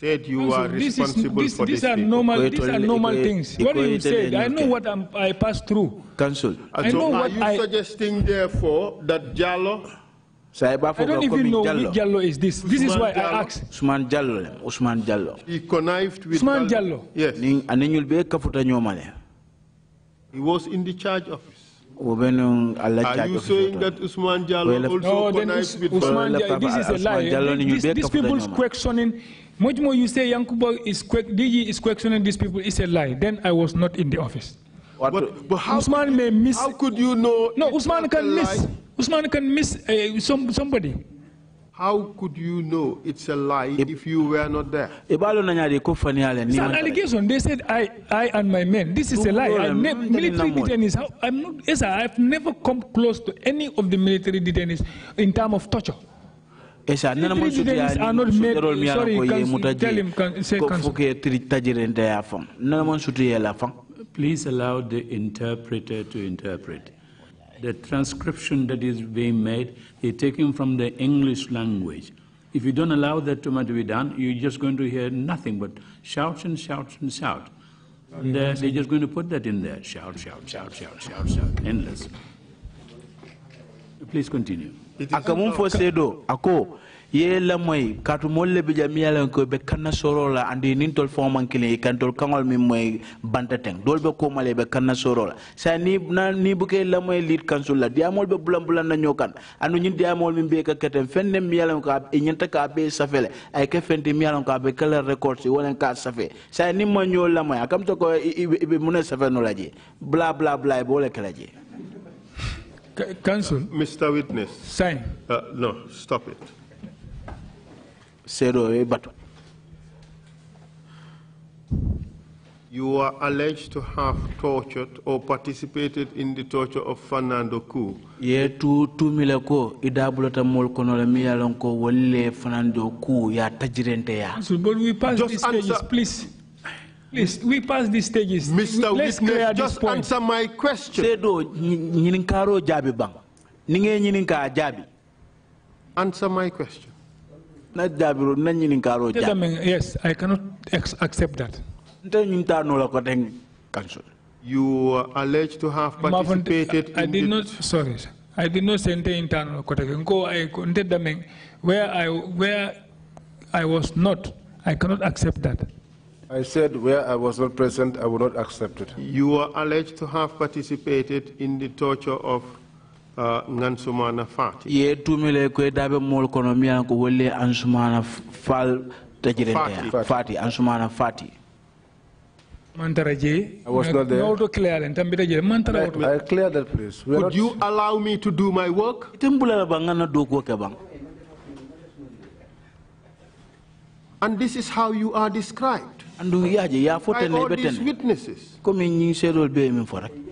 said you are responsible this, for this. These are normal, these are normal things. I know what i passed through. Council. I know what I, suggesting, therefore, that Jallo? I don't even know Jallo. which Jallo is this. This is why I asked. Usman Jallo. Usman Jallo. Usman Jallo. Jallo. Yes. He was in the charge Are you saying that Usman is a questioning, much more you say Yankuba is, is questioning these people is a lie. Then I was not in the office. Usman No, Usman can miss. Usman can miss somebody. How could you know it's a lie if you were not there? It's an allegation. They said, I, I and my men. This is a lie. I military detainees, I'm not, yes, sir, I've never come close to any of the military detainees in terms of torture. esa nana mo suti ani sudarol mi ala please allow the interpreter to interpret the transcription that is being made is taken from the English language. If you don't allow that to be done, you're just going to hear nothing but shouts and shouts and shout. And uh, they're just going to put that in there. Shout, shout, shout, shout, shout, shout. Endless. Please continue. Ako. la moy katu molle bi yalla ko be kanna la andi nin tol fo man kile kan tol kangol mi moy bantateng dol be ko male be kanna la sa ni na ni bu ke la moy lit kansul la diamol be bulam bulan na ñokan anu nyin diamol mi be ka ketem fenne mi yalla ko e ñenta ka be safele ay ke fente mi yalla ko be kala record ci wolen ka safe sa ni mo nyol la moy akam to ko ibe mun safe no ji bla bla bla bo le kala ji Council. Mr. Witness. Sign. Uh, no, stop it. seeɗo e bato You are alleged to have tortured or participated in the torture of Fernando Ku. Yetu tumile ko idabulota mol konola mi yalon ko wolle Fernando Ku ya tajirente ya. So, but we pass Just these answer. please. Please, we pass these stages. Mr. Let's Witness, just point. answer my question. Sedo nyininkaro jabi bang. Ninge nyininka jabi. Answer my question yes i cannot accept that you alleged to have participated I, did not sorry I did not say nte internal koteke nko I nte dameng where I where I was not I cannot accept that I said where I was not present I would not accept it you were alleged to have participated in the torture of uh, nansumana fati ye tumile kwe dabe mol kono mi an ko wolle ansumana fal tajire fati ansumana fati mantara je i was not there auto clear and tambita je mantara auto i clear that place we could you allow me to do my work itembula bangana do ko ke bang and this is how you are described andu yaje you fotel ne beten witnesses comme ñi sedol be min fo rek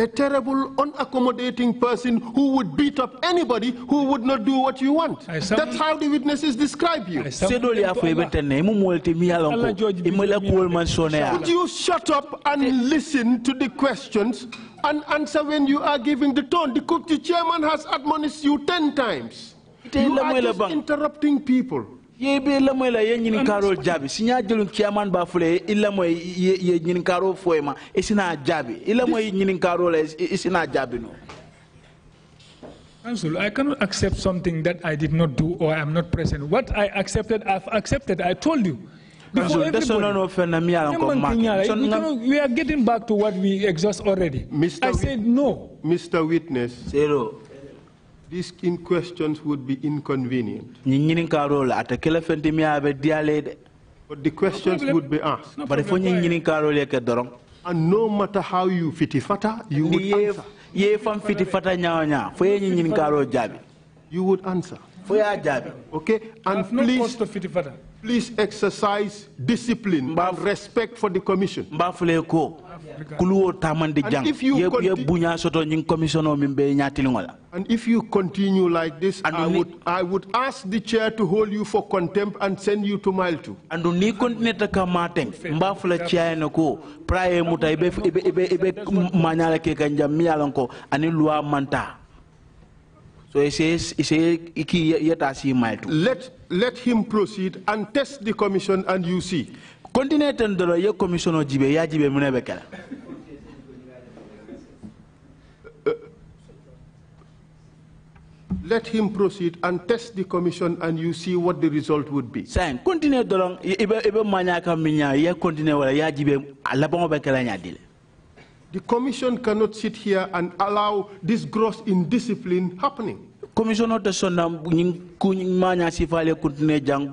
a terrible, unaccommodating person who would beat up anybody who would not do what you want. That's how the witnesses describe you. Would you shut up and eh. listen to the questions and answer when you are giving the tone? The deputy chairman has admonished you ten times. You are just interrupting people ye be la ye si b'a i ye la sina no Council, I cannot accept something that I did not do or I am not present. What I accepted, I've accepted. I told you. Before everybody, we are getting back to what we exhaust already. Mr. I said no. Mr. Witness. Zero. These in questions would be inconvenient. But the questions no would be asked. No but if you and no matter how you fit fitifata, you would answer. ye fam fiti fata ñaaw ñaa fo ye ñin karo jabi you would answer fo ya jabi okay and please please exercise discipline and respect for the commission mbafule ko kuluwo jang ye ye soto ñing min be and if you continue like this i would i would ask the chair to hold you for contempt and send you to mile 2 andu ni continue ta ka maten mbafula chair na ko praye muta ibe ibe ibe, ke ko ani loi manta so he says he say iki yeta si mile 2 let let him proceed and test the commission and you see commission jibe let him proceed and test the commission and you see what the result would be ibe minya alabon the commission cannot sit here and allow this gross indiscipline happening commission sifale jang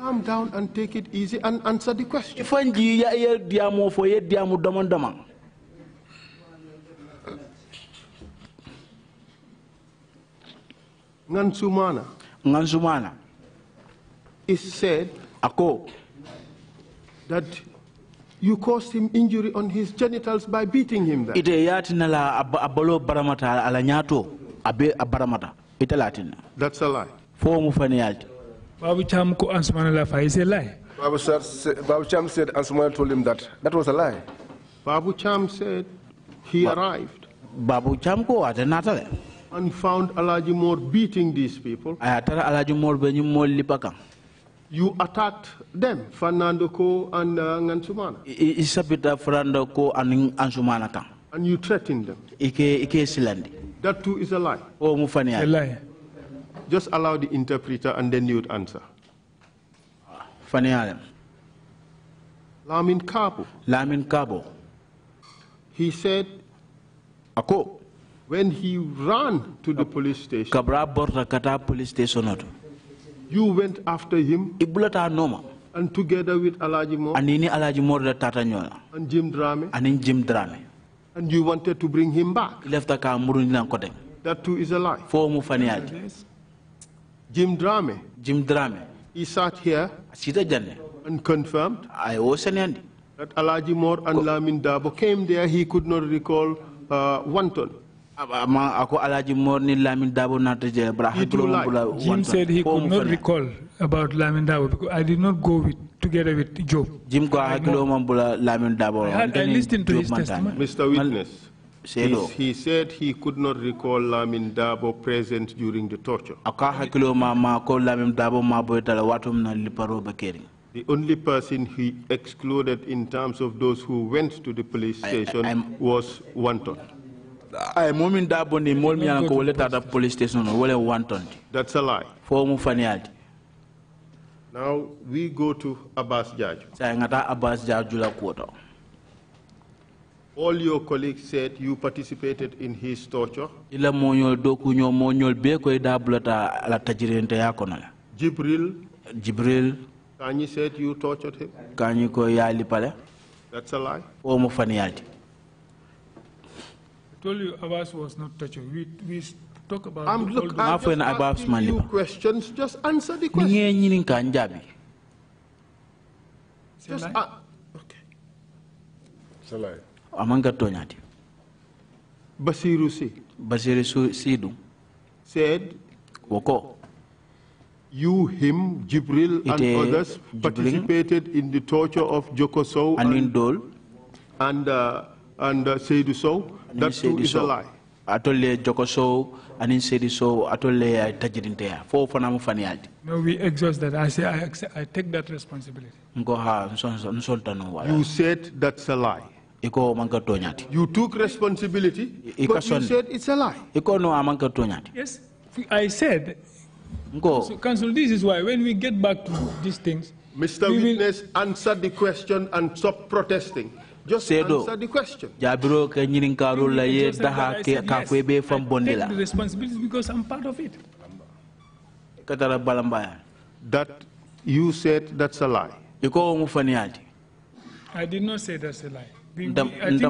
Calm down and take it easy and answer the question. I ya ye diamo for ye diamo daman daman. Nansumana. Nansumana. Is said. Ako. That you caused him injury on his genitals by beating him. Ite yati nala abalo baramata alanyato abe abaramata. Ite latin. That's a lie. Fo mufani Babu Cham is a lie. Babu, said Ansumana told him that. That was a lie. Babu Cham said he ba arrived. Babu Cham ko atenatale. And found Alajimor beating these people. I Alaji Alajimor benyu mol you attacked them, Fernando Ko and uh, Ansumana. Isabita Fernando Ko and Ansumana. And you threatened them. Ike Ike Silandi. That too is a lie. Oh, Mufania. A lie just allow the interpreter and then you'd answer. Fani Adam. Lamin Kabo. Lamin Kabo. He said, Ako. When he ran to the police station, Kabra borta kata police station You went after him. Ibulata noma. And together with Alaji da And Jim Drame. Anin Jim Drame. And you wanted to bring him back. ka That too is a lie. mu Jim Drame. Jim Drame. He sat here. And confirmed. I was an That Alaji Moore and Go. Lamin Dabo came there. He could not recall uh, one ton. Jim said he could not recall about Lamin Dabo because I did not go with together with Job. Jim go Dabo. I listened to his testimony. Mr. Witness seedo he said he could not recall lamin dabo present during the torture aka hakilo ma ma ko lamin dabo ma boy tala watum na liparo bakeri the only person he excluded in terms of those who went to the police station I, I, was Wanton. I momin dabo ni mol mi ko wole tata police station wole Wanton. That's a lie. Fo mu fanialti. Now we go to Abbas Jaju. Sa ngata Abbas Jaju la kuota. All your colleagues said you participated in his torture. Ila monyol doku nyo monyol be ko idabulata la tajirente Jibril. Jibril. Kanye said you tortured him. Kanye ko yali pale. That's a lie. O mo I told you Abbas was not tortured. We, we talk about I'm, um, look, I'm just asking you liba. questions. Just answer the question. Just, uh, okay. It's a lie a man basiru si basiru said wo you, him, Jibril, and others participated in the torture of Joko and, Indol, and, uh, and uh, Seydu Sow. That too is a lie. Atole Joko Sow and Seydu so atole Tajirintea. Four for Namu No, we exhaust that. I say I, accept, I take that responsibility. You said that's a lie iko manka tonyati you took responsibility iko but you said it's a lie iko no amanka tonyati yes i said Go. So, Council, this is why when we get back to these things, Mr. We Witness, will... answer the question and stop protesting. Just Sedo. answer the question. Jabiro broke nyininkaru la ye daha ke kakwebe from Bondela. the responsibility because I'm part of it. Katara That you said that's a lie. Iko umufaniati. I did not say that's a lie. For heaven's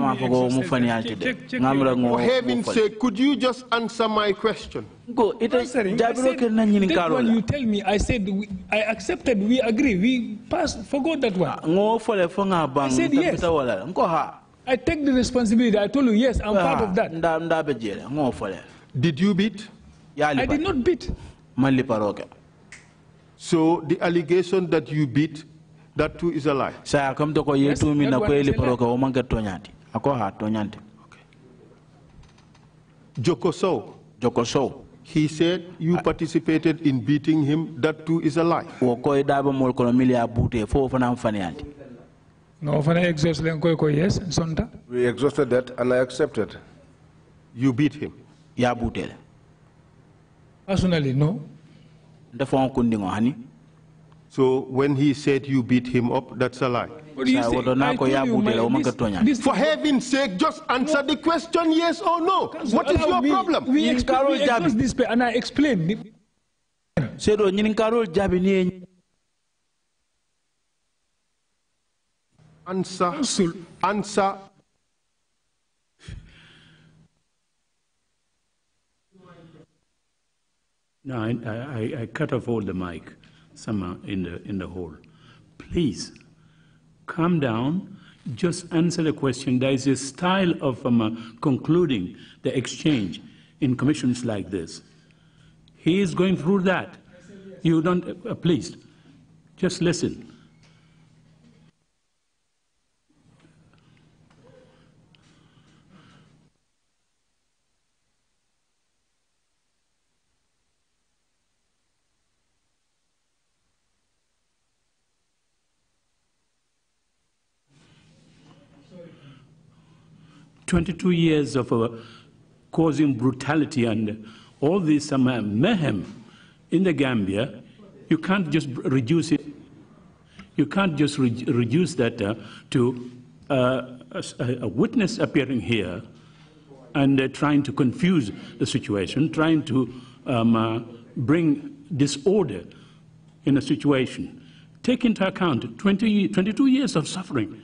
could you just answer my question? Go. It is answering. I said, karo one you tell me, I said, we, I accepted, we agree, we pass. forgot that one. Ah, I said yes. I take the responsibility. I told you, yes, I'm ah, part of that. Did you beat? I did not beat. So the allegation that you beat that too is a lie. Saya kam doko yetu mina kweli paroka omanga nyanti. Ako ha tonyante. Jokoso. Jokoso. He said you participated in beating him. That too is a lie. Woko idaba mo kono milia bute fo fana mfanianti. No fana exhausted. len koy koy yes sonta. We exhausted that and I accepted. You beat him. Ya bute. Personally no. Ndafon kundingo hani. So when he said you beat him up, that's a lie. What do you say? For heaven's sake, just answer the question yes or no. What is your problem? We, we, and I explain this, and I explain. Answer. Answer. No, I, I, I cut off all the mic somehow in the, in the hall. Please, calm down, just answer the question. There is a style of um, uh, concluding the exchange in commissions like this. He is going through that. You don't, uh, please, just listen. 22 years of uh, causing brutality and all this um, uh, mayhem in the Gambia, you can't just reduce it. You can't just re reduce that uh, to uh, a, a, witness appearing here and uh, trying to confuse the situation, trying to um, uh, bring disorder in a situation. Take into account 20, 22 years of suffering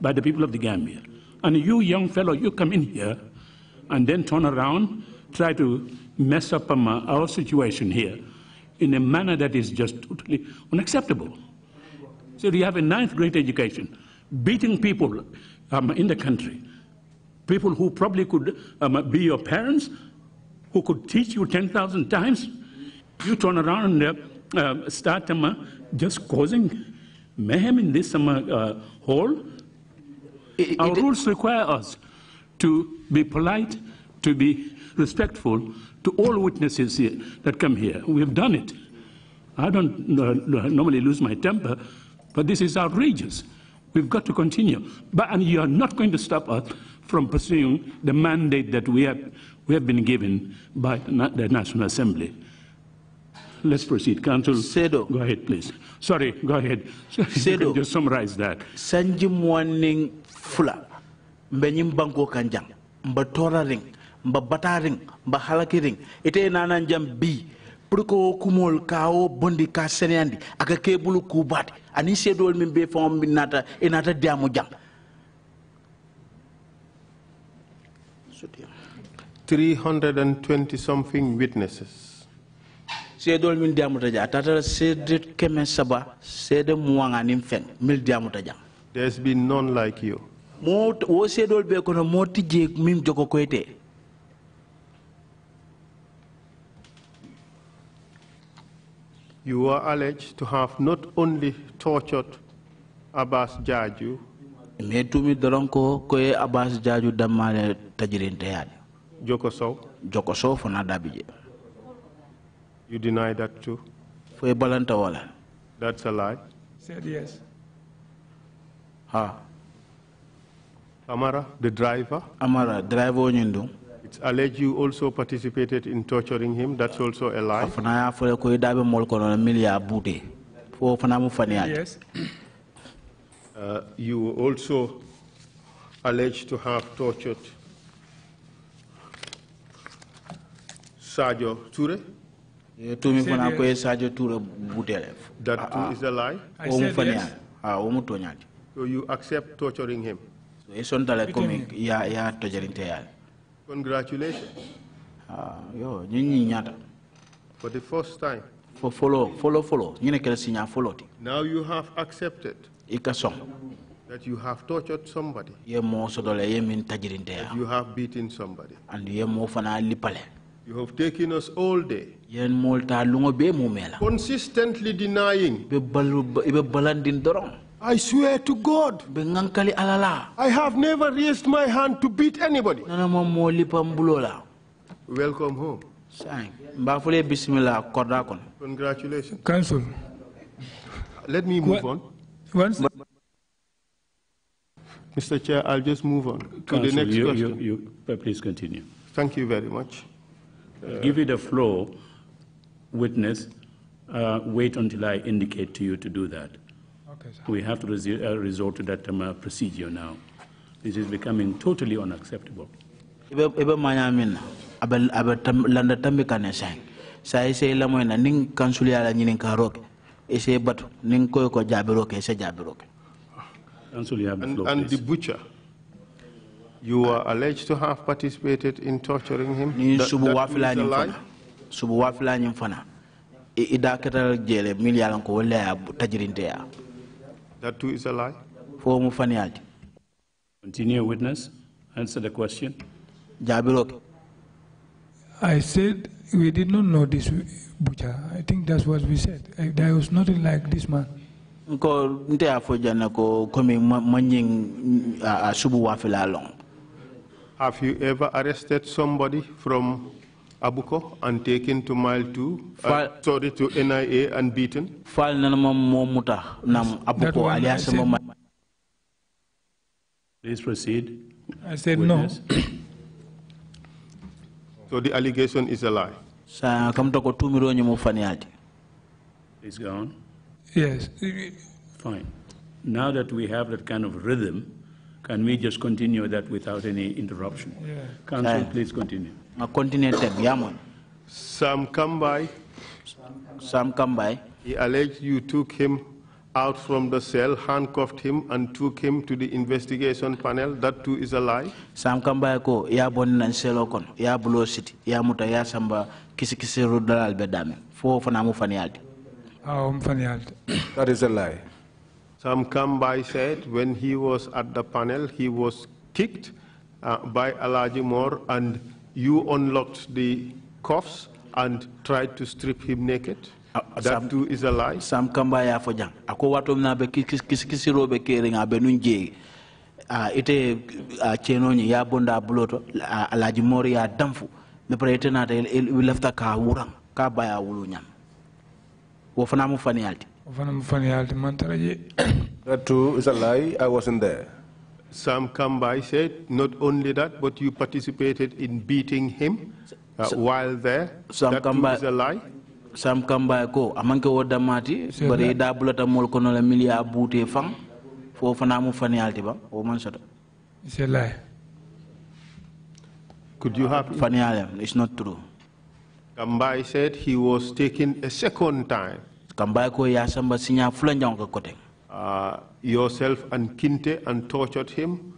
by the people of the Gambia. And you, young fellow, you come in here and then turn around, try to mess up um, our situation here in a manner that is just totally unacceptable. So you have a ninth grade education, beating people um, in the country, people who probably could um, be your parents, who could teach you 10,000 times. You turn around and uh, um, start um, just causing mayhem in this um, uh, hall it, Our it, rules require us to be polite, to be respectful to all witnesses here, that come here. We have done it. I don't uh, normally lose my temper, but this is outrageous. We've got to continue. But, and you are not going to stop us from pursuing the mandate that we have, we have been given by na the National Assembly. Let's proceed. Council, Sedo. go ahead, please. Sorry, go ahead. Sedo. just summarize that. Sanjim warning fula mbe ñim banko kan jang mba tora ring mba bata ring mba halaki ring ite nanan jam bi pour kumol kawo bondi ka seneyandi aka kebulu kubat ani sedol min be fam min nata enata diamu jang Three hundred and twenty something witnesses. Sedol min diamu tata sedet kemen saba sede muanga mil diamu There's been none like you. mo wo seedol be kono mo tijje min jogo koyte You are alleged to have not only tortured Abbas Jaju, me tumi doron ko koye Abbas Jaju dammale tajirinte yaade Joko Sow Joko Sow fona dabije You deny that too Foye balanta wala That's a lie Said yes Ha huh. Amara, the driver. Amara, driver onyundo. It's alleged you also participated in torturing him. That's also a lie. Afana afole ko idabe molko na milia bude. Fo fana mu fani Yes. Uh, you also alleged to have tortured Sadio Toure. Tumi fana ko Sadio Toure budele. That too ah, ah. is a lie. I said yes. Ah, omu tonyadi. So you accept torturing him? komi ya ya congratulations ah yo ñin ñi ñaata for the first time follow, follow. folo folo ñine kala signa foloti now you have accepted that you have tortured somebody ye mo ye min you have beaten somebody and ye mo fana lipale You have taken us all day. Consistently denying. I swear to God. I have never raised my hand to beat anybody. Welcome home. Congratulations. Council. Let me move on. Once Mr. Chair, I'll just move on to Council, the next you, question. You, you, please continue. Thank you very much. Uh, Give you the floor, witness. Uh, wait until I indicate to you to do that we have to uh, resort to that um, uh, procedure now. This is becoming totally unacceptable. Ibe manyamin abe abe landa tambikane sang. Sa ise lamo na ning kansul yala ning karoke. Ise batu ning koyo ko jabiroke ise jabiroke. Kansul yala and, and the butcher. You are alleged to have participated in torturing him. Ni subu wa wafila nyimfana. Subu wa wafila nyimfana. Ida ketal jele mil yalan ko wala tajirinteya. That too is a lie? Fomu faniaji. Continue, witness. Answer the question. Jabiroke. I said we did not know this butcher. I think that's what we said. There was nothing like this man. Ko nte afoja na ko komi manying subu wafila long. Have you ever arrested somebody from Abuko and taken to mile two, uh, sorry, to NIA and beaten? Fal nam Abuko alias Please proceed. I said no. so the allegation is a lie. Sa kamtoko tumiro It's gone. Yes. Fine. Now that we have that kind of rhythm, can we just continue that without any interruption? Yeah. Council, please continue nga continuer teg yaa mooy. Sam Kambai. Sam Kambai. He alleged you took him out from the cell, handcuffed him, and took him to the investigation panel. That too is a lie. Sam Kambai ko ya boni na cell okon. ya bulo city ya muta ya samba kisi kisi rudal albedame. fo fana mu fanialti. Um, that is a lie. Sam Kambai said when he was at the panel, he was kicked uh, by Alaji Moore and you unlocked the cuffs and tried to strip him naked? Ah, ah, that too is a lie. Sam kambaya fojang. Ako watom na be kis kis kis Ite cheno ya bonda buloto alaji damfu. Me pre ite na te lefta ka wurang ka baya wulunyam. Wofana mufani alti. Wofana mufani That too is a lie. I wasn't there. Sam Kambai said, not only that, but you participated in beating him uh, while there. Sam that Kambai, is a lie. Sam Kambai ko amanke woda mati bari da bulata mol kono la milia bute fang fo fana mu ba o man sota. It's a lie. Could you have fani It's not true. Kambai said he was taken a second time. Kambai ko ya samba sinya fulanjang ko kote. Uh, yourself and Kinte and tortured him?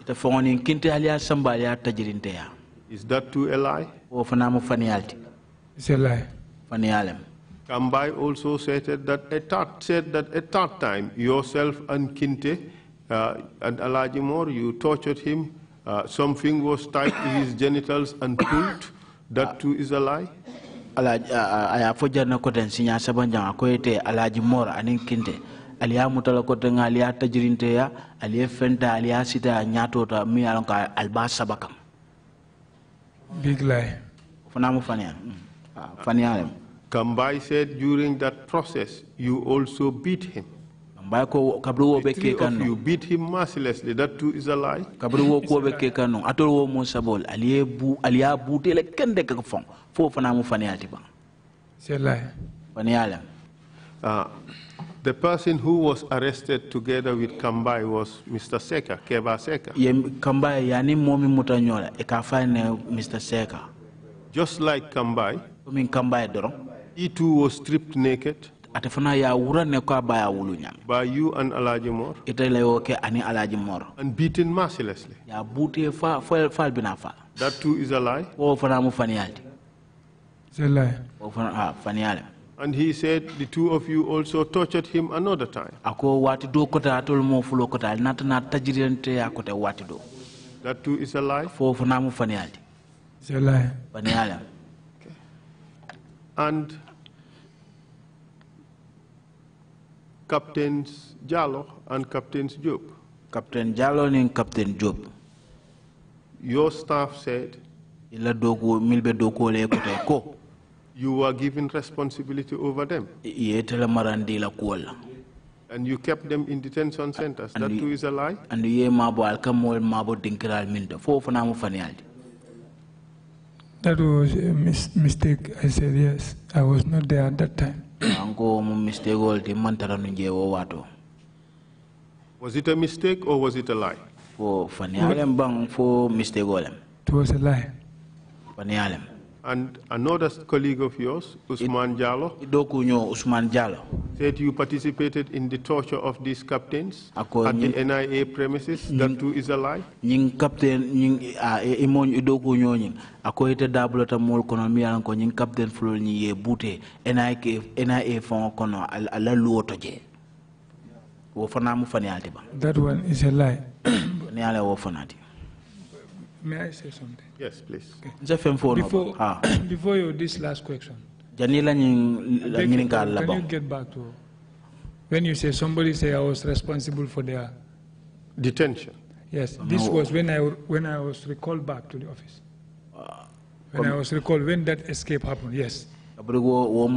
Is that too a lie? It's a lie. Kambai also stated that at that, said that at that time, yourself and Kinte uh, and Alajimor, you tortured him. Uh, something was tied to his genitals and pulled. That too is a lie? Alaj uh, I uh, have forgotten. Sinya sabanjang. Ako ite Kinte. aliya mutala kotenga aliya tajirinteya aliye fenta aliya sitaya ñatota mi ye lonko alba saba kam biglay fanamu faniya mm. ah, faniya lem Kambai said during that process, you also beat him. you beat him mercilessly. That too is a lie. Kabru wo ko be ke kanu atol wo mo sabol aliye bu aliya bute le kende ka fon fo fana mo ba. C'est lie. Faniala. Ah The person who was arrested together with Kambai was Mr. Seka, Keba Seka. Ye Kambai yani momi mutanyola ekafane Mr. Seka. Just like Kambai. Min Kambai adoro. He too was stripped naked. Atafana ya wura ne ba ya wulunya. By you and Alaji Mor. Itele yoke And beaten mercilessly. Ya bute fa fa fa binafa. That too is a lie. Wo fana mu fanialdi. It's a lie. Wo and he said the two of you also tortured him another time. do kota nata akote wati do. That too is a lie. It's a lie. Faniali. And Captains Jalo and Captain Job. Captain Jalo and Captain Job. Your staff said. milbe you were given responsibility over them. Yetela marandila kuola. And you kept them in detention centers. That too is a lie. And ye mabo alkamol mabo dinkiral minda. Fofu na mufanialdi. That was a mis mistake. I said yes. I was not there at that time. Ango mu mistake oldi mantara nje wato. Was it a mistake or was it a lie? Fo fanialem bang fo mistake olem. It was a lie. Fanialem. And another colleague of yours, Usman Jallo, Usman Jallo said you participated in the torture of these captains Ako at the NIA premises. That too is a lie. Ning captain ning imon idoku nyonying. Ako ite double ta mol kono miyan ko ning captain flo ni ye bute NIA NIA fon kono ala luoto je. Wo fana mu fani altiba. That one is a lie. Ni ala wo May I say something? Yes, please. Okay. Before, ah. before you, this last question. Can you get back to when you say somebody say I was responsible for their detention? Yes, this no. was when I when I was recalled back to the office. Ah. When I was recalled, when that escape happened, yes. But you told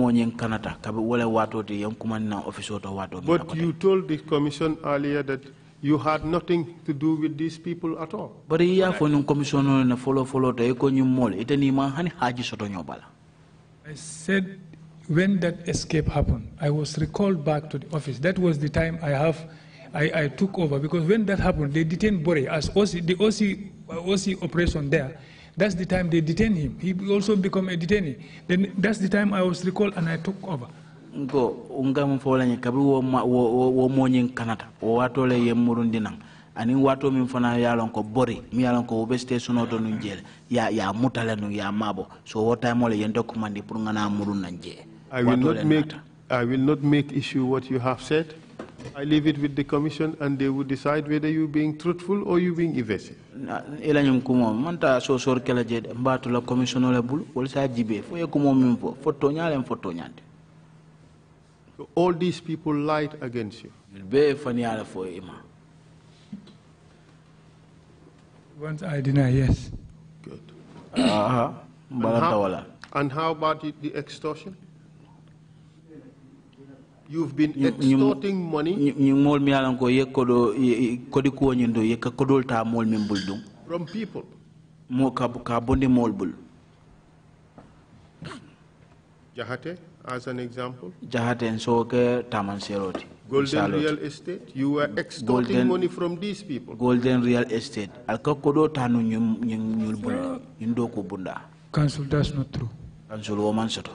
the commission earlier that you had nothing to do with these people at all. he have for nun commissioner na follow follow to ko nyum mol itani ma hani haji soto I said when that escape happened, I was recalled back to the office. That was the time I have I, I took over because when that happened, they detained Bore as OC, the OC, uh, OC operation there. That's the time they detained him. He also became a detainee. Then that's the time I was recalled and I took over. ngo ngam folanye kabru wo wo wo moñin kanata wo wato le watole yemmurundin nan ani wato min fana ya lon ko bori mi ya lon ko obeste suno do nu jeel ya ya mutale nu ya mabo so wota mole yendo kumandi pour ngana murun nan je i will not make i will not make issue what you have said I leave it with the commission and they will decide whether you being truthful or you being evasive. ila ñum man ta so sor kala je mbatu la commission ole bul wol sa jibe fo ye mom min fo fo toñalem fo toñande all these people lied against you. Once I deny, yes. Good. Uh -huh. and, how, and how about the extortion? You've been extorting money from people. Jahate? As an example? Jahaten Soke Tamanseroti. Golden Real Estate. You were extorting golden, money from these people. Golden Real Estate. Alkakodo Tanu Nyundoku Bunda. Council, that's not true. Council Woman Soto.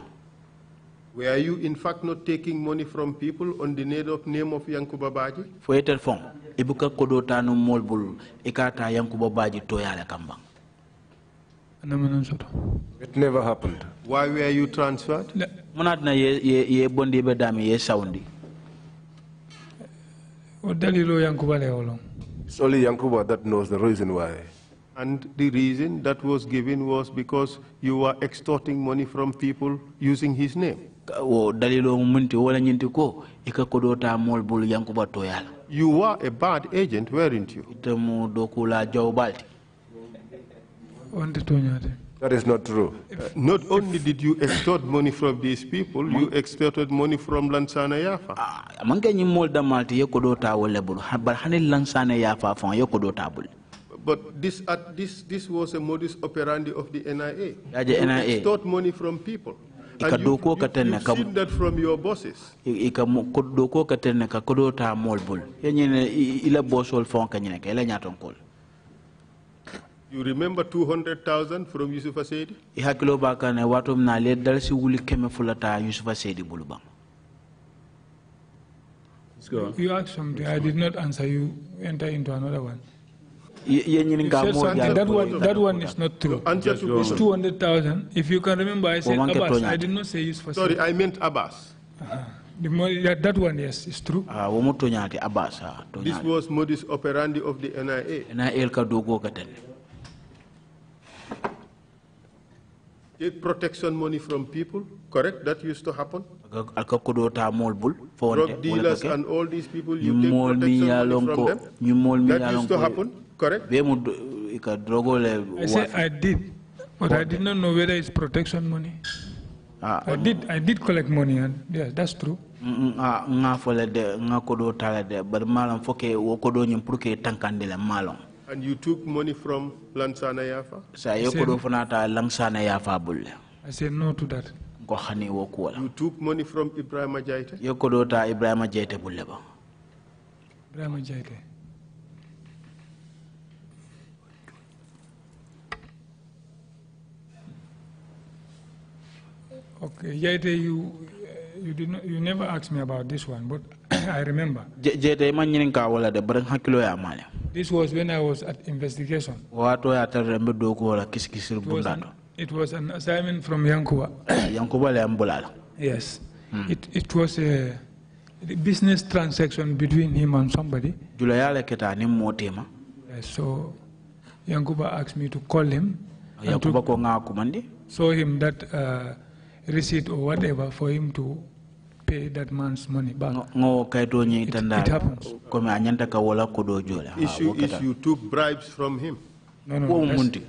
Were you in fact not taking money from people on the name of, name of Yankuba Baji? Fo etel fon, ibuka kodo tanu molbul, ikata Yankuba Baji toyale kambang. It never happened. Why were you transferred? Munadna ye ye ye bondi be dami ye soundi. Odalilo Yankuba leolong. It's only Yankuba that knows the reason why. And the reason that was given was because you were extorting money from people using his name. O wo dalilo munti wala nyinti ko ikakodota mol buli yankuba toyala. You were a bad agent, weren't you? Itamu dokula jawbalti. That is not true. Uh, not only did you extort money from these people, you extorted money from Lansana Yafa. Ah, Manke ni molda malti yokodo do tawolebul, but hani Lansana Yafa fang yokodo do tabul. But this, at this, this was a modus operandi of the NIA. the NIA. extort money from people. And you, you, you've seen that from your bosses. Ika doko katene ka kodota molbul. Yenye ila bossol fong kanyene ka ila you remember 200,000 from Yusufa Sedi? Ihakilo baka ne watum na ledal si wuli keme fulata Yusufa Sedi bulubang. You asked something. I did not answer you. Enter into another one. something. That one, that one is not true. It's 200,000. If you can remember, I said Abbas. I did not say Yusuf Sedi. Sorry, I meant Abbas. Uh -huh. that, that, one, yes, is true. Ah, ah, this was modus operandi of the NIA. It protection money from people, correct? That used to happen. Drug dealers and all these people, you take protection money from them. That used to happen, correct? I said I did, but I did not know whether it's protection money. Ah, I mm. did, I did collect money, and yeah, that's true. Mm, mm, ah, nga de nga kodo tala de but malam foke wakodo nyimpuke tankande malam and you took money from Lansana Yafa? Sa yokodo fana ta Lansana Yafa bula. I said no to that. Ko hani You took money from Ibrahima Jaite? Yokodo ta Ibrahima Jaite bulle ba. Ibrahima Jaite. Okay, Jaita, you you did not, you never asked me about this one, but I remember. Je de man nyin ka wala de barang hakilo ya mane. This was when I was at investigation. Wato ya ta rembe do ko wala kis kis kisikisir bundado. It was an assignment from Yankuba. Yankuba le ambulala. Yes. Mm. It it was a business transaction between him and somebody. Jula yale keta ni motema. So Yankuba asked me to call him. Yankuba ko nga ko mandi. Show him that uh, receipt or whatever for him to pay that man's money back. No, no, nyi It happens. ka wala kodo jole. Issue is you took bribes from him. No, no. no. mundi.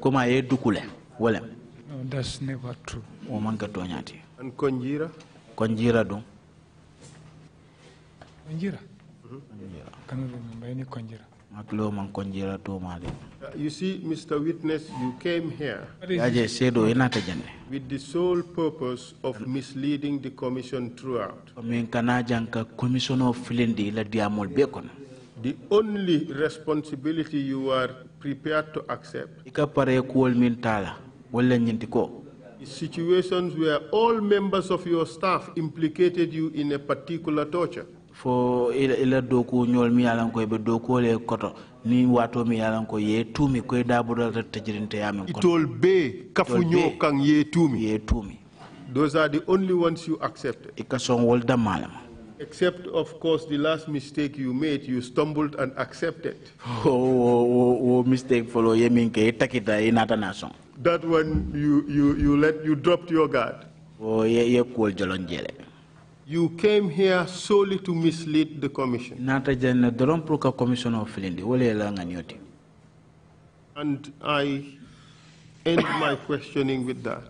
Kome aye dukule. Wala. No, that's never true. Wo to nyati. And konjira? Konjira dum. Konjira? Mm -hmm. Konjira. I cannot remember any konjira. Uh, you see, Mr. Witness, you came here with the sole purpose of misleading the Commission throughout. The only responsibility you are prepared to accept situations where all members of your staff implicated you in a particular torture fo ila doku ñol mi yalan koy be doko le koto ni wato mi yalan ko ye tumi koy dabudal ta tajirinte yamen ko tol be kafu ño kan ye tumi ye tumi those are the only ones you accept ikason wol damalama Except, of course, the last mistake you made, you stumbled and accepted. Oh, mistake follow yeminke takita inata nason. That one, you, you, you let, you dropped your guard. Oh, ye, ye cool jolonjele. You came here solely to mislead the commission. wole And I end my questioning with that.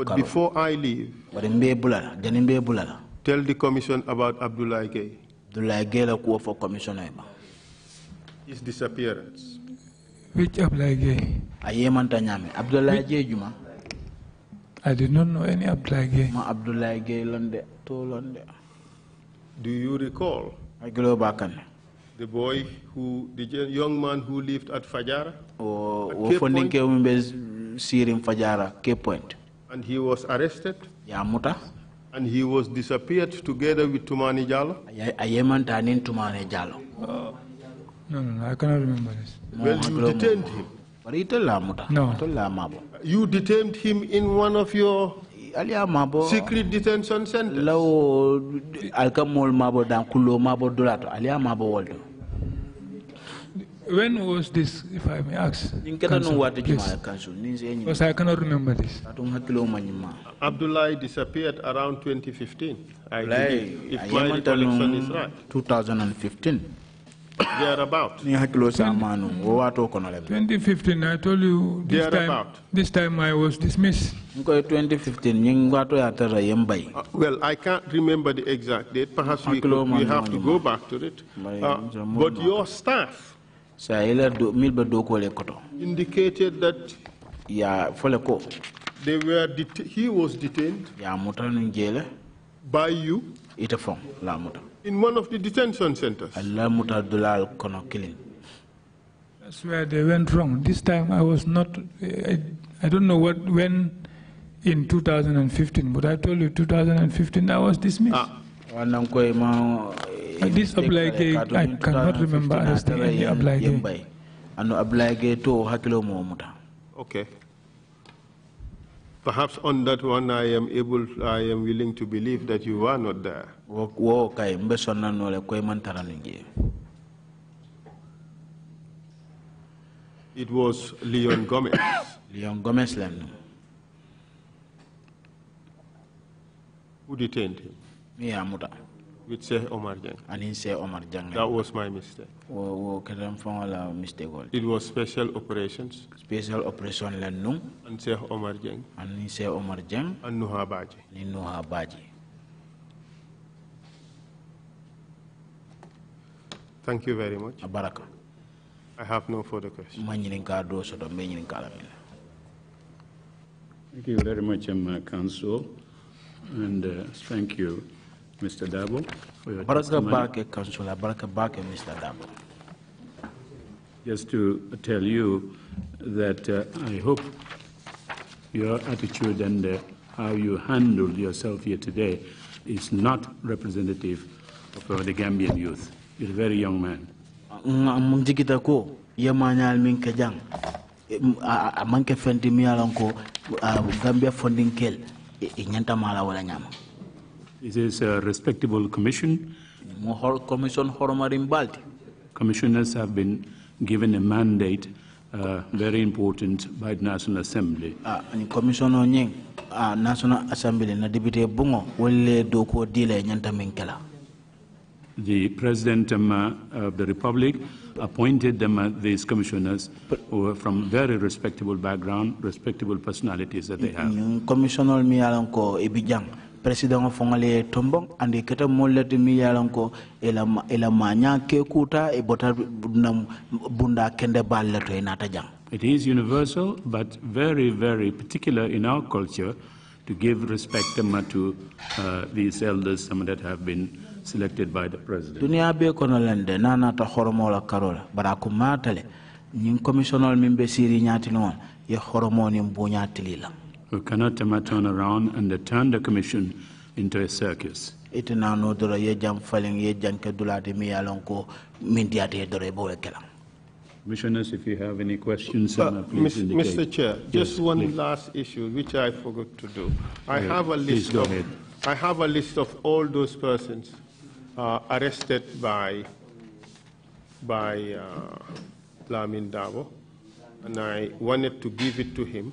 But before I leave. Bare mbe bulala, jani mbe Tell the commission about Abdullah Gay. His disappearance. Which Abdullah Gay? Abdullah Gay juma. I did not know any Abdullah Gay. Ma Abdullah Gay Londe, to London. Do you recall? I go back and the boy who, the young man who lived at Fajara? Oh, at oh, Cape Point? in Fajara, K Point. And he was arrested? Yeah, muta. And he was disappeared together with Tumani Jalo? Ayeman Tanin Tumani Jalo. Oh. No, no, no, I cannot remember this. Well, you detained him. No. You detained him in one of your secret detention centers? When was this, if I may ask? Because I cannot remember this. Abdullah disappeared around 2015. I believe, if my recollection is right. 2015. Thereabout. 2015, I told you this Thereabout. time, this time I was dismissed. 2015, uh, well, I can't remember the exact date. Perhaps we, could, we have to go back to it. Uh, but your staff indicated that they were he was detained by you. Ita fong la in one of the detention centers. That's where they went wrong. This time I was not, I, I don't know what, when in 2015, but I told you 2015 I was dismissed. Ah. Eh, this oblige, I cannot remember as the oblige. Okay. Perhaps on that one I am able, I am willing to believe that you are not there. It was Leon Gomez. Leon Gomez Len. Who detained him? Me, Amuda with Sheikh Omar Jang. Anin Sheikh Omar Jang. That was my mistake. It was special operations. Special operation la nung. And Sheikh Omar Jang. Anin Sheikh Omar Jang. And Nuha Baji. Ni Nuha Baji. Thank you very much. Baraka. I have no further questions. Manyin do so do Thank you very much, um, uh, Council, and uh, thank you. Mr. Dabo. Baraka Barke, Councillor Baraka Barke, Mr. Dabo. Just to tell you that uh, I hope your attitude and uh, how you handled yourself here today is not representative of uh, the Gambian youth. You're a very young man. Mung ko kajang amanke fendi uh, Gambia funding inyanta mala nyama. This is a respectable commission. Commission Horomarim Commissioners have been given a mandate uh, very important by the National Assembly. Ah, ah, National Assembly, na Deputy Bungo, wale doko dile nyanta minkela. The President um, uh, of the Republic appointed them uh, these commissioners who are from very respectable background, respectable personalities that they have. Commissioner Mialanko Ibijang. presidaŋo faŋol ye tomboŋ andi keta moolu le ti miŋ ye a loŋ ko i la maañaa e bunda kende baalu le to i It is universal but very, very particular in our culture to give respect to uh, these elders, some that have been selected by the president. Dunia be kono lende na nata horomo la karola bara ko matale nyin commissional mimbe siri nyaati non ye horomo ni mbo nyaati lila. Who Ukanatama turn around and turn the commission into a circus. itina no doro ye jam falen ye janke dulati mi yalon ko min diate Commissioners, if you have any questions, uh, uh please Mr. indicate. Mr. Chair, yes, just one please. last issue, which I forgot to do. I yeah, have a list of ahead. I have a list of all those persons uh, arrested by by uh, Lamin Davo, and I wanted to give it to him.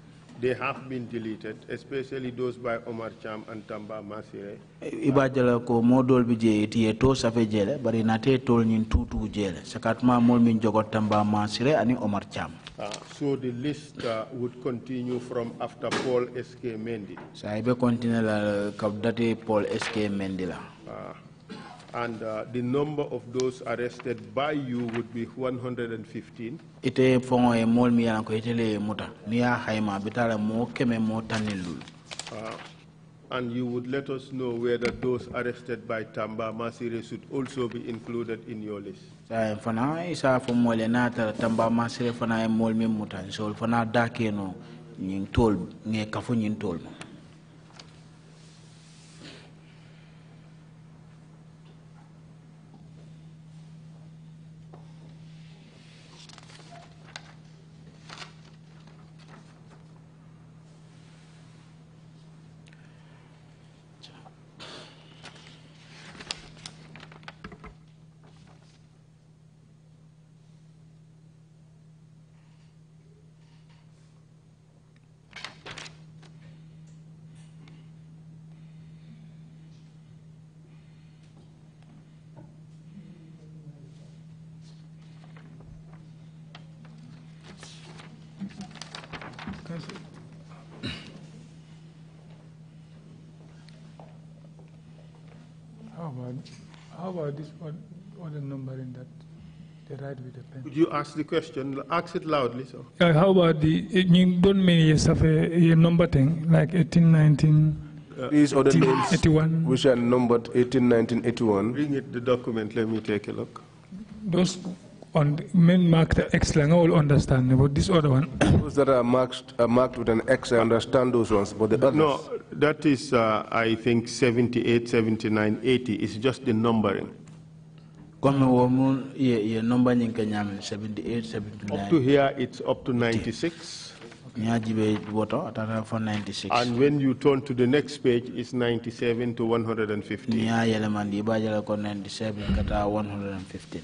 they have been deleted, especially those by Omar Cham and Tamba Masire. Iba jela ko modol bi je itiye to safe jele bari na te tol nyin tutu jele sakatma mol min jogo Tamba Masire ani Omar Cham. Uh, so the list uh, would continue from after Paul S.K. Mendy. Sa ibe continue la kabdate Paul S.K. Mendy la. Ah. And uh, the number of those arrested by you would be 115. Ite fongo e mol mi muta niya haima bitala keme mo tanilul. Uh, and you would let us know whether those arrested by Tamba Masire should also be included in your list. fana isa fo mole na Tamba Masire fana e mol mi muta so fana dake no nyin tol ne kafo nyin tol They write with a pen. Would you ask the question? Ask it loudly, so. Uh, how about the you don't mean a, number thing like 18, 19? Uh, These are the names 81. which are numbered 18, 19, 81. Bring it the document. Let me take a look. Those on men marked X line. I will understand. But this other one. those that are marked are marked with an X, I understand those ones. But the others. No, that is uh, I think 78, 79, 80. It's just the numbering. Kome womu number nyinka 78 79. Up to here it's up to 96. And when you turn to the next page it's 97 to 150. 97 115.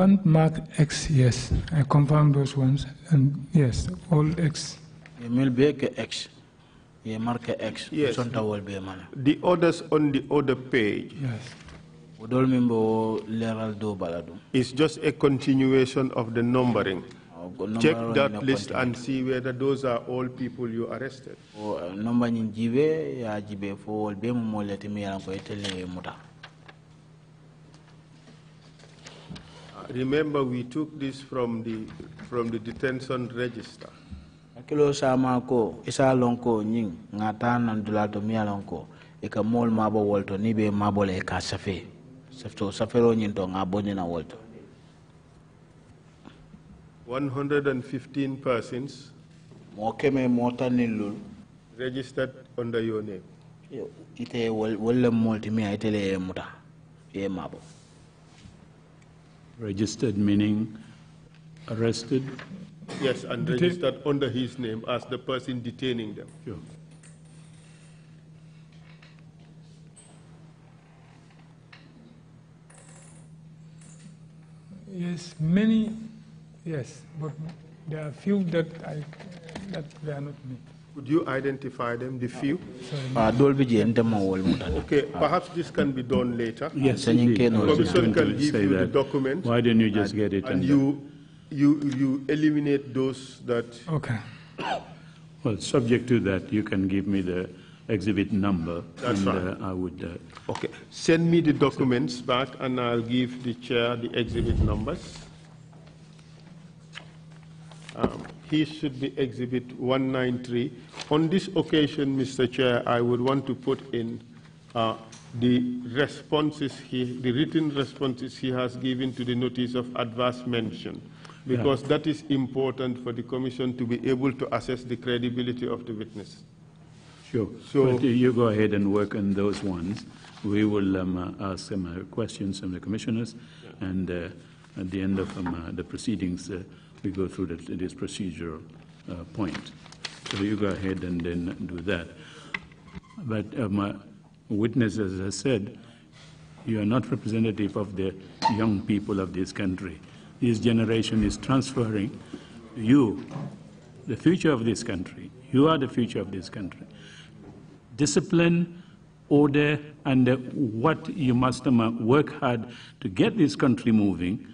one mark X, yes. I confirm those ones. And yes, all X. You X. mark X. Yes. The orders on the other page. Yes. It's just a continuation of the numbering. Check that list and see whether those are all people you arrested. Eh, number all Remember, we took this from the, from the detention register. Kilo sama ko isa lonko nying ngatana ndulato mia lonko ika mol mabo wolto nibe mabole ika safe safto safero tong ngaboni na wolto 115 persons mo keme registered under your name ite wolle multi mia itele muta ye mabo Registered meaning arrested? Yes, and Detain registered under his name as the person detaining them. Sure. Yes, many, yes, but there are few that I that are not me. Could you identify them, the few? Ah, okay, perhaps this can be done later. Yes, indeed. Commission can give you the document. Why didn't you just get it? And, and you, you, you eliminate those that. Okay. Well, subject to that, you can give me the exhibit number. That's and, right. Uh, I would. Uh, okay. Send me the documents back, and I'll give the chair the exhibit numbers. Um, he should be Exhibit 193. On this occasion, Mr. Chair, I would want to put in uh, the responses he, the written responses he has given to the notice of adverse mention, because yeah. that is important for the Commission to be able to assess the credibility of the witness. Sure. So you go ahead and work on those ones. We will um, uh, ask some uh, questions from the commissioners, yeah. and uh, at the end of um, uh, the proceedings. Uh, we go through that, this procedural uh, point. So you go ahead and then do that. But uh, my witness, as I said, you are not representative of the young people of this country. This generation is transferring you, the future of this country. You are the future of this country. Discipline, order, and uh, what you must uh, work hard to get this country moving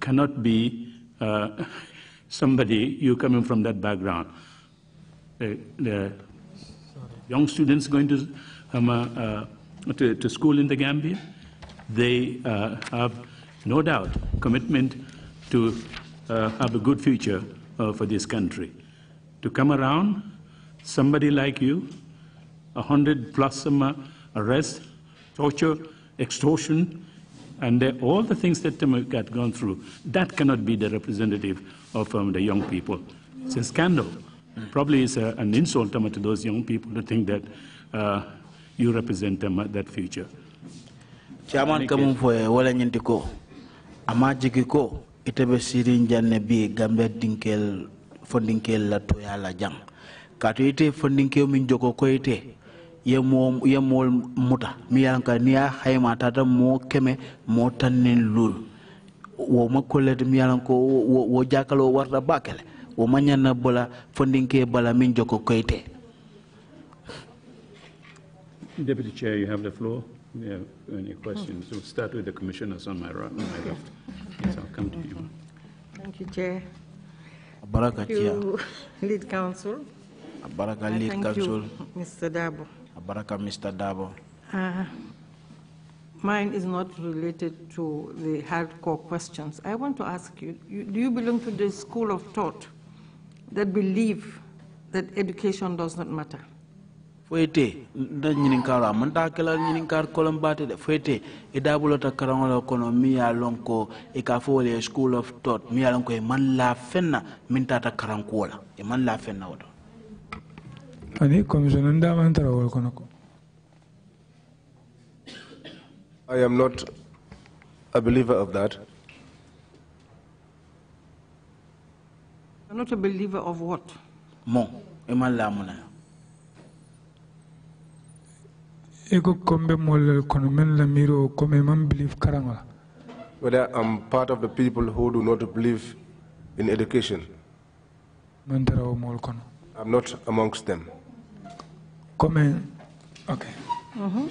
cannot be uh, somebody, you coming from that background, the young students going to, um, uh, uh, to, to, school in the Gambia, they uh, have no doubt commitment to have a good future for this country. To come around, somebody like you, a hundred plus um, arrests, torture, extortion, and they, all the things that Timuk had gone through, that cannot be the representative of um, the young people. It's a scandal. Probably it's a, an insult um, to those young people to think that uh, you represent them um, at that future. Chairman kamu foye wala nyintiko, ko ama jigi ko itebe sirin bi gambe dinkel fondinkel la toya la jam. Katu ite fondinkel min joko ko ite muta niya hayma tata mo keme mo tanin lul wo wo jakalo warta bakele wo bala min joko koyte Deputy Chair, you have the floor. Yeah, any questions? We'll start with the commissioners on my, right, on my left. Yes, I'll come to you. Thank you, Chair. Thank you, Lead Council. Thank you, Mr. Dabo. Baraka, Mr. Dabo. Uh, mine is not related to the hardcore questions. I want to ask you, you do you belong to the school of thought that believe that education does not matter? foyete nda ñininkaaru a manta kela ñininkaar kolombaate de foyete i daabulota karaŋolo kono miŋ ye a loŋ le school of thought mi ye a loŋ ko i maŋ laa feŋ na miŋ taata la i maŋ Ani Commissioner Ndamantara Wolkonako. I am not a believer of that. I'm not a believer of what? Mo, emalamuna. Ego kombe molel kono men la miro kome man believe karanga. Whether I'm part of the people who do not believe in education. Mandara o I'm not amongst them. Comment? Okay. Uh huh.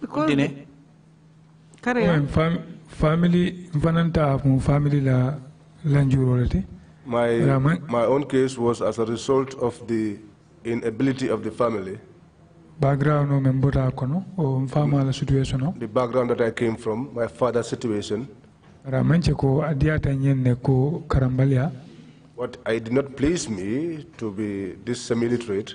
Because Continue. Carry on. Fam family, vananta mu family la lanjurolati. My my own case was as a result of the inability of the family. Background no membota kono o famala situation no. The background that I came from, my father's situation. Ramanche ko adiata nyenne ko karambalia. What I did not please me to be this semi-literate.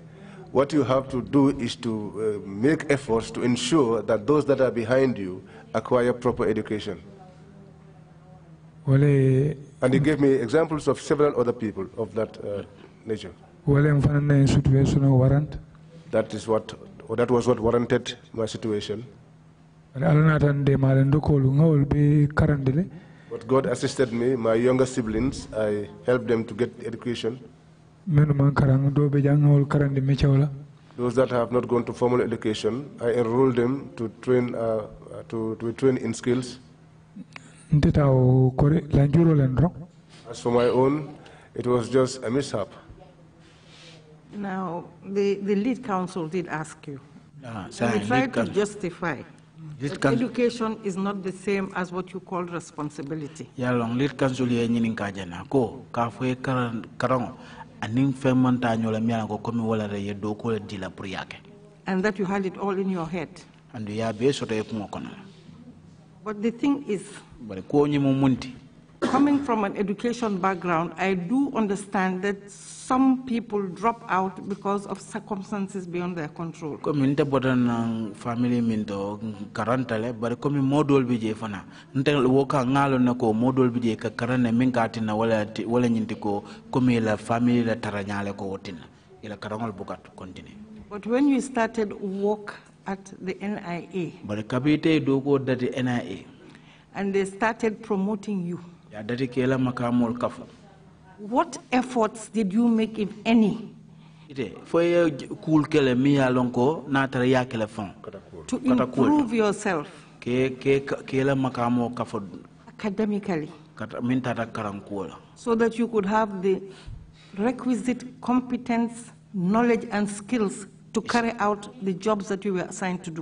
what you have to do is to uh, make efforts to ensure that those that are behind you acquire proper education. And he gave me examples of several other people of that uh, nature. That is what, or that was what warranted my situation. But God assisted me, my younger siblings, I helped them to get education. Those that have not gone to formal education, I enrolled them to train uh, to, to train in skills. As for my own, it was just a mishap. Now, the, the lead council did ask you. Ah, so sorry, we tried to justify. education is not the same as what you call responsibility. Yeah, long lead counsel ye nyining kajana ko kafwe karang anin ko komi wala ko di la pour and that you had it all in your head y'a but the thing is coming from an education background i do understand that some people drop out because of circumstances beyond their control comme nte botan family minto karantale but comme model bi fana nte wo ka ngalo na ko modol bi je ka karane min ka tinna wala wala nyinti ko comme la family la taranyale ko wotinna ila karangol bukat continue but when you started work at the NIA bare kabite dogo ko dati NIA and they started promoting you ya dati kila makamol kafu. What efforts did you make, if any, to improve yourself academically so that you could have the requisite competence, knowledge, and skills to carry out the jobs that you were assigned to do.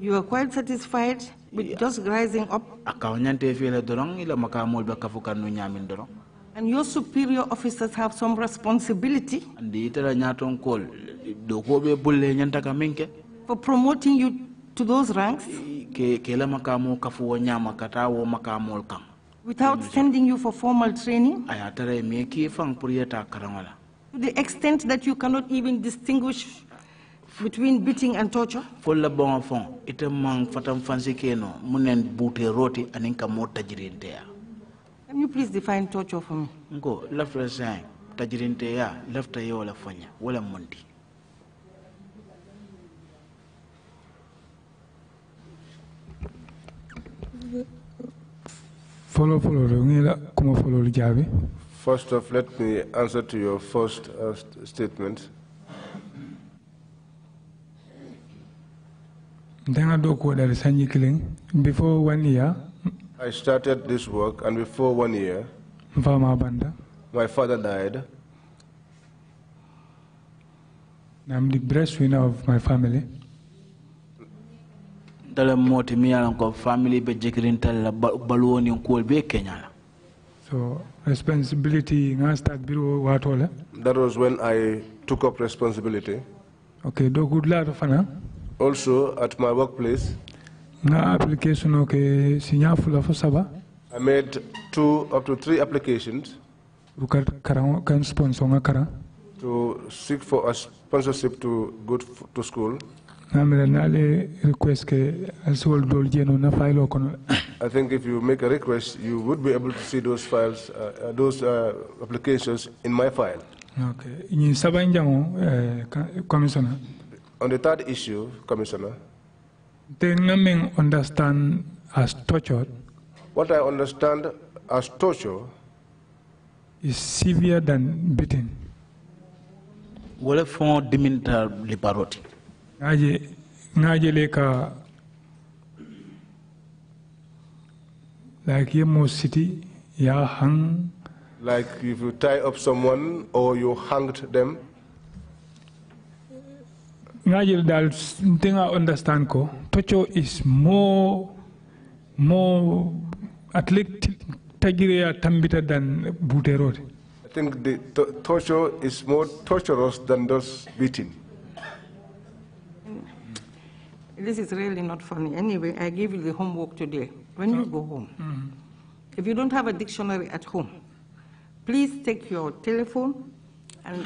you are quite satisfied with yeah. just rising up? And your superior officers have some responsibility for promoting you to those ranks without sending you for formal training to the extent that you cannot even distinguish between beating and torture folla bon fon ite man fatam fansi keno munen bute roti anin ka mo tajrinteya can you please define torture for me ngo lafra sang tajrinteya lafta yola fanya wala mundi. follow follow ngila kuma follow jabi first off let me answer to your first uh, statement do before one year I started this work and before one year my father died I'm the breadwinner of my family dala moti family so responsibility nga start that was when I took up responsibility okay do good lot of fana also at my workplace, nga application o ke sinya fula fo saba I made two up to three applications ukat karang kan sponsor nga to seek for a sponsorship to go to school. I think if you make a request, you would be able to see those files, uh, uh those uh, applications in my file. Okay. Eh, commissioner. On the third issue, Commissioner. They may understand as torture. What I understand as torture is severe than beating. i fon diminta liparoti. Ngaje ngaje leka like Yemo City, ya hang. Like if you tie up someone or you hanged them ngaji daal di understand ko torture is more more at least tagiria tambita than buterode. I think the to torture is more torturous than those beating. This is really not funny. Anyway, I give you the homework today. When you go home, mm -hmm. if you don't have a dictionary at home, please take your telephone and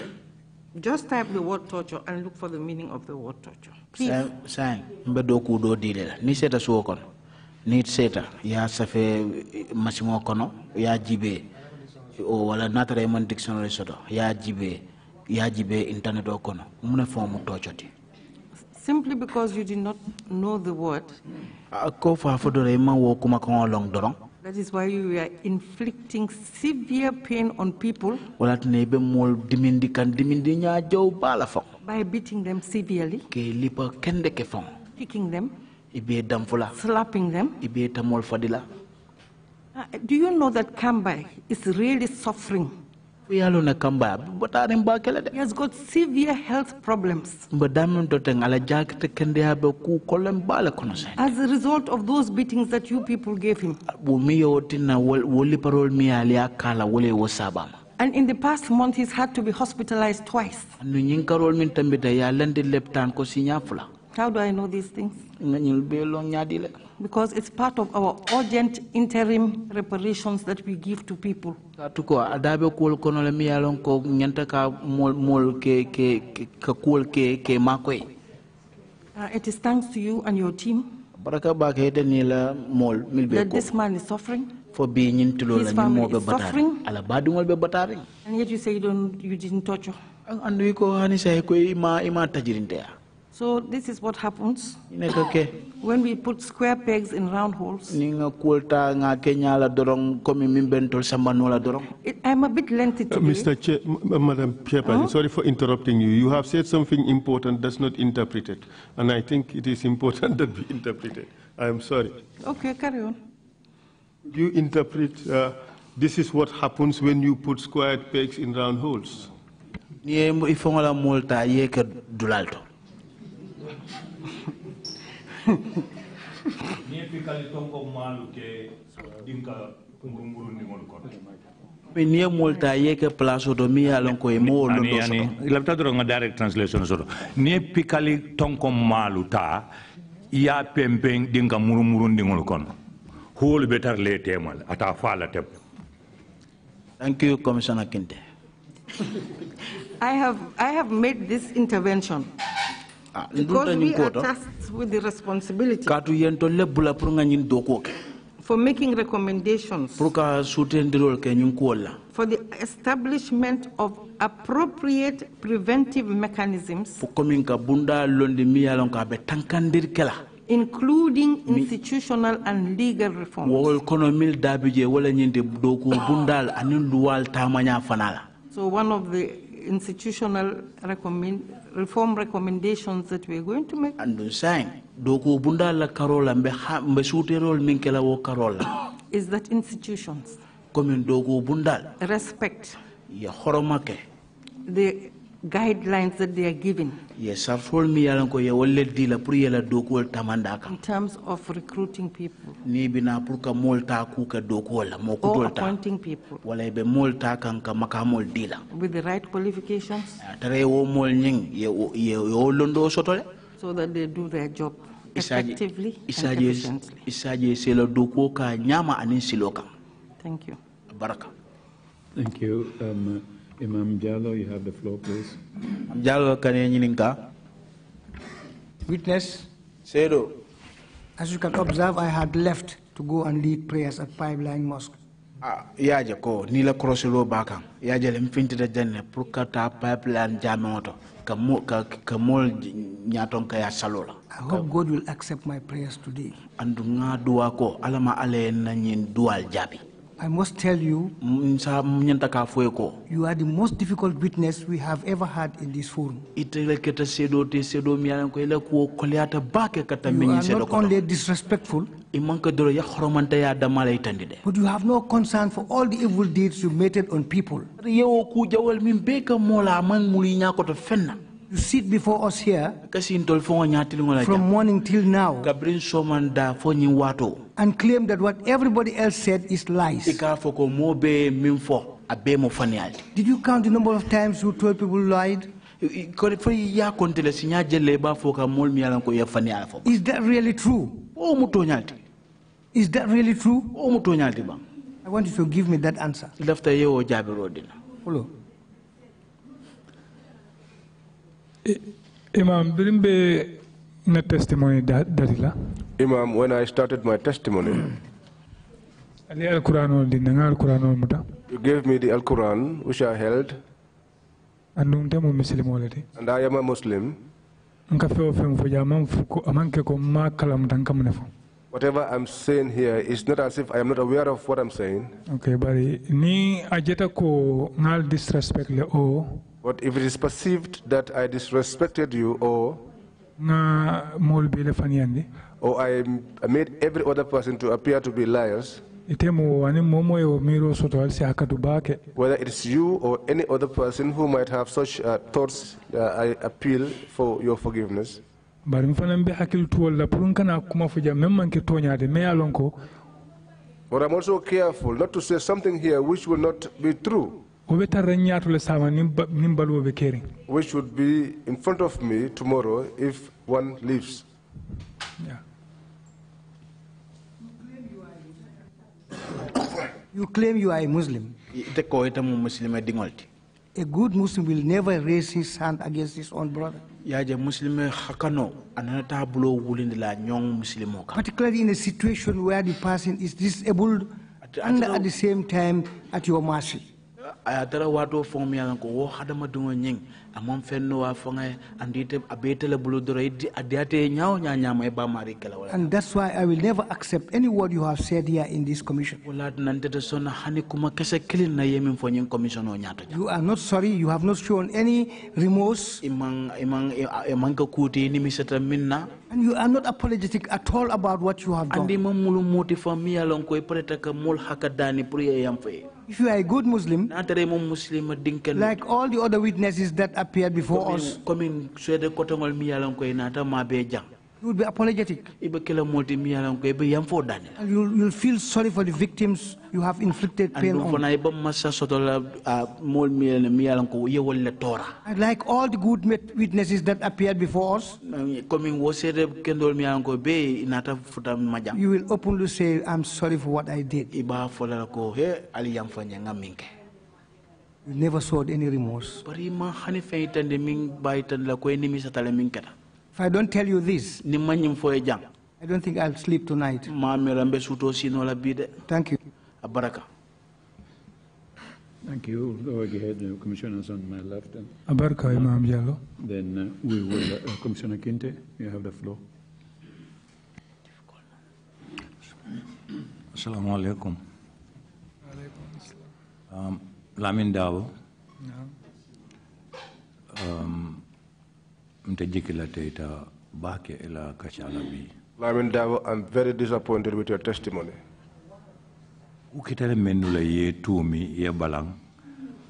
just type the word torture and look for the meaning of the word torture. Please. Sang, mbe do ku do dile Ni seta suokon, Ni seta ya safe masimo kono ya jibe. O wala nata Raymond dictionary soto ya jibe ya jibe internet o Mune formu torture ti. Simply because you did not know the word. Ko fa fodo Raymond wo kuma kono long dorong. That is why we are inflicting severe pain on people. By beating them severely. Ke kende ke Kicking them. Ibe Slapping them. Ibe tamol uh, do you know that Kambai is really suffering? He has got severe health problems. As a result of those beatings that you people gave him. And in the past month, he's had to be hospitalized twice. How do I know these things? Because it's part of our urgent interim reparations that we give to people. Uh, it is thanks to you and your team that this man is suffering. For being in His family is suffering. And yet you say you, don't, you didn't torture. So this is what happens when we put square pegs in round holes. It, I'm a bit lengthy uh, today. Uh, Mr. Chair, Madam Chairperson, huh? sorry for interrupting you. You have said something important that's not interpreted, and I think it is important that we interpret it. I am sorry. Okay, carry on. You interpret uh, this is what happens when you put square pegs in round holes do mi alon ko e mo lo do so la direct translation so pikali tonko ya pempeng dinga murumurun dingol kon hol le temal ata fala tem thank you commissioner kinte i have i have made this intervention ah, because we are tasked with the responsibility for making recommendations for the establishment of appropriate preventive mechanisms including institutional and legal reforms so one of the institutional recommend, reform recommendations that we're going to make. And saying, doko bunda la karola mbe mbe suterol minkela wo karola. Is that institutions? Komin doko bunda. Respect. Ya horomake. The guidelines that they are given Yes, ye sarfol mi yalan ko ye wolle dila pour yela dokol tamanda kan in terms of recruiting people ni bina pour ka molta ku ka dokol mo ko dolta appointing people wala be molta kan ka makamol dila with the right qualifications ah, tare wo mol ning ye yo londo sotole so that they do their job effectively and efficiently isaje selo doko ka nyama anin siloka thank you baraka thank you um, Imam Jallo, you have the floor, please. Jallo, can you Kanyenyininka. Witness. Sedo. As you can observe, I had left to go and lead prayers at Pipeline Mosque. Ah, yaje ko ni la krosilo bakam yaje le mfinti da janne pour ka ta pipeline jamoto Kamu, mo ka ka mol salola i hope god will accept my prayers today Andunga dua ko alama ale na nyin dual jabi I must tell you, you are the most difficult witness we have ever had in this forum. You are not only disrespectful, but you have no concern for all the evil deeds you meted on people sit before us here from morning till now and claim that what everybody else said is lies. Did you count the number of times you told people lied? Is that really true? Is that really true? I want you to give me that answer. Hello. Imam, birimbe na testimony dalila. Imam, when I started my testimony, ali al-Quran din quran You gave me the Al-Quran, which I held. Muslim already. And I am a Muslim. feo feo amanke ko ma kalam tanka Whatever I'm saying here is not as if I am not aware of what I'm saying. Okay, bari ni ajeta ko ngal disrespect le o. But if it is perceived that I disrespected you or or I made every other person to appear to be liars, whether it's you or any other person who might have such uh, thoughts, uh, I appeal for your forgiveness. but i'm also careful not to say something here which will not be true which would be in front of me tomorrow if one leaves. Yeah. You claim you are a Muslim. A good Muslim will never raise his hand against his own brother. Particularly in a situation where the person is disabled and at the same time at your mercy a tara ko a man fɛn n'o a fanga ye and it a bɛ tɛlɛ bolo dɔrɔn a diya b'a mari wala. and that's why I will never accept any word you have said here in this commission. kuma na commission o oh, you are not sorry you have not shown any remorse. i man i ko and you are not apologetic at all about what you have done. andi ko ka pour if you are a good Muslim, like all the other witnesses that appeared before us, you will be apologetic. And you'll, you'll feel sorry for the victims you have inflicted pain on. Ah, and like all the good witnesses that appeared before us, you will openly say, I'm sorry for what I did. You never showed any remorse. If I don't tell you this, I don't think I'll sleep tonight. Thank you. Abaraka. Thank you. Go ahead, uh, on my left. Uh. Abaraka, Imam Then uh, we will, uh, Commissioner Kinte, you have the floor. Assalamu alaikum. Um, Lamin Dawo. No. Um, i'm very disappointed with your testimony ukitale menula ye tumi ye balang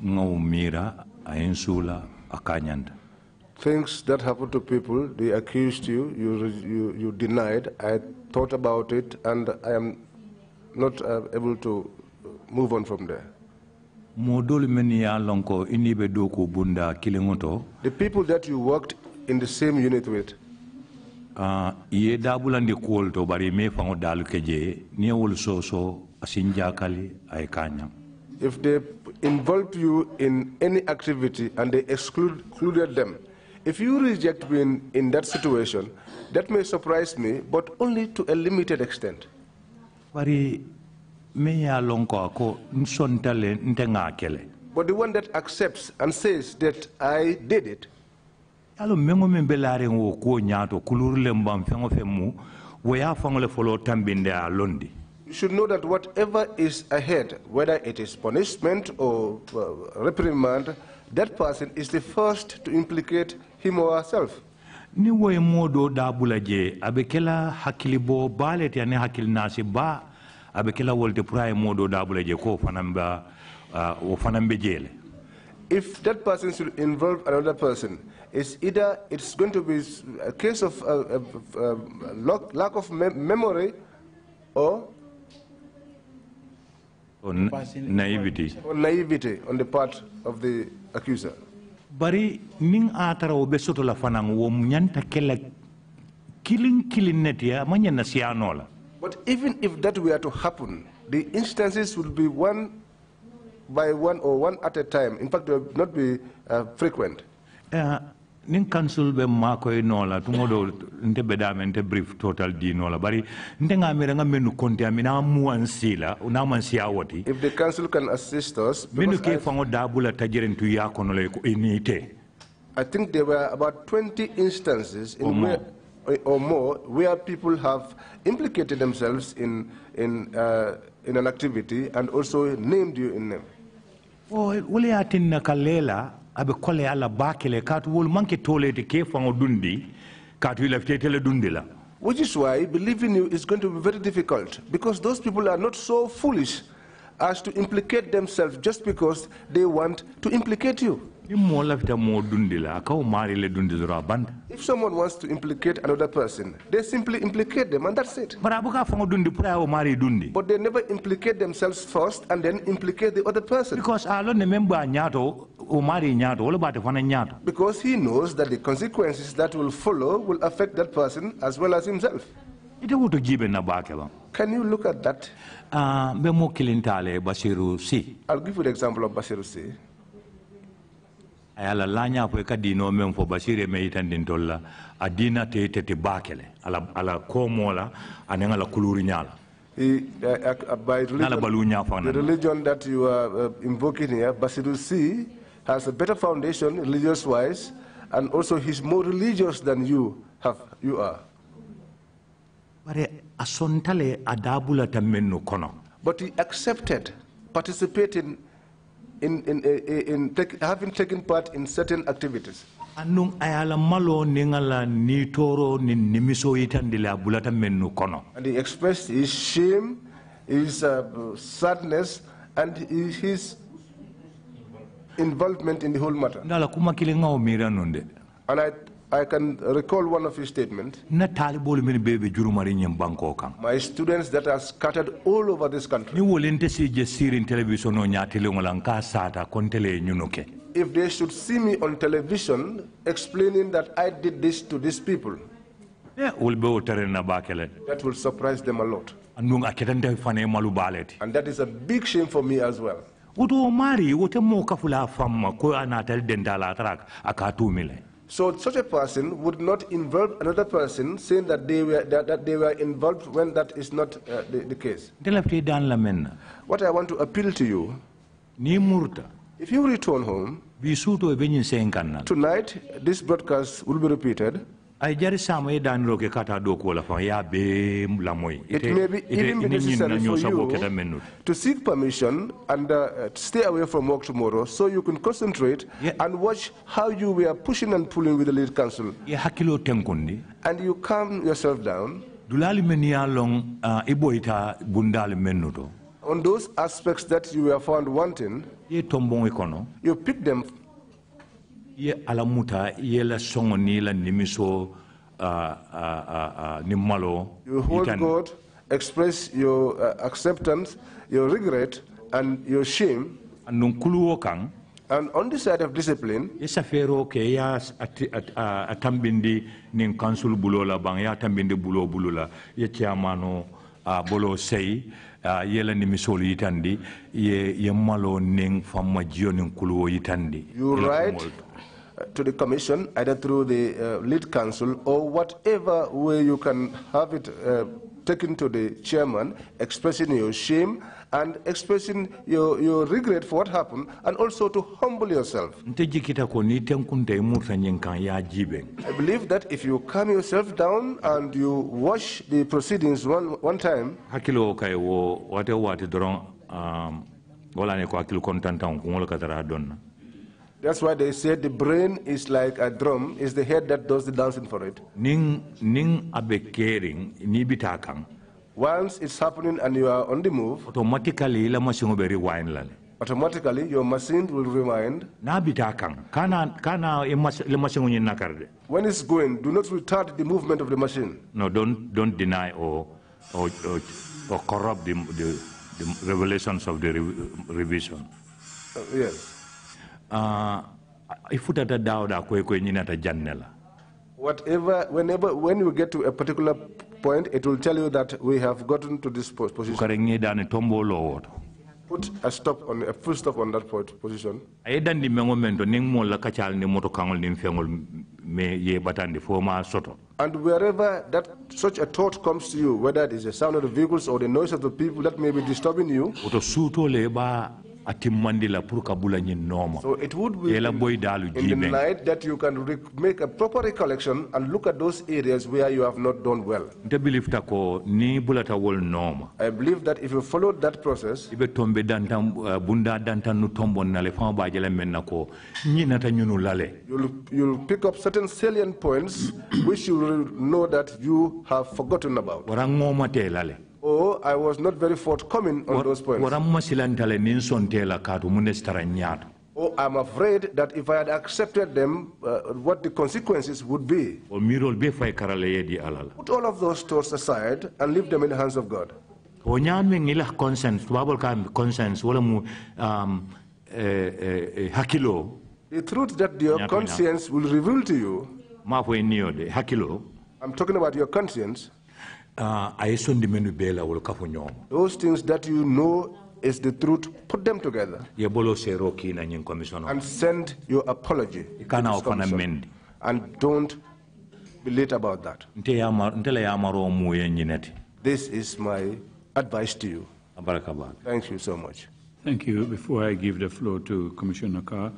ngaumira ainsula akanyanda things that happened to people they accused you you you, you denied i thought about it and i am not uh, able to uh, move on from there the people that you worked in the same unit with? Uh, ye kuwol to bari me ke if they involved you in any activity and they exclude, excluded them, if you reject me in, in, that situation, that may surprise me, but only to a limited extent. But the one that accepts and says that I did it, yalo meŋo meŋ be laariŋ wo kuo ñaato kuluru le feŋo feŋ mu wo ye a faŋo le foloo tambinde a londi You should know that whatever is ahead, whether it is punishment or uh, reprimand, that person is the first to implicate him or herself. ni wo ye moo doo daabula je a be kela hakkiliboo baa le ti ani hakkilinasi baa a be kela pour a ye moo doo daabula ko fanaŋ be wo fanaŋ be if that person should involve another person It's either it's going to be a case of a uh, um, lack of me memory or, or naivety. Or naivety on the part of the accuser. Bari ning atara obesoto la fanang killing killing netia nasianola. But even if that were to happen, the instances would be one by one or one at a time. In fact, they would not be uh, frequent. Uh, nin kansul be makoy nola tumo do nte be dame nte brief total di nola bari nte nga mere nga menu konti amina muan sila na man sia woti if the council can assist us minu ke fango dabula tajiren tu ya kono le ko inite i think there were about 20 instances in um, where eh, or more where people have implicated themselves in in uh, in an activity and also named you in them. Oh, ule atin nakalela wol ke dundi dundi la which is why believing you is going to be very difficult because those people are not so foolish as to implicate themselves just because they want to implicate you if someone wants to implicate another person, they simply implicate them and that's it. But they never implicate themselves first and then implicate the other person. Because I learned the member nyato because he knows that the consequences that will follow will affect that person as well as himself. Can you look at that? Ah, I'll give you the example of basiru C. a ye a la laañaa fo i ka diinoo meŋ fo basiri me yitandintol la a diina te ite te baa kele ala ala koomoo la aniŋ a la kuluuriñaa la He, uh, uh, by religion, religion that you are uh, invoking here, Basiru C, has a better foundation religious-wise, and also he's more religious than you have you are. bare kono But he accepted participating in, in, eh, eh, in, in having taken part in certain activities. And he expressed his shame, his uh, sadness, and his involvement in the whole matter. And I I can recall one of his statements. My students that are scattered all over this country. If they should see me on television explaining that I did this to these people. Eh, that will surprise them a lot. And that is a big shame for me as well. So such a person would not involve another person saying that they were, that, that they were involved when that is not uh, the, the case. What I want to appeal to you, if you return home, tonight this broadcast will be repeated haijari samo e daniro ke kata do ko la fa ya be la moy it may be even for you to seek permission and uh, stay away from work tomorrow so you can concentrate yeah. and watch how you were pushing and pulling with the lead council ye hakilo tenkundi and you calm yourself down dulali men ya iboita bundal menudo. on those aspects that you were found wanting ye tombon ikono you pick them you hold god express your uh, acceptance your regret and your shame and on the side of discipline ye afero ke ya atambindi ni council bulola bang ya tambindi bulo bulula ye chairmano a bolo sei yela ni misoli itandi ye ye malo ning famma jioni itandi you right to the Commission, either through the uh, lead council or whatever way you can have it uh, taken to the chairman, expressing your shame and expressing your, your regret for what happened, and also to humble yourself. I believe that if you calm yourself down and you watch the proceedings one, one time, um, ko ka tara That's why they said the brain is like a drum, it's the head that does the dancing for it. Ning ning abekering nibitakang. Once it's happening and you are on the move, automatically la machine will rewind lan. Automatically your machine will rewind. Na bitakang kana kana la machine ngi nakarde. When it's going, do not retard the movement of the machine. No, don't don't deny or or or, or corrupt the, the, the revelations of the re, revision. Uh, yes. uh, i futata dawɗa koye koye ta uh, janne whatever whenever when you get to a particular point it will tell you that we have gotten to this position kare ñiɗani tombo lowoto put a stop on a full stop on that point, position. I dan di mengo mento ning mo la kachal ni moto kangol ni fengol me ye batandi foma soto. And wherever that such a thought comes to you, whether it is the sound of the vehicles or the noise of the people that may be disturbing you, oto suto le ba ati mandila nyi noma so it would be in the light that you can make a proper recollection and look at those areas where you have not done well i believe that if you follow that process eh, you'll you'll pick up certain salient points which you will know that you have forgotten about or oh, I was not very forthcoming on those points. Oh, I'm afraid that if I had accepted them, uh, what the consequences would be. Put all of those thoughts aside and leave them in the hands of God. Um, eh, eh, eh, the truth that your conscience will reveal to you. I'm talking about your conscience. Uh, those things that you know is the truth put them together and send your apology and don't be late about that this is my advice to you thank you so much thank you before i give the floor to commissioner carr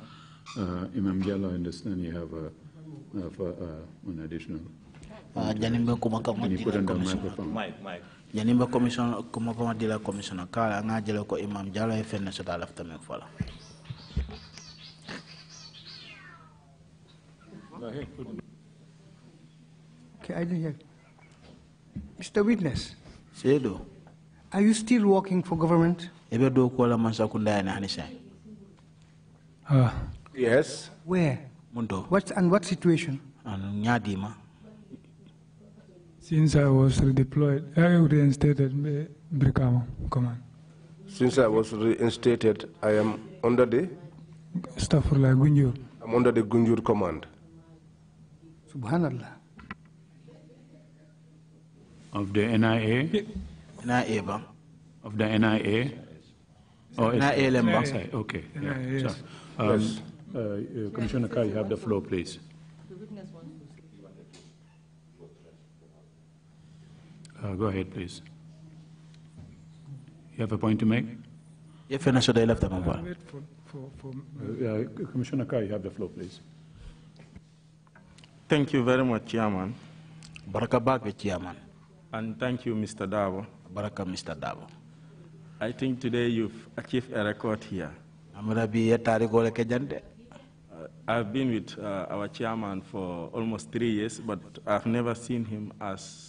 uh, imam jallo i understand you have a, have a, uh, an additional Ah, janimbe ko imam jalo lafta Okay, I didn't hear. Mr. Witness. Sedo. Are you still working for government? Ebe do ko la mansa kunda na hanisa. Ah. Yes. Where? Mundo. What and what situation? An ma. Since I was redeployed, I reinstated Brikamo command. Since I was reinstated, I am under the staff the Gunjur. I'm under the Gunjur command. Subhanallah. Of the NIA? NIA, ba. Of the NIA? Oh, NIA, NIA. Okay, NIA, yeah. Yes. So, um, yes. uh, uh Commissioner Kai, you have the floor, please. Uh, go ahead, please. You have a point to make? If I I left the mobile. For, for, for, uh, uh, yeah, Commissioner Kai, you have the floor, please. Thank you very much, Chairman. Baraka Chairman. And thank you, Mr. Davo. Baraka, Mr. Davo. I think today you've achieved a record here. Uh, I've been with uh, our chairman for almost three years, but I've never seen him as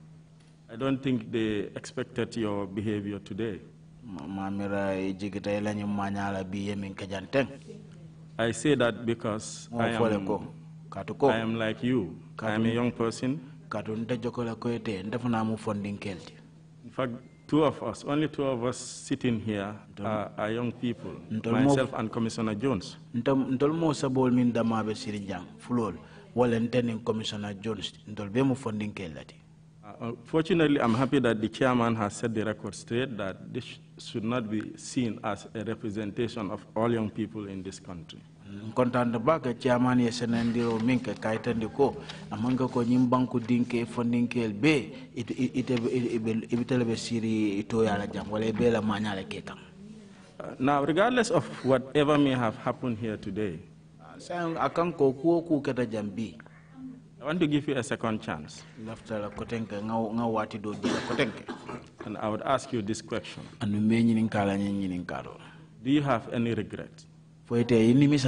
I don't think they expected your behavior today. I say that because I am, I am like you. I am a young person. In fact, two of us, only two of us sitting here are, are young people, myself and Commissioner Jones. Commissioner Jones, uh, fortunately, I'm happy that the chairman has set the record straight that this should not be seen as a representation of all young people in this country. be jam uh, Now regardless of whatever may have happened here today. Sa go ko kuo ku keta jambi. I want to give you a second chance. And I would ask you this question. Do you have any regret? Because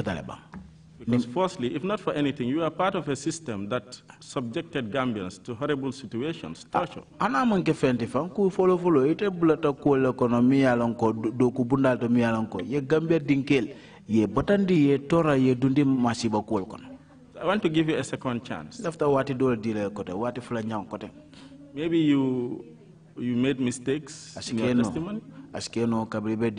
firstly, if not for anything, you are part of a system that subjected Gambians to horrible situations, torture. Ana fenti fa ku follow ite bulata ko economy alonko do ku bundal to mi ye Gambia dinkel ye batandi ye tora ye dundi masiba ko I want to give you a second chance. After what you kote, what you flanya kote. Maybe you you made mistakes Ashikeno. in your testimony. Ashikeno kabribe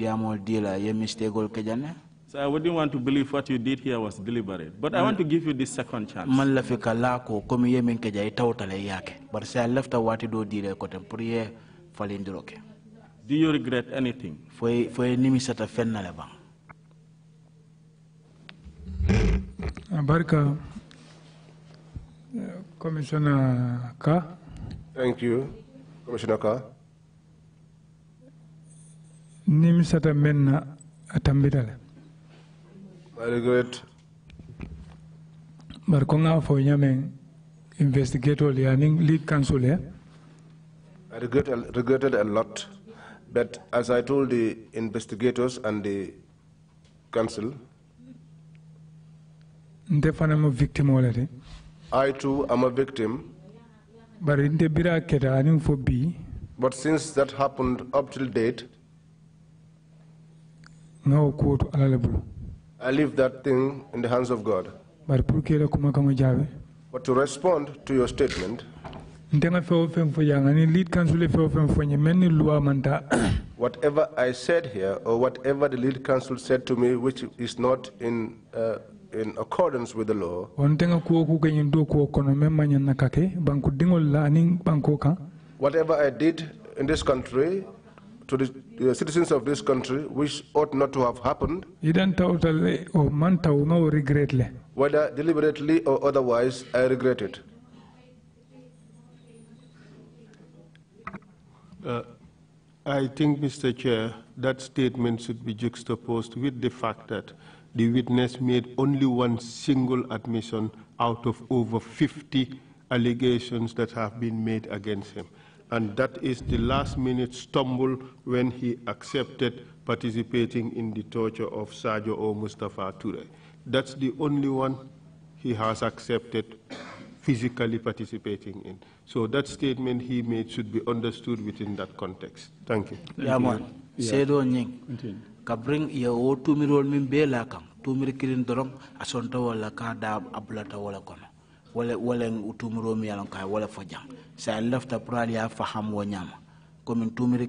ye mistake kejane. So I wouldn't want to believe what you did here was deliberate. But I want to give you this second chance. Man lafika lako komi ye min keja itawtale But say after what you do kote, priye falindiroke. Do you regret anything? For foi nimi sata fenna lebang. Barka. Commissioner Carr. Thank you, Commissioner Nim sata menna atambitale. I regret. Markonga fo nyamen investigator lianing lead counsel eh? I regret, regretted a lot, but as I told the investigators and the council, nte fana a victim already. I too am a victim. But since that happened up till date, I leave that thing in the hands of God. But to respond to your statement, whatever i said here or whatever the lead council said to me which is not in uh, in accordance with the law. Whatever I did in this country to the citizens of this country which ought not to have happened. either man Whether deliberately or otherwise, I regret it. Uh, I think, Mr. Chair, that statement should be juxtaposed with the fact that the witness made only one single admission out of over 50 allegations that have been made against him. And that is the last minute stumble when he accepted participating in the torture of Sajo or Mustafa Ture. That's the only one he has accepted physically participating in. So that statement he made should be understood within that context. Thank you. Thank yeah, you. Yeah kabring ya oh, min be la kan tumir kirin wala ka da wala wala wala mi ka wala sa lafta pral ya faham wo tumir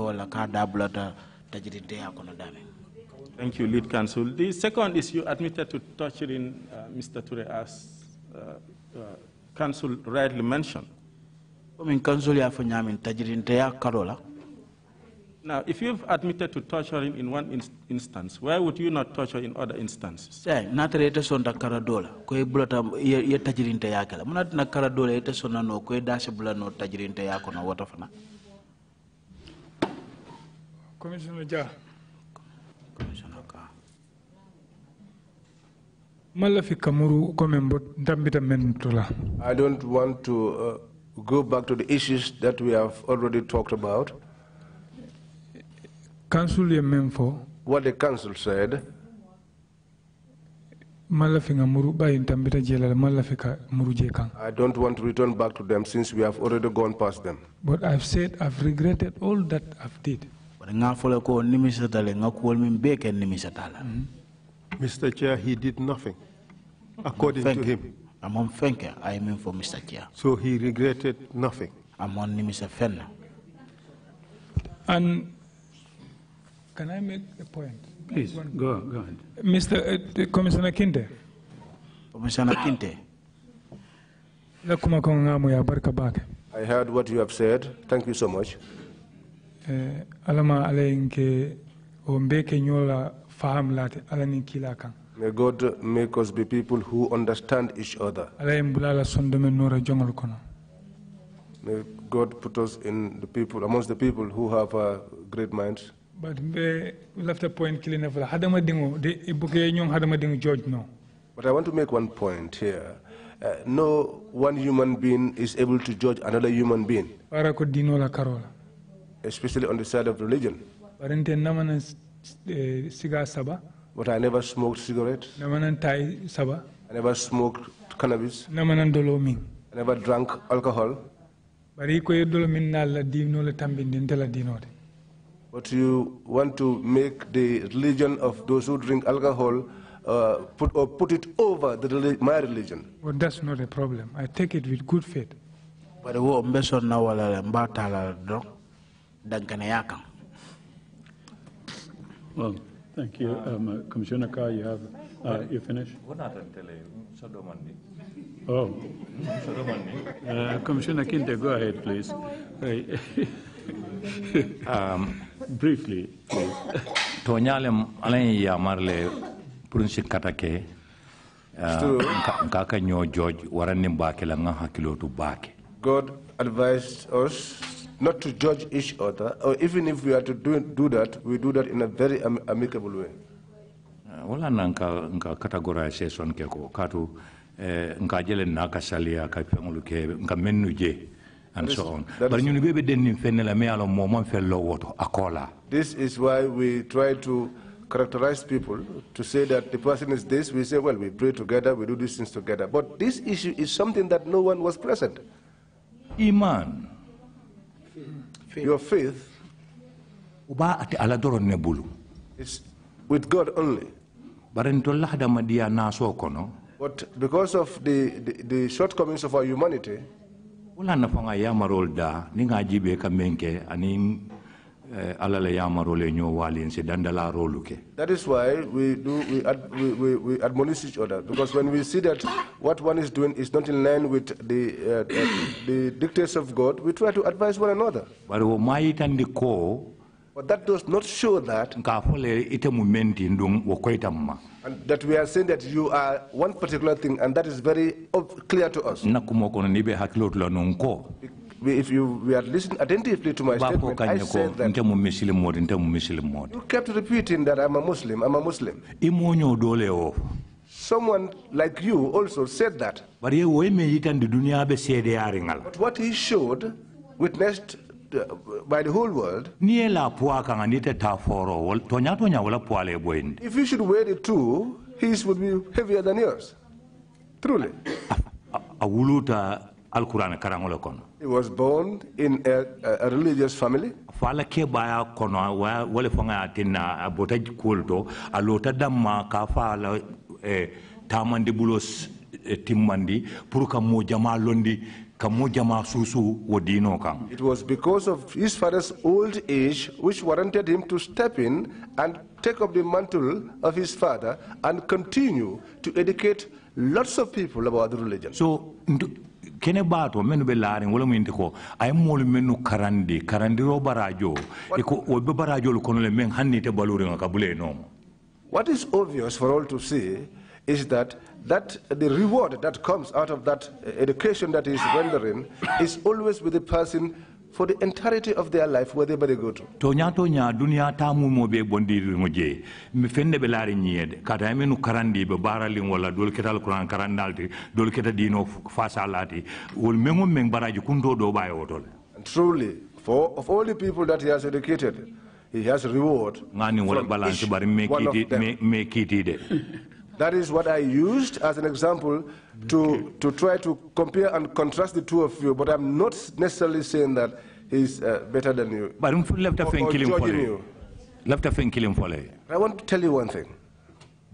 wala ka da dame Thank you, lead counsel. The second is you admitted to torturing uh, Mr. Ture as uh, uh, counsel rightly mentioned. Komin counsel ya fo nyamin tajrid ya karola. Now, if you've admitted to torturing in one in instance, why would you not torture in other instances? Yeah, natare ite sonda karadola, kwe bulata ye tajirinte yakela. Munat na karadola ite sonda no kwe dashi bula no tajirinte yako na watafana. Commissioner Ja. Commissioner Ka. Mala fi kamuru kome mbot ndambita mentula. I don't want to uh, go back to the issues that we have already talked about. Council ye What the council said. I don't want to return back to them since we have already gone past them. But I've said I've regretted all that I've did. Mm-hmm. Mr. Chair, he did nothing according to him. I'm on thank you. I mean for Mr. Chair. So he regretted nothing. I'm on Mr. Fenna. And can I make a point? Please, One. go, go ahead. Mr. Uh, Commissioner Kinte. Commissioner Kinte. I heard what you have said. Thank you so much. Eh, alama alenke ombeke nyola faham lati May God make us be people who understand each other. May God put us in the people amongst the people who have great minds. But we left a point clean for Hadamadingu, the Ibukenyum Hadamadingu George, no. But I want to make one point here. Uh, no one human being is able to judge another human being. Especially on the side of religion. Eh, but I never smoked cigarettes. I never smoked cannabis. I never drank alcohol but you want to make the religion of those who drink alcohol uh, put, or put it over the, my religion. Well, that's not a problem. I take it with good faith. But I mbeso na wala mbata do dankane yakam. Well, thank you, um, uh, Commissioner Carr. You have uh, you finished? Uh, oh, uh, Commissioner Kinte, go ahead, please. um, Briefly, please. toñale alain yamarle pour nsi katake uh, nka ka ñoo jooj warani mbaake la nga baake god advised us not to judge each other or even if we are to do, do that we do that in a very am amicable way uh, wala na nka nka categorisation ke ko kaatu eh, nka jele na ka saliya ka feŋolu ke nka mennu jee and so on. But you This is why we try to characterize people to say that the person is this. We say, well, we pray together, we do these things together. But this issue is something that no one was present. Iman, faith. your faith, It's with God only. But because of the, the, the shortcomings of our humanity, da ni eh, dandala that is why we do we, ad, we, we, we admonish each other because when we see that what one is doing is not in line with the uh, the, dictates of god we try to advise one another might wo the ko but that does not show that. And that we are saying that you are one particular thing, and that is very clear to us. If you were listening attentively to my statement, I said that you kept repeating that I'm a Muslim, I'm a Muslim. Someone like you also said that. But what he showed witnessed by the whole world. If you should weigh the two, his would be heavier than yours. Truly. He was born in a, religious family. Fala ke baya kono wale fonga atina abota kulto alota damma kafa ala eh, tamandibulos bulos eh, timmandi pour mo jama it was because of his father's old age which warranted him to step in and take up the mantle of his father and continue to educate lots of people about the religion. So, kene bato menu be laariŋ wo lemu inti ko a ye moolu mennu karandi karandiro barajo i ko wo be barajolu kono le meŋ hanni ite baluriŋa ka bula ye What is obvious for all to see is that that the reward that comes out of that uh, education that is rendering is always with the person for the entirety of their life wherever they go to tonya tonya dunia tamu mo be karandi be dol karandalti dol keta dino meng do truly for of all the people that he has educated he has reward ngani wala balance bari me kiti me kiti de That is what I used as an example to, to try to compare and contrast the two of you, but I'm not necessarily saying that he's uh, better than you. But I'm left or, or judging you. Left I want to tell you one thing.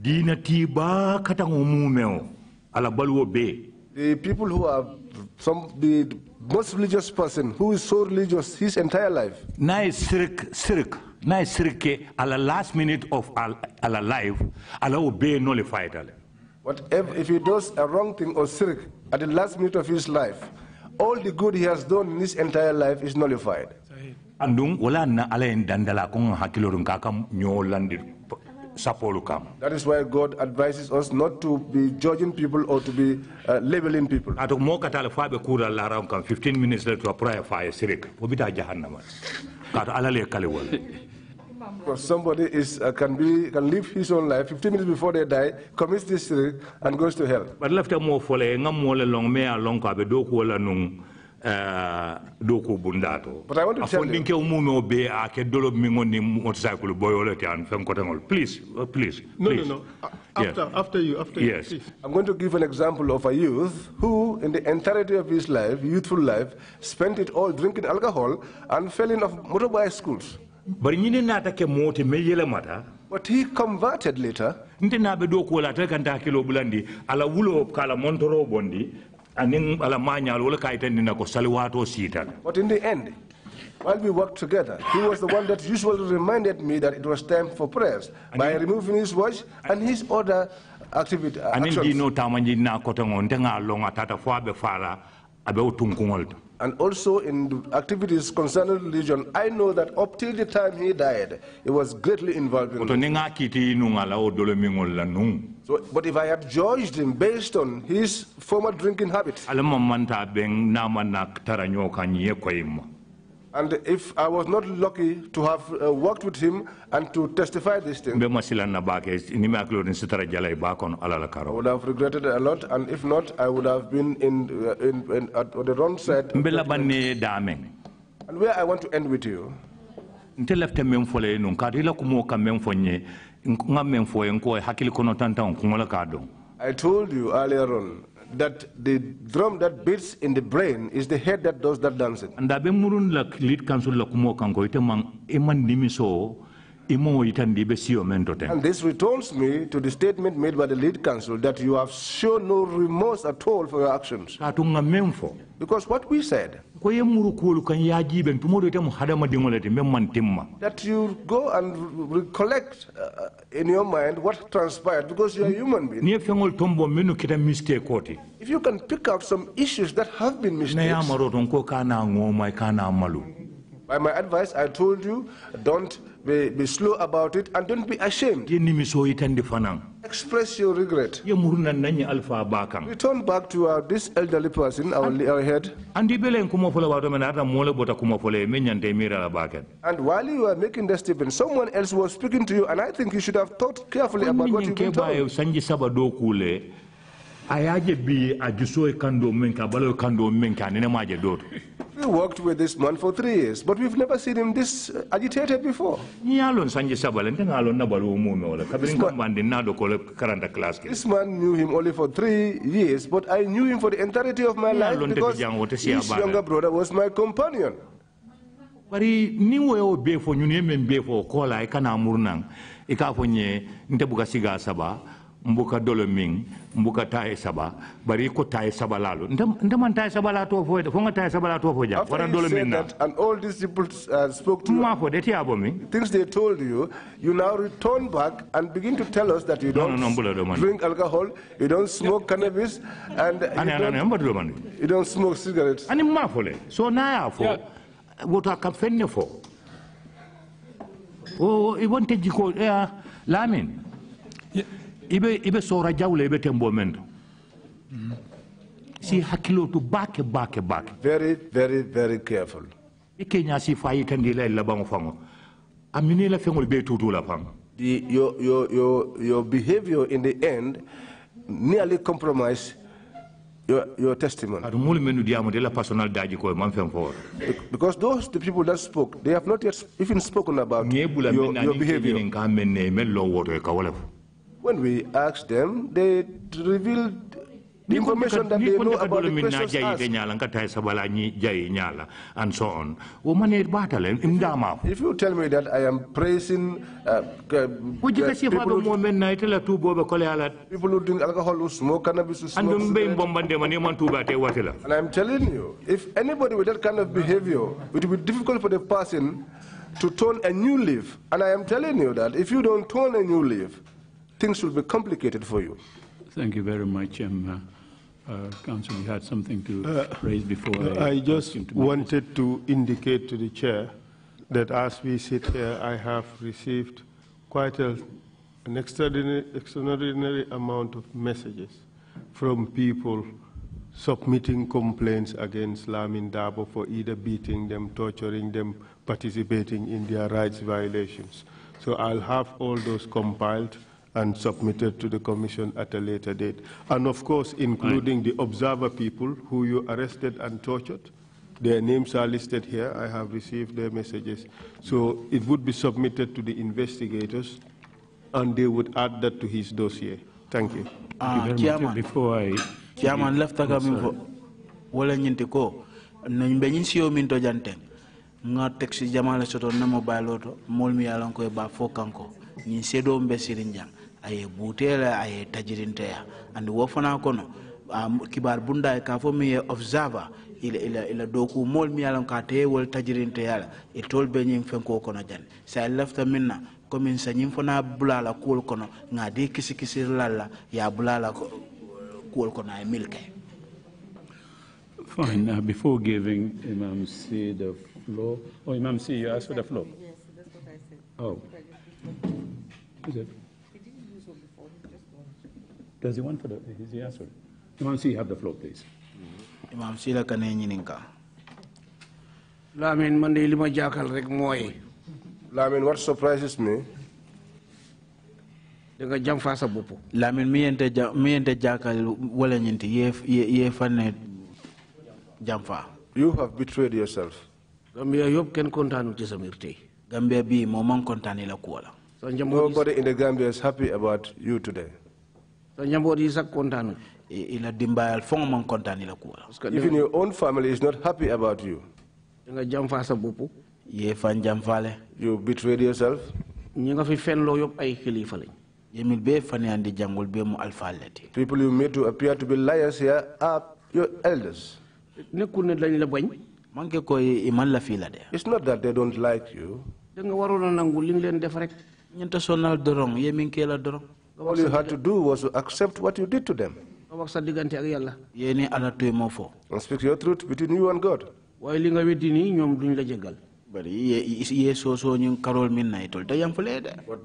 The people who are some the most religious person who is so religious his entire life. Nice, sirk, sirk na sirke ala last minute of ala life ala will be nullified ala. Whatever, if he does a wrong thing or sirik at the last minute of his life, all the good he has done in his entire life is nullified. Andung wala na ala dandala kung hakilorun kakam nyolandir sapolu kam. That is why God advises us not to be judging people or to be uh, labeling people. Ato mo katale fabe kura laram kam 15 minutes later to prayer fire sirik. Obita jahannama. Kat ala le because somebody is, uh, can, be, can live his own life 15 minutes before they die, commits this sin and goes to hell. But left a more for a more long me along a doku la nung uh, doku bundato. But I want to tell you. Afonde umume obe a ke dolo mingo ni motorcycle boyole te an fem Please, uh, please, No, no, no. After, yes. after you, after yes. Please. I'm going to give an example of a youth who, in the entirety of his life, youthful life, spent it all drinking alcohol and failing of motorbike schools but he converted later nte naabe do kuwola taka kanta hakkiloo bulandi ala wuloo kala montoroo bondi anin ala maañaal wala kayitandi na ko saliwaatoo siital but in the end while we worked together, he was the one that usually reminded me that it was time for prayers by removing his watch and his other activity. Uh, and actions and also in the activities concerning religion, I know that up till the time he died, he was greatly involved in religion. So, but if I had judged him based on his former drinking habits. And if I was not lucky to have uh, worked with him and to testify this thing, I would have regretted a lot. And if not, I would have been in, uh, in, in at the wrong side. And where I want to end with you. I told you earlier on that the drum that beats in the brain is the head that does that dancing. And the murun lak lead council lakumo kango ite mang eman nimiso and this returns me to the statement made by the lead counsel that you have shown no remorse at all for your actions because what we said that you go and recollect uh, in your mind what transpired because you are a human being if you can pick up some issues that have been mistakes by my advice i told you don't be, be slow about it and don't be ashamed. Express your regret. Return back to our, this elderly person, our, and, our head. And while you were making the statement, someone else was speaking to you, and I think you should have thought carefully about what you've been told. a y'a je bi a jusu ye kan do min kɛ a balo ye kan do min kɛ a nɛnɛ m'a jɛ do We worked with this man for three years, but we've never seen him this agitated before. sanji This man, this man knew him only for three years, but I knew him for the entirety of my life because his younger brother was my companion. bari ni wo yo be fo ñun ye men be fo ko la e kana murnan e ka fo ñe nte buka siga saba mbuka dolo min mbuka taye saba bari ko taye saba lalu ndaman taye saba la to fo fo nga taye saba la to fo ja wara dole men na and all disciples uh, spoke to ma fo de abo mi things they told you you now return back and begin to tell us that you don't no, no, no, drink alcohol you don't smoke cannabis and you, ani, don't, ani, you don't smoke cigarettes ani ma fo le so na ya fo wota kam fenne fo o oh, oh, i wonte jiko lamin yeah. ibe ibe sora jawle ibe tembo mendo si hakilo tu bake bake bake very very very careful ike nya si fayi tandi la la bango fango amini la fengol be tutu la fango the your your your your behavior in the end nearly compromise your your testimony adu mul menu diamo de la personal daji ko man fem for because those the people that spoke they have not yet even spoken about your, your behavior ngebula minani ngamenene melo woto e kawalefo When we asked them, they revealed the information that they know about the questions asked. And so on. Eh, if you tell me that I am praising uh, uh, uh people, people who drink alcohol, who smoke cannabis, who smoke And I'm telling you, if anybody with that kind of behavior, it will be difficult for the person to turn a new leaf. And I am telling you that if you don't turn a new leaf, things will be complicated for you. Thank you very much. Um, uh, uh Council, you had something to uh, raise before uh, I, I, just to wanted to indicate to the chair that as we sit here, I have received quite a, an extraordinary, extraordinary amount of messages from people submitting complaints against Lamin Dabo for either beating them, torturing them, participating in their rights violations. So I'll have all those compiled and submitted to the commission at a later date. And of course, including the observer people who you arrested and tortured. Their names are listed here. I have received their messages. So it would be submitted to the investigators, and they would add that to his dossier. Thank you. Uh, Thank you ah, Chairman, before I... Chairman, left agam oh, wala ñinti ko nañ be ñin siyo min to janten nga taxi jamala soto na mobile auto mol mi yalan ko ba fokanko ñin sedo mbesiri njang aye buutela aye tajirinteya andi wo fana kono um, kibar bunda e ka fo mi ye observer ila ila ila doku mol mi yalam ka te wol tajirinteya la e tol be nyim fen ko kono jan sa e lafta minna ko min sa nyim fona bulala kul kono nga di kisi kisir lalla ya bulala kul kono ay e milke Fine. Now, before giving Imam C the floor, oh, Imam C, you asked for the floor. Yes, that's what I said. Oh. Is it? There's one for the, is Imam C, you have the floor, please. Imam C, la kané Lamin, lima jakal rek Lamin, what surprises me? jam Lamin jakal wala ye ye fané jam fa. You have betrayed yourself. Gambia yop ken Gambia bi Nobody in the Gambia is happy about you today ila dimbayal even your own family is not happy about you you betrayed yourself people you made to appear to be liars here are your elders it's not that they don't like you all you had to do was to accept what you did to them. And speak your truth between you and God. But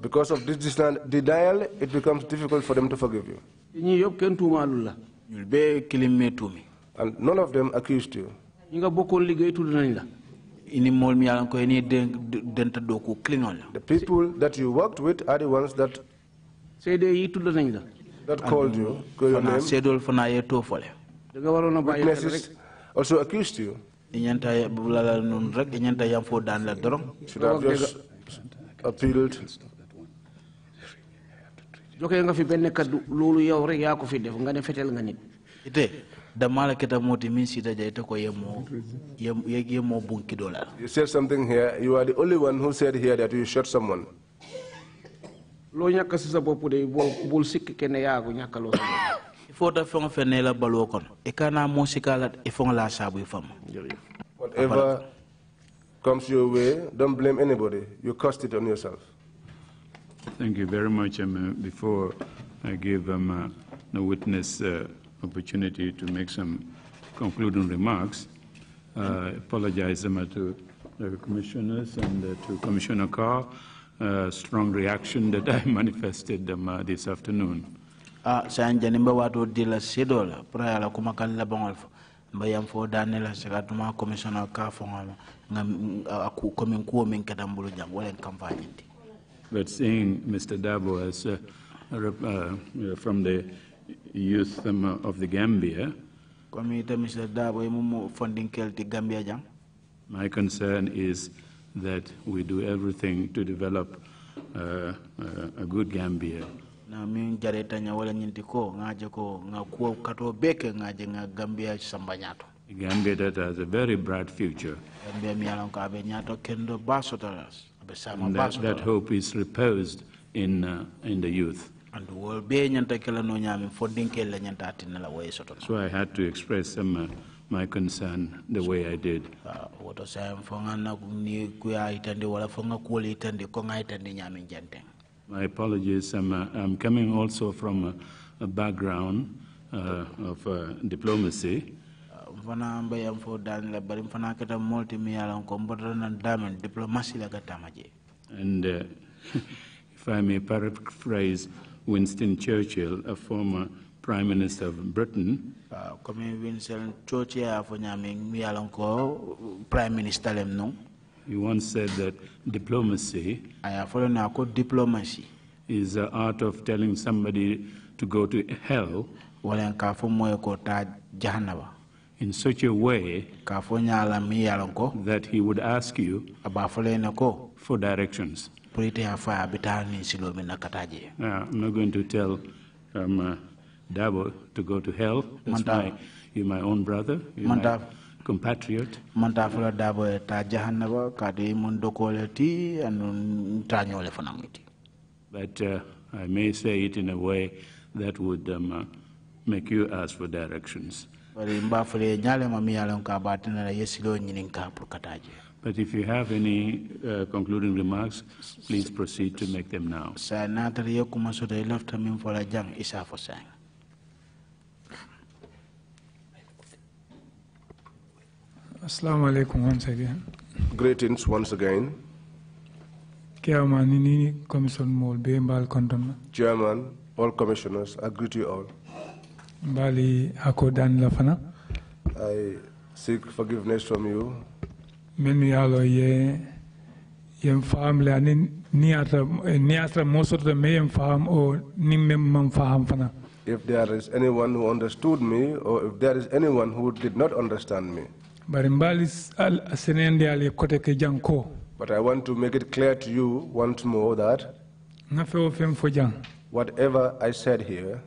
because of this denial, it becomes difficult for them to forgive you. And none of them accused you. The people that you worked with are the ones that seede yi tudd nañ la. that called you. Go your name. Sedol fana ye to fole. Daga warono ba Witnesses also accused you. Inyanta ya bulala nun rek inyanta yam fo dan la dorom. Should have just appealed. Joke nga fi ben kaddu lolu yow rek ya ko fi def nga ne fetel nga nit. Ite da mala kita moti min si jay to ko yemo yemo bunki dola. You said something here. You are the only one who said here that you shot someone sa de bul yaagu sa il faut ne la kana la whatever comes your way don't blame anybody you cost it on yourself. Thank you very much. Um, before I give um, uh, the witness uh, opportunity to make some concluding remarks, uh, apologize um, to the commissioners and uh, to Commissioner Carr strong reaction that I manifested um, uh, this afternoon. Ah, sanjani mbe watu dila sidola praya la kumakan la bangol fo mbe yam fo danela sekatuma commissioner ka fo ngama ngam aku komin kuo min kadambulu but seeing Mr. Dabo as uh, uh, from the youth um, uh, of the Gambia, my concern is that we do everything to develop uh, uh a good Gambia. jareta ngaje ko kato beke ngaje nga Gambia Gambia that has a very bright future. Gambia kendo That, that hope is reposed in uh, in the youth. So I had to express some uh, my concern the way I did. Uh, my apologies. I'm, uh, I'm coming also from a, a background uh, of uh, diplomacy. Uh, and uh, if I may paraphrase Winston Churchill, a former Prime Minister of Britain. Prime Minister He once said that diplomacy I have diplomacy is the art of telling somebody to go to hell in such a way that he would ask you for directions. Uh, I'm not going to tell um, uh, Dabo to go to hell. That's my, you're my own brother. You're my compatriot. Manta But uh, I may say it in a way that would um, uh, make you ask for directions. But if you have any uh, concluding remarks, please proceed to make them now. Assalamu alaikum once again. Greetings once again. German, Chairman, all commissioners, I greet you all. Bali Akodan Lafana. I seek forgiveness from you. Menu yalo eh, If there is anyone who understood me or if there is anyone who did not understand me. bari mbalis al janko but i want to make it clear to you once more that fo jang whatever i said here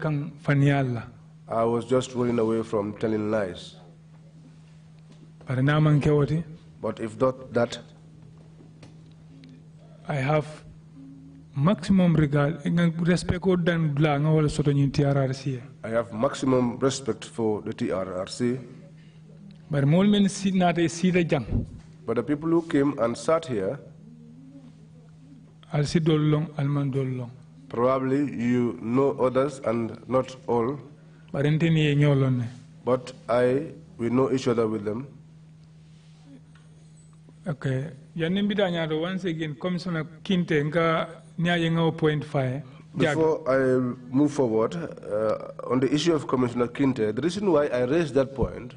kan fani i was just running away from telling lies bari but if not that i have maximum regard respect ko dan dla nga wala soto ni TRRC I have maximum respect for the TRRC but mol men si na de si de jang but the people who came and sat here al si dol long al man dol long probably you know others and not all but entini ñolone but I we know each other with them okay yanne mbida ñaato once again commissioner kinte nga Before I move forward, uh, on the issue of Commissioner Kinte, the reason why I raised that point,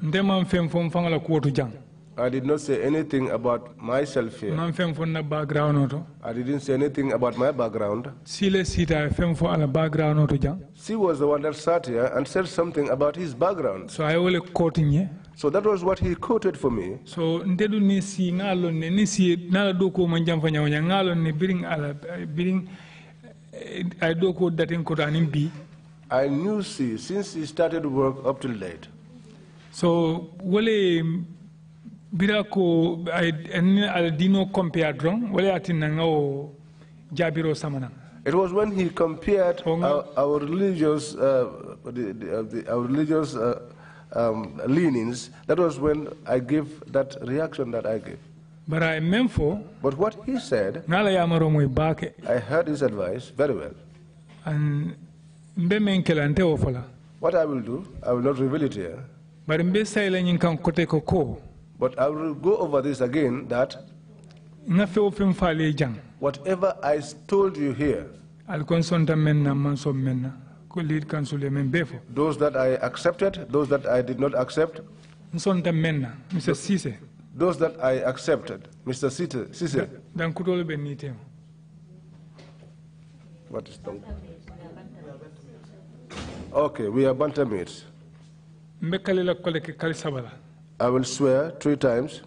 I did not say anything about myself here. I didn't say anything about my background. She was the one that sat here and said something about his background. So I will quote him So that was what he quoted for me. So ntedu ne si ngalo ne si nala doko manjam fanya wanya ngalon ne biring ala biring eh, I doko dating Quran bi. I knew C since he started work up till late. So wale bira ko ni ala dino compare drong wale atin ngao jabiro samana. It was when he compared our, our religious, uh, the, the, uh, the, our religious uh, um, leanings, that was when I gave that reaction that I gave. But I meant for. but what he said i heard his advice very well And. what i will do i will not reveal it here but i will go over this again that whatever i told you here I'll men na man men lead councilor Membefo. Those that I accepted, those that I did not accept. Mr. Sise. Those that I accepted, Mr. Sise. Sise. Dan kutolo benitemo. What is the? Okay, we are bantamates. Mbekalila koleke kalisabala. I will swear three times.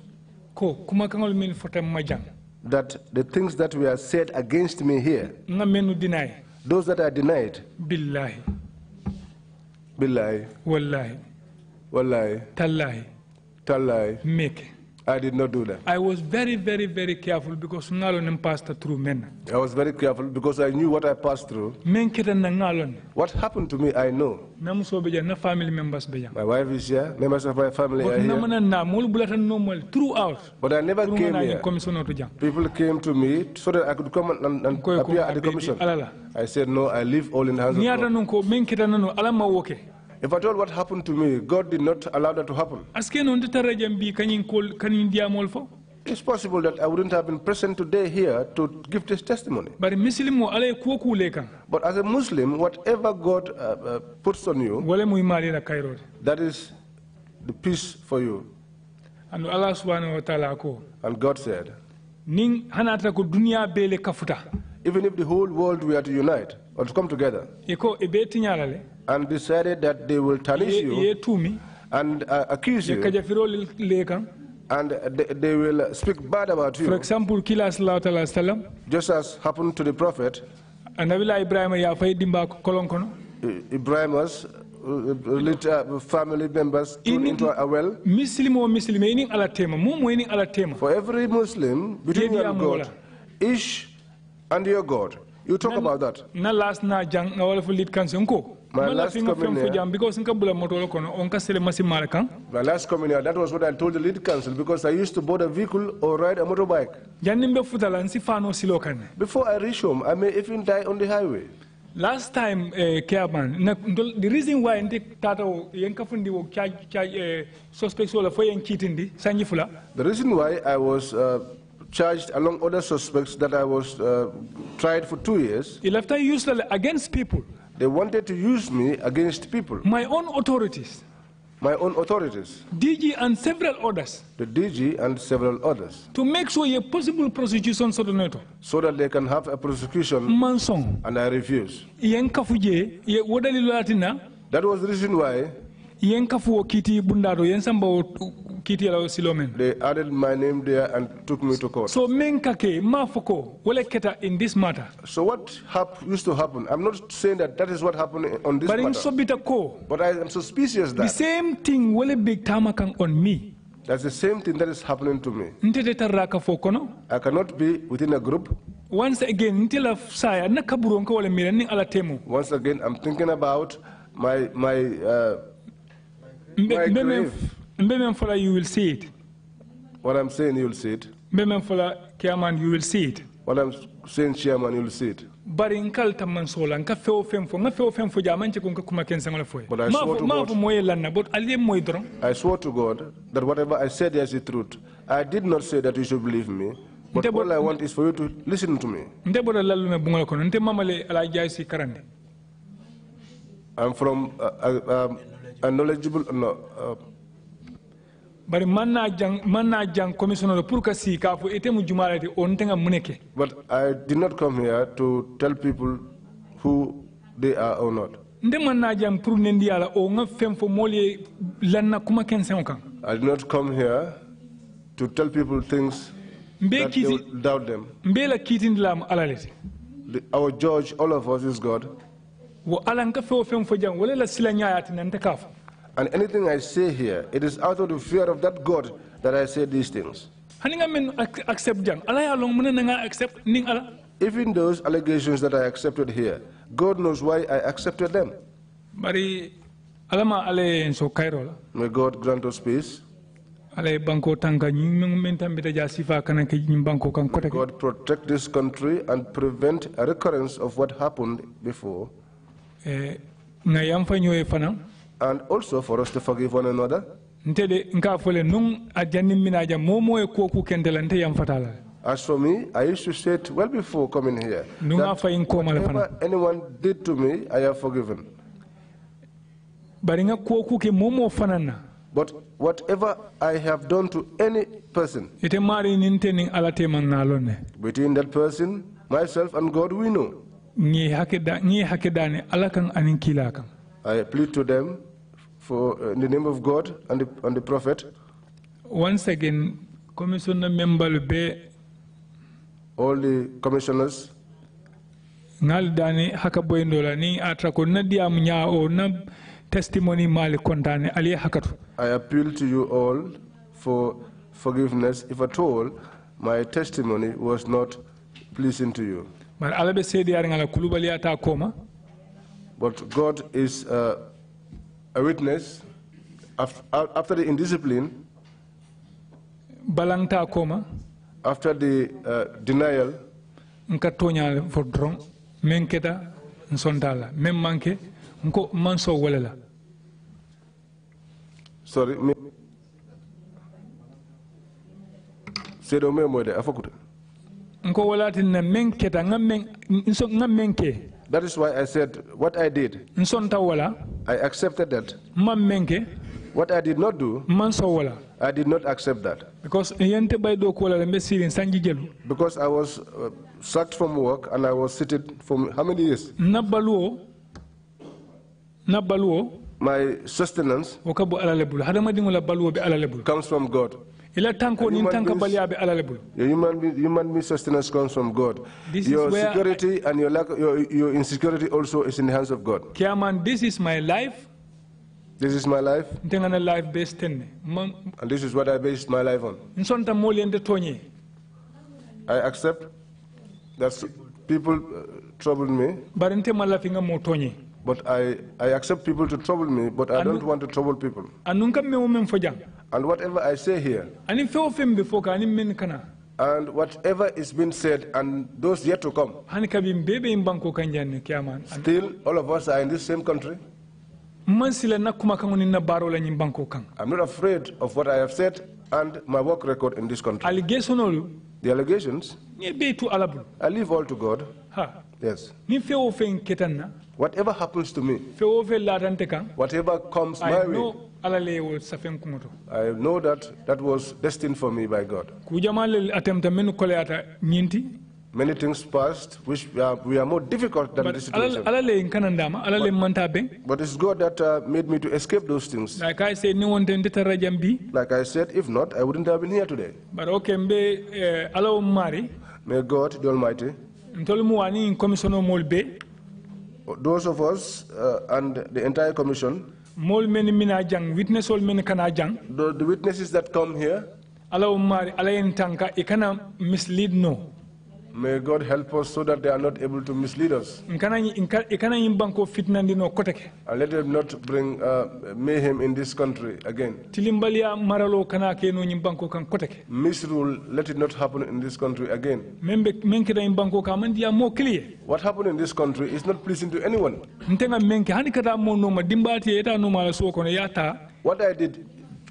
Ko kumakangol min fotem majang. That the things that were said against me here. Nga menu deny. Those that are denied. Billahi. Billahi. Wallahi. Wallahi. Tallahi. Tallahi. Make. I did not do that. I was very, very, very careful because ngalon passed through men. I was very careful because I knew what I passed through. Men What happened to me, I know. na family members My wife is here. Members of my family but are here. na normal throughout. But I never came here. People came to me so that I could come and, and appear at the commission. I said no. I leave all in the hands of God. If at all what happened to me, God did not allow that to happen. It's possible that I wouldn't have been present today here to give this testimony. But as a Muslim, whatever God uh, uh, puts on you, that is the peace for you. And Allah subhanahu wa ta'ala And God said, Even if the whole world were to unite or to come together, and decided that they will tarnish you and uh, accuse you and they will speak bad about you. For example, Just as happened to the prophet. And Ibrahim ya Ibrahim was uh, family members into a well. For every Muslim, between your God, ish and your God. You talk about that. My last communion, because my last communion, that was what I told the lead council because I used to board a vehicle or ride a motorbike. Before I reach home, I may even die on the highway. Last time, uh, the reason why ndi tato yenkafundi wo kya kya eh, suspects wala fo yenkitindi sanjifula. The reason why I was uh, charged along other suspects that I was uh, tried for two years. He left used against people. They wanted to use me against people. My own authorities. My own authorities. DG and several others. The DG and several others. To make sure a possible prosecution so that they can have a prosecution. Mansong. And I refuse. That was the reason why. yen kafuo kiti bundado yen sambawo kiti la silomen they added my name there and took me to court so men kake mafoko wala keta in this matter so what hap used to happen i'm not saying that that is what happened on this but matter sobita ko but i am suspicious that the same thing wala big tamakan on me that's the same thing that is happening to me ntete tarraka fokono i cannot be within a group once again ntila saya nakaburonka wala miran ala temu once again i'm thinking about my my uh, Mbe, Mbemem Fola, you will see it. What I'm saying, you will see it. Mbe Mbemem Fola, Chairman, you will see it. What I'm saying, Chairman, you will see it. Bari nkal tamman sola, nka feo femfo, nga feo femfo jaman chiko nka kuma kensa ngala foye. But I swear to God, moye lanna, but aliye moye dron. I swear to God that whatever I said is the truth. I did not say that you should believe me. But all I want is for you to listen to me. Nde bora Ndebora lalume bungala kono, nte mama le jaisi karande. I'm from uh, uh, um, a knowledgeable no uh, bari man naa jang man naa jang commissioner pour que si kaa fo ite mu jumalati on tenga mu neke but i did not come here to tell people who they are or not nde man naa jang pour ne ndi ala o nga fem fo mool ye lan kuma ken sen kan i did not come here to tell people things mbe kiiti doubt them mbe la kiitindilaam ala le our judge all of us is god wo ala nka fewo fen fo jang wala la sila ñaayaati nanta kaa fo And anything I say here, it is out of the fear of that God that I say these things. Even those allegations that I accepted here, God knows why I accepted them. May God grant us peace. May God protect this country and prevent a recurrence of what happened before. Eh, and also for us to forgive one another. Ntede nka fole nung ajani minaja momo e koku kendelante yam fatala. As for me, I used to say it well before coming here. Nunga fa inko anyone did to me, I have forgiven. Baringa koku ke momo fanana. But whatever I have done to any person. Between that person, myself and God we know. I plead to them for, uh, in the name of God and the, and the Prophet. Once again, Commissioner Member Lube, All the commissioners. Ngaldani hakaboindola ni atrako nadia mnya o na testimony mali kontane ali hakatu. I appeal to you all for forgiveness if at all my testimony was not pleasing to you. Mar alabe sedi arngala kulubali ata koma. But God is uh, a witness. After, after the indiscipline, balanta koma. After the uh, denial, nkatonya fodron menketa nsondala mem manke nko manso walela. Sorry, me. c'est le même mot de afakuta. Nko walati na menketa ngam men nso ngam menke. That is why I said what I did. Nsontawala. I accepted that. Mamenke. What I did not do. Mansawala. I did not accept that. Because yente baido kuala lembe siri sanji jelu. Because I was uh, sacked from work and I was seated for how many years? Nabaluo. Nabaluo. My sustenance. Wakabu alalebulu. Hadamadingu la baluo be alalebulu. Comes from God. ila tanko nin tanka baliyaɓe alale bulu your human being, human being sustenance comes from god this your security I, and your lack your, your insecurity also is in the hands of god kiaman this is my life this is my life ntengana life based tenne and this is what i based my life on nsonta molende toñe i accept that people uh, troubled me barente mala finga mo toñe but I, I accept people to trouble me, but I don't want to trouble people. And whatever I say here, and whatever is being said and those yet to come, still all of us are in this same country. I'm not afraid of what I have said and my work record in this country. The allegations, I leave all to God. Yes. Whatever happens to me, whatever comes my way, I know that that was destined for me by God. Many things passed which are, we are more difficult than but this situation. But, but it's God that uh, made me to escape those things. Like I said, like I said, if not, I wouldn't have been here today. But okay, eh, may God, the Almighty, those of us uh, and the entire commission mol men mina witness ol men the, the witnesses that come here alawmari alayen tanka e kana mislead no May God help us so that they are not able to mislead us. And let them not bring uh, mayhem in this country again. Misrule, let it not happen in this country again. What happened in this country is not pleasing to anyone. What I did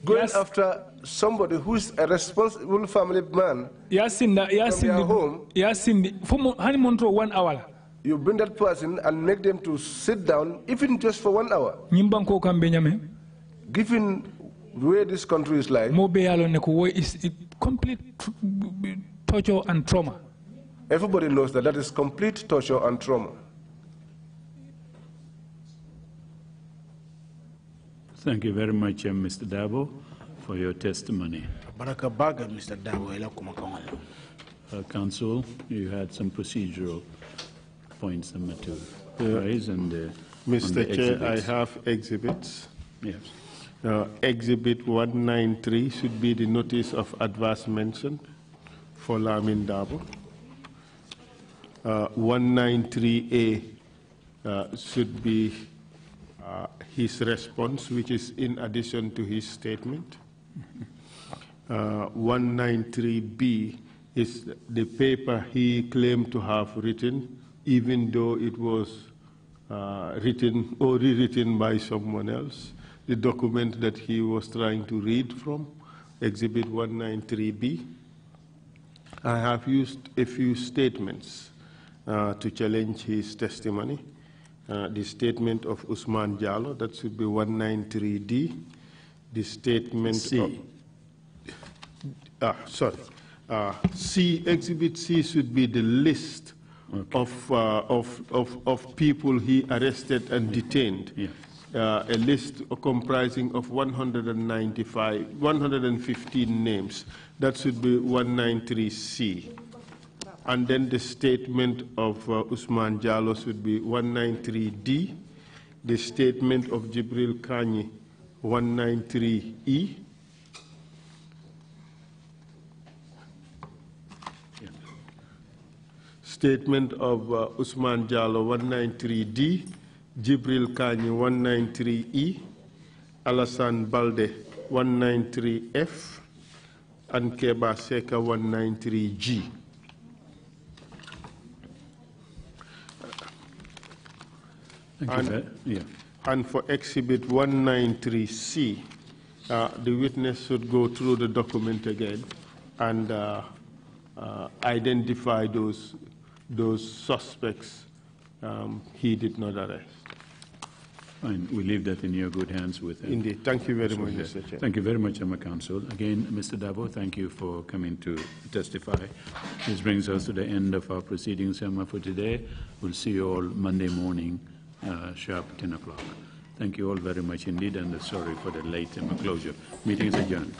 going yes. after somebody who's a responsible family man yasinda the, home yasindi fumo hani for one hour you bring that person and make them to sit down even just for one hour given where this country is like mobile be yalo is complete torture and trauma everybody knows that that is complete torture and trauma Thank you very much, uh, Mr. Dabo, for your testimony. Baraka baga, Mr. Dabo, uh, Council, you had some procedural points number two. Uh, and uh, Mr. Chair, exhibits. I have exhibits. Yes. Uh, exhibit 193 should be the notice of adverse mention for Lamin Dabo. Uh, 193A uh, should be uh, his response, which is in addition to his statement. Uh, 193B is the paper he claimed to have written, even though it was uh, written or rewritten by someone else. The document that he was trying to read from, Exhibit 193B. I have used a few statements uh, to challenge his testimony. Uh, the statement of Usman Jallo, that should be 193D. The statement C. of. Ah, sorry. Uh, C, Exhibit C should be the list okay. of, uh, of, of, of people he arrested and detained. Yes. Uh, a list comprising of 195, 115 names. That should be 193C. And then the statement of uh, Usman Jalos would be 193D. The statement of Jibril Kani, 193E. Statement of uh, Usman Jalo, 193D. Jibril Kani, 193E. Alassane Balde, 193F. And Keba Seka, 193G. yeah. And for Exhibit 193C, uh, the witness should go through the document again and uh, uh, identify those, those suspects um, he did not arrest. Fine. We leave that in your good hands with him. Indeed. Thank you very much, Mr. Chair. Thank you very much, Emma Council. Again, Mr. Dabo, thank you for coming to testify. This brings us to the end of our proceedings, Emma, for today. We'll see you all Monday morning. Uh, sharp 10 o'clock. Thank you all very much indeed, and sorry for the late um, closure. Meeting is adjourned.